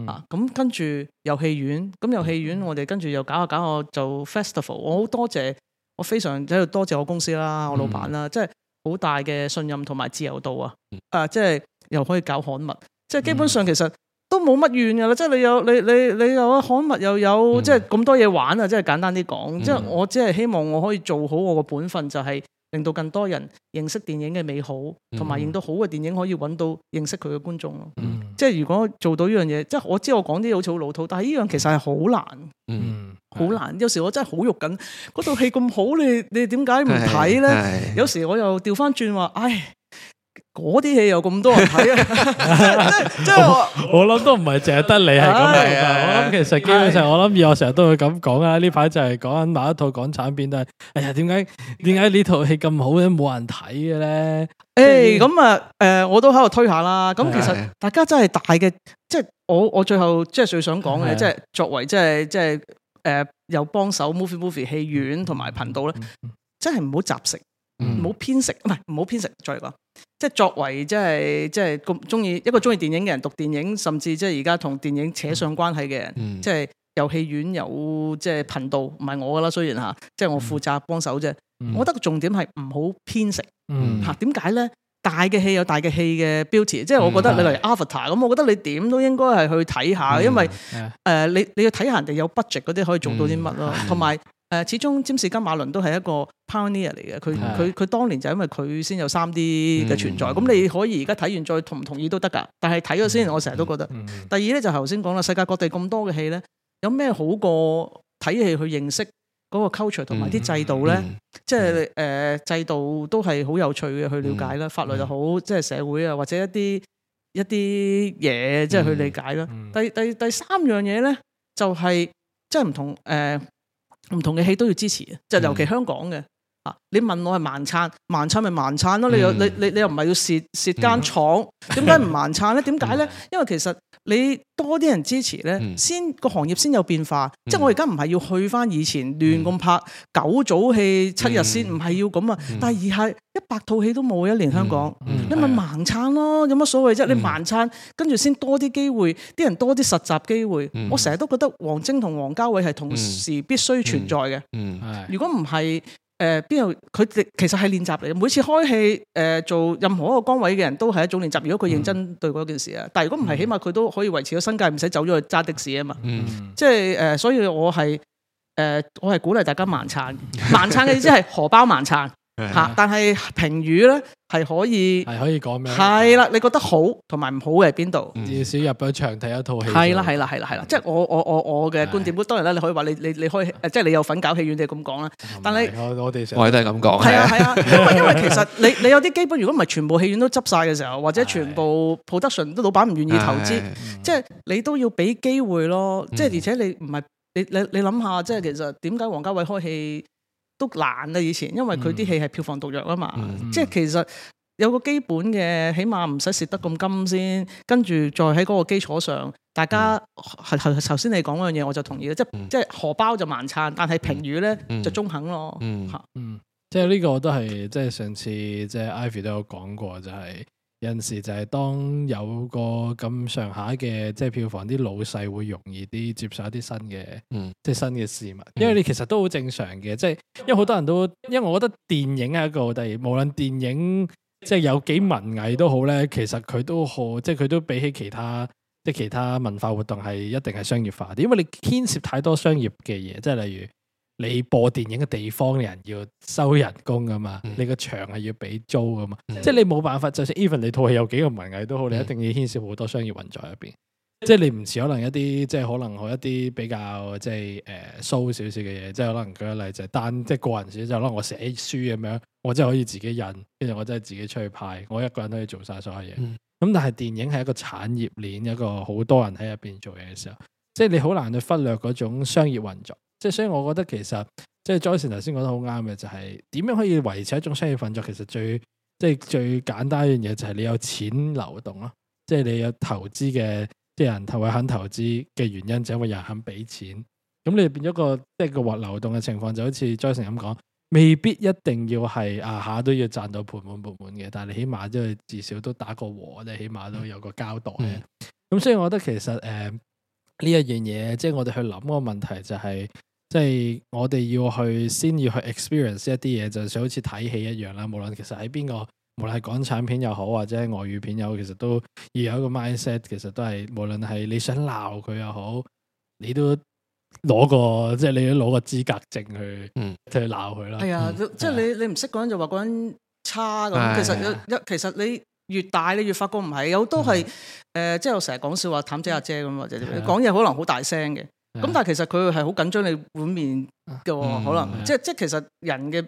Speaker 2: 啊，咁、嗯啊、跟住遊戲院，咁、啊、遊戲院我哋跟住又搞下、啊、搞下、啊、做 festival，我好多謝我非常喺度多謝我公司啦，我老闆啦、嗯啊，即係好大嘅信任同埋自由度啊！啊，即係又可以搞刊物，即係基本上其實。嗯嗯冇乜怨噶啦，即係你有你你你有刊物又有，嗯、即係咁多嘢玩啊！即係簡單啲講，嗯、即係我只係希望我可以做好我個本分，就係、是、令到更多人認識電影嘅美好，同埋令到好嘅電影可以搵到認識佢嘅觀眾咯。嗯、即係如果做到呢樣嘢，即係我知我講啲好似好老土，但係呢樣其實係好難，嗯，好難。的有時我真係好肉緊，嗰套戲咁好，你你點解唔睇咧？有時我又調翻轉話，唉。的嗰啲戲有咁多人睇啊！ 即係我，我
Speaker 1: 諗都唔係淨係得你係咁樣。我、哎、諗呀 其實基本上， 我諗以我成日都會咁講啊。呢排就係講緊某一套港產片，但係哎呀，點解點解呢套戲咁好都冇人睇嘅咧？誒以，咁啊、欸，誒，我都喺度推下啦。咁其實
Speaker 2: 大家真係大嘅，即係是的 我我最後即係最想講嘅，即係作為即係即係誒有幫手 movie movie 戲院同埋頻道咧，真係唔好集食。唔好偏食，唔係唔好偏食。再嚟講，即係作為、即係、即係即係咁中意一個中意電影嘅人，讀電影，甚至即係而家同電影扯上關係嘅人，嗯、即係遊戲院有即係頻道，唔係我噶啦，雖然吓，即係我負責幫手啫。嗯、我覺得重點係唔好偏食嚇。點解咧？大嘅戲有大嘅戲嘅 budget 即係我覺得你嚟、嗯《Avatar》咁，我覺得你點都應該係去睇下，嗯、因為誒、呃、你你要睇下人哋有 budget 嗰啲可以做到啲乜咯，同埋、嗯。誒，始終佔士金馬倫都係一個 pioneer 嚟嘅，佢佢佢當年就因為佢先有三 D 嘅存在，咁、嗯嗯、你可以而家睇完再同唔同意都得噶。但係睇咗先，我成日都覺得。嗯嗯、第二咧就頭先講啦，世界各地咁多嘅戲咧，有咩好過睇戲去認識嗰個 culture 同埋啲制度咧？嗯嗯、即係誒、呃，制度都係好有趣嘅去了解啦，法律又好，嗯嗯、即係社會啊，或者一啲一啲嘢，即係去理解啦。第第第三樣嘢咧，3, 就係即係唔同誒。唔同嘅戲都要支持，就尤其香港嘅、嗯、啊！你問我係盲撐，盲撐咪盲撐咯、啊嗯，你又你你又唔係要蝕蝕間廠，點解唔盲撐呢？點解 呢？因為其實。你多啲人支持呢，先個行業先有變化。即係我而家唔係要去返以前亂咁拍九組戲七日先，唔係要咁啊！但係而係一百套戲都冇一年香港，你咪盲撐咯，有乜所謂啫？你盲撐，跟住先多啲機會，啲人多啲實習機會。我成日都覺得王晶同王家衛係同時必須存在嘅。嗯，如果唔係。誒邊度，佢其實係練習嚟，每次開戲誒、呃、做任何一個崗位嘅人都係一種練習。如果佢認真對嗰件事啊，嗯、但係如果唔係，起碼佢都可以維持咗新界，唔使走咗去揸的士啊嘛。嗯、即係誒、呃，所以我係誒、呃、我係鼓勵大家盲撐，盲撐嘅意思係荷包盲撐。 吓！但係評語咧，係可以係可以講咩？係啦，你覺得好同埋唔好嘅係邊度？至少入咗場睇一套戲。係啦係啦係啦係啦，即係我我我我嘅觀點。當然咧，你可以話你你你可以即係你有份搞戲院你咁講啦。但係
Speaker 3: 我我哋我都係咁講。係啊係啊，因為因為其實
Speaker 2: 你你有啲基本，如果唔係全部戲院都執晒嘅時候，或者全部 production 都老闆唔願意投資，即係你都要俾機會咯。即係而且你唔係你你你諗下，即係其實點解王家衛開戲？都難啦以前，因為佢啲戲係票房毒藥啊嘛，嗯嗯、即係其實有個基本嘅，起碼唔使蝕得咁金先，跟住再喺嗰個基礎上，大家係係頭先你講嗰樣嘢，我就同意啦，嗯、即係即係荷包就萬燦，但係評語咧、嗯、就
Speaker 1: 中肯咯。嗯，嗯，嗯，嗯，即係呢個都係即係上次即係 Ivy 都有講過，就係、是。有陣時就係當有個咁上下嘅，即係票房啲老細會容易啲接受一啲新嘅，嗯、即係新嘅事物。因為你其實都好正常嘅，即係因為好多人都，因為我覺得電影係一個，但係無論電影即係有幾文藝都好咧，其實佢都好，即係佢都比起其他即係其他文化活動係一定係商業化啲，因為你牽涉太多商業嘅嘢，即係例如。你播電影嘅地方嘅人要收人工噶嘛？嗯、你個場係要俾租噶嘛？嗯、即係你冇辦法，就算 even 你套戲有幾個文藝都好，嗯、你一定要牽涉好多商業運作喺入邊。嗯、即係你唔似可能一啲，即係可能我一啲比較即係誒粗少少嘅嘢，即係可能舉個例就係單即係個人少少，就攞我寫書咁樣，我真係可以自己印，跟住我真係自己出去派，我一個人都可以做晒所有嘢。咁、嗯嗯、但係電影係一個產業鏈，一個好多人喺入邊做嘢嘅時候，即係你好難去忽略嗰種商業運作。即係所以，我覺得其實即係 Joyce 頭先講得好啱嘅，就係點樣可以維持一種商業運作。其實最即係最簡單一樣嘢，就係你有錢流動咯。即係你有投資嘅即係人，同埋肯投資嘅原因，就係因為有人肯俾錢。咁你變咗個即係個活流動嘅情況，就好似 Joyce 咁講，未必一定要係下下都要賺到盆滿缽滿嘅，但係你起碼都至少都打個和，即係起碼都有個交代嘅。咁所以我覺得其實誒呢一樣嘢，即係我哋去諗個問題就係。即係我哋要去，先要去 experience 一啲嘢，就是好似睇戲一樣啦。無論其實喺邊個，無論係港產片又好，或者係外語片又好，其實都要有一個 mindset。其實都係無論係你想鬧佢又好，你都攞個即係你都攞個資格證去，嗯，即係鬧佢啦。係、嗯、啊，
Speaker 2: 即係你你唔識講就話講差咁。其實一其實你越大，你越發覺唔係有都係誒、啊啊呃，即係我成日講笑話，譚姐阿姐咁或者你講嘢可能好大聲嘅。咁但係其實佢係好緊張你碗麵嘅可能，即係即係其實人嘅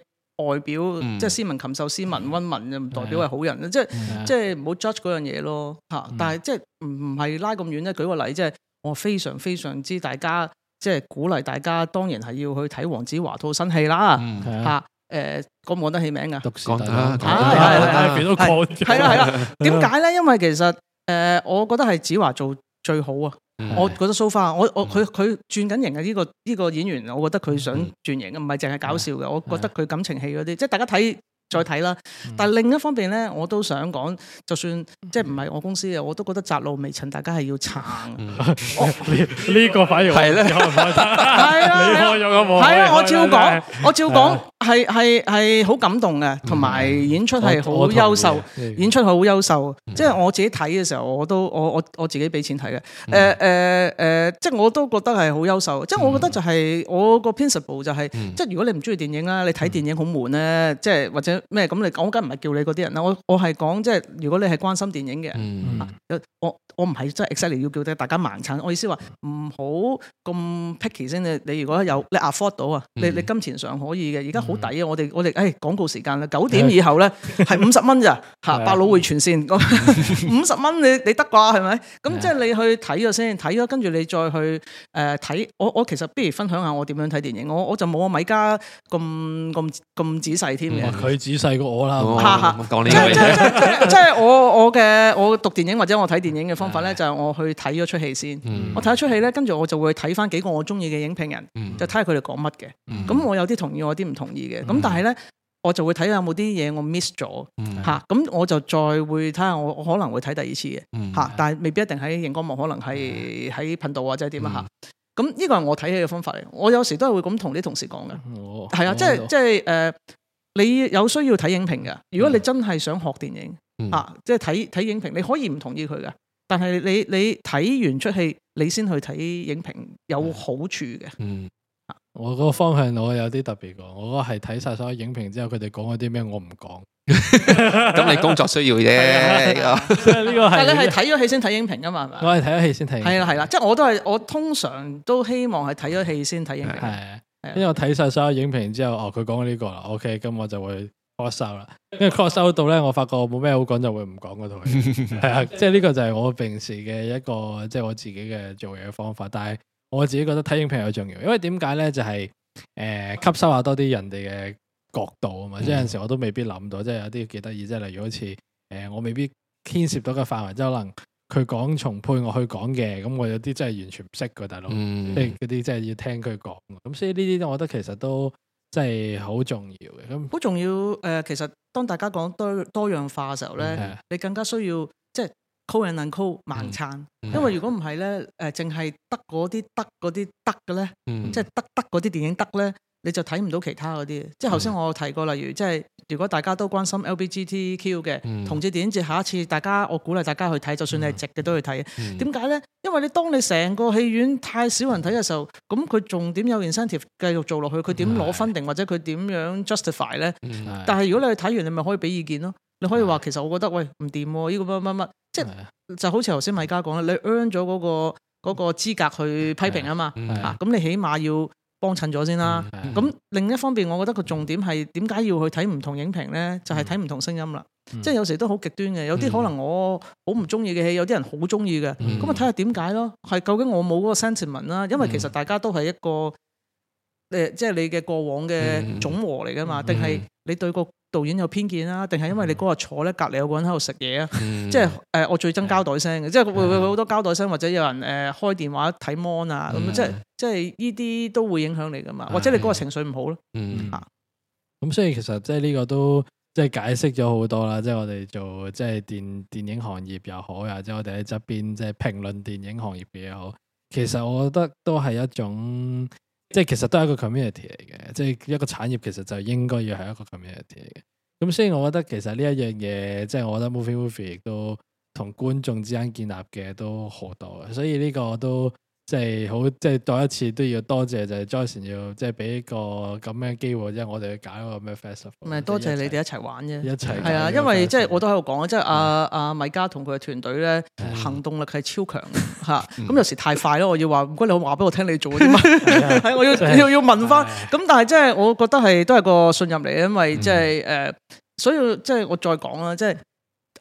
Speaker 2: 外表即係斯文禽獸斯文溫文又唔代表係好人啊！即係即係唔好 judge 嗰樣嘢咯吓。但係即係唔唔係拉咁遠咧。舉個例即係我非常非常之大家即係鼓勵大家，當然係要去睇黃子華套新戲啦吓。誒，講唔講得起名噶？得啦，係啦，係啦，點解咧？因為其實誒，我覺得係子華做最好啊。我覺得蘇花，我我佢佢轉緊型嘅呢、這個呢、這個演員，我覺得佢想轉型，唔係淨係搞笑嘅，我覺得佢感情戲嗰啲，即係大家睇再睇啦。但係另一方面咧，我都想講，就算即係唔係我公司嘅，我都覺得窄路微塵，大家係要撐。呢呢、嗯、個反而係咧，係啊，啊，啊，啊，我照講，啊、我照講。係係係好感動嘅，同埋演出係好優秀，mm. 演出係好優秀。即係我自己睇嘅時候，我都我我我自己俾錢睇嘅。誒誒誒，即係我都覺得係好優秀。Mm. 即係我覺得就係、是、我個 principle 就係、是，mm. 即係如果你唔中意電影啦，你睇電影好悶咧，即係或者咩咁你講，我梗唔係叫你嗰啲人啦。我我係講即係如果你係關心電影嘅，我。Mm. Mm. 我唔係真係 exciting 要叫啲大家盲診，我意思話唔好咁 picky 先。你你如果有你 afford 到啊，你你金錢上可以嘅，而家好抵啊！我哋我哋誒廣告時間啦，九點以後咧係五十蚊咋嚇，百老匯全線五十蚊，你你得啩係咪？咁即係你去睇咗先，睇咗跟住你再去誒睇。我我其實不如分享下我點樣睇電影。我我就冇阿米迦咁咁咁仔細添嘅，佢仔細過我啦。即係即係即係即係我我嘅我讀電影或者我睇電影嘅。方法咧就係我去睇咗出戲先，我睇咗出戲咧，跟住我就會睇翻幾個我中意嘅影評人，就睇下佢哋講乜嘅。咁我有啲同意，我有啲唔同意嘅。咁但係咧，我就會睇下有冇啲嘢我 miss 咗吓，咁我就再會睇下我我可能會睇第二次嘅吓，但係未必一定喺熒光幕，可能係喺頻道或者點啊吓。咁呢個係我睇戲嘅方法嚟。我有時都係會咁同啲同事講嘅，
Speaker 4: 係啊，即係
Speaker 2: 即係誒，你有需要睇影評嘅，如果你真係想學電影吓，即係睇睇影評，你可以唔同意佢嘅。但係你你睇完出戲，你
Speaker 1: 先去睇影評有好處嘅。嗯，我個方向我有啲特別講、啊，我係睇晒所有影評之後，佢哋講嗰啲咩我唔講。咁 你工作需要啫，呢個係。啊、 但
Speaker 2: 係你係睇咗戲先睇影評噶嘛？係咪
Speaker 3: 我
Speaker 1: 係睇咗戲先睇。係啦係啦，
Speaker 2: 即係我都係，我通常都希望係睇咗戲先睇影評。
Speaker 1: 係，因為我睇晒所有影評之後， 哦，佢講咗呢個啦 ，OK，咁我就會。cross 啦，因為 cross 收到咧，我發覺冇咩好講，就會唔講嗰套係啊，即係呢個就係我平時嘅一個即係、就是、我自己嘅做嘢嘅方法。但係我自己覺得睇影評好重要，因為點解咧？就係、是、誒、呃，吸收下多啲人哋嘅角度啊嘛。即係、嗯、有時我都未必諗到，即、就、係、是、有啲幾得意，即係例如好似誒、呃，我未必牽涉到嘅範圍，即、就、係、是、可能佢講從配樂去講嘅，咁我有啲真係完全唔識噶，大佬，即係嗰啲真係要聽佢講。咁所以呢啲我覺得其實都。即係好重要
Speaker 2: 嘅，咁好重要。誒、呃，其實當大家講多多樣化嘅時候咧，嗯、你更加需要即係 call in and call 萬燦。嗯嗯、因為如果唔係咧，誒、呃，淨係得嗰啲得嗰啲得嘅咧，嗯、即係得得嗰啲電影得咧。你就睇唔到其他嗰啲，即係頭先我提過，例如即係如果大家都關心 LBGTQ 嘅同志電影節，下一次大家我鼓勵大家去睇，就算你係直嘅都去睇。點解呢？因為你當你成個戲院太少人睇嘅時候，咁佢重點有 incentive 繼續做落去，佢點攞分定或者佢點樣 justify 呢？但係如果你去睇完，你咪可以俾意見咯。你可以話其實我覺得喂唔掂，呢個乜乜乜，即係就好似頭先米迦講啦，你 earn 咗嗰個嗰個資格去批評啊嘛嚇，咁你起碼要。幫襯咗先啦，咁、嗯、另一方面，我覺得個重點係點解要去睇唔同影評呢？就係睇唔同聲音啦，嗯、即係有時都好極端嘅，有啲可能我好唔中意嘅戲，有啲人好中意嘅，咁啊睇下點解咯，係究竟我冇嗰個 sentiment 啦，因為其實大家都係一個誒，即係、嗯呃即係、你嘅過往嘅總和嚟噶嘛，定係你對個。導演有偏見啊，定係因為你嗰日坐咧隔籬有個人喺度食嘢啊，即係誒，我最憎膠袋聲嘅，的即係會會好多膠袋聲，或者有人誒、呃、開電話睇 mon 啊，咁、嗯、即係即係呢啲都會影響你噶嘛，的或者你
Speaker 1: 嗰日情緒唔好咯。嗯，吓的，咁、嗯、所以其實即係呢個都即係解釋咗好多啦，即、就、係、是、我哋做即係電電影行業又好，又或者我哋喺側邊即係評論電影行業嘅又好，其實我覺得都係一種。即係其實都係一個 community 嚟嘅，即係一個產業其實就應該要係一個 community 嚟嘅。咁所以我覺得其實呢一樣嘢，即係我覺得 movie movie 亦都同觀眾之間建立嘅都好多，所以呢個都。即係好，即係再一次都要多謝，就係 Joyce 要即係俾個咁樣機會，即係我哋去揀嗰個咩 festival。唔係多謝你哋一齊玩啫，一齊係啊！因為
Speaker 2: 即係我都喺度講即係阿阿米迦同佢嘅團隊咧，行動力係超強吓。咁有時太快咯，我要話唔該，你話俾我聽你做啲乜？我要要要問翻。咁但係即係我覺得係都係個信任嚟，因為即係誒，所以即係我再講啦，即係。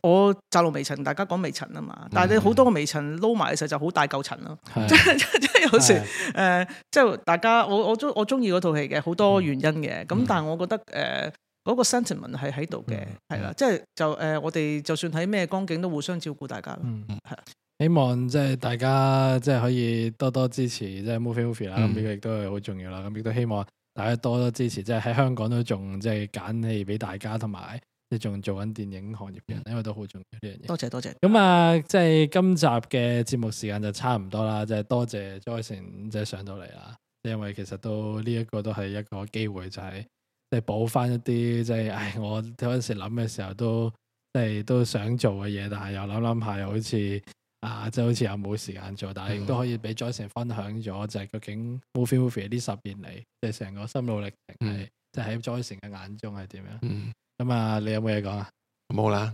Speaker 2: 我驟露微塵，大家講微塵啊嘛，嗯、但係你好多個微塵撈埋嘅時候就好大嚿塵咯。即係、啊、 有時，誒、啊呃，即係大家，我我中我中意嗰套戲嘅，好多原因嘅。咁、嗯、但係我覺得，誒、呃，嗰、那個 sentiment 係喺度嘅，係啦，即係就誒、呃，我哋就算喺咩光景都互相照顧大家咯。係啦、嗯，啊、
Speaker 1: 希望即係大家即係可以多多支持 movie，嗯，即係 movie movie 啦，咁呢個亦都係好重要啦。咁亦都希望大家多多支持，即係喺香港都仲即係揀戲俾大家，同埋，你仲做緊電影行業嘅，因為
Speaker 3: 都好重要呢樣嘢。多謝、啊就是多，就是、多
Speaker 1: 謝。咁啊，即係今集嘅節目時間就差唔多啦，即係多謝 Joyce 即係上到嚟啦。因為其實都呢、這個、一個都係一個機會、就是，就係你補翻一啲即係，唉、就是哎，我嗰陣時諗嘅時候都即係、就是、都想做嘅嘢，但係又諗諗下又好似啊，即係好似又冇時間做，但係亦都可以俾 Joyce 分享咗，就係、是、究竟 MOViE MOViE 呢十年嚟，即係成個心路歷程係即係喺 Joyce 嘅眼中係點樣？嗯咁啊，你有冇嘢講
Speaker 3: 啊？冇啦，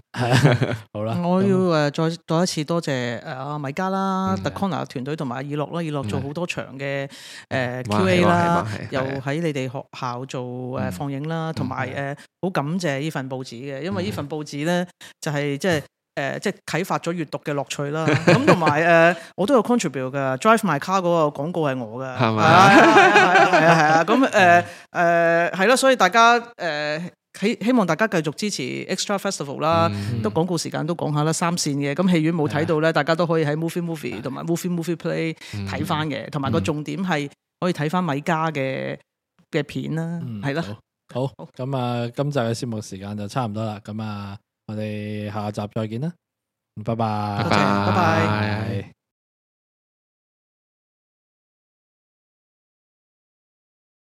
Speaker 3: 好
Speaker 2: 啦，我要誒再再一次多謝誒阿米迦啦、THE KONGNER 團隊同埋以諾啦，以諾做好多場嘅誒 Q&A 啦，又喺你哋學校做誒放映啦，同埋誒好感謝呢份報紙嘅，因為呢份報紙咧就係即係誒即係啟發咗閱讀嘅樂趣啦。咁同埋誒我都有 contribute 嘅 Drive My Car 嗰個廣告係我嘅，係咪啊？係啊係啊，咁誒誒係咯，所以大家誒。希希望大家繼續支持 Extra Festival 啦，都廣告時間都講下啦，三線嘅咁戲院冇睇到咧，大家都可以喺 Movie Movie 同埋 Movie Movie Play 睇翻嘅，同埋個重點係可以睇翻米迦嘅嘅片啦，
Speaker 1: 係啦，好咁啊，今集嘅節目時間就差唔多啦，咁啊，我哋下集再見啦，拜拜，拜拜。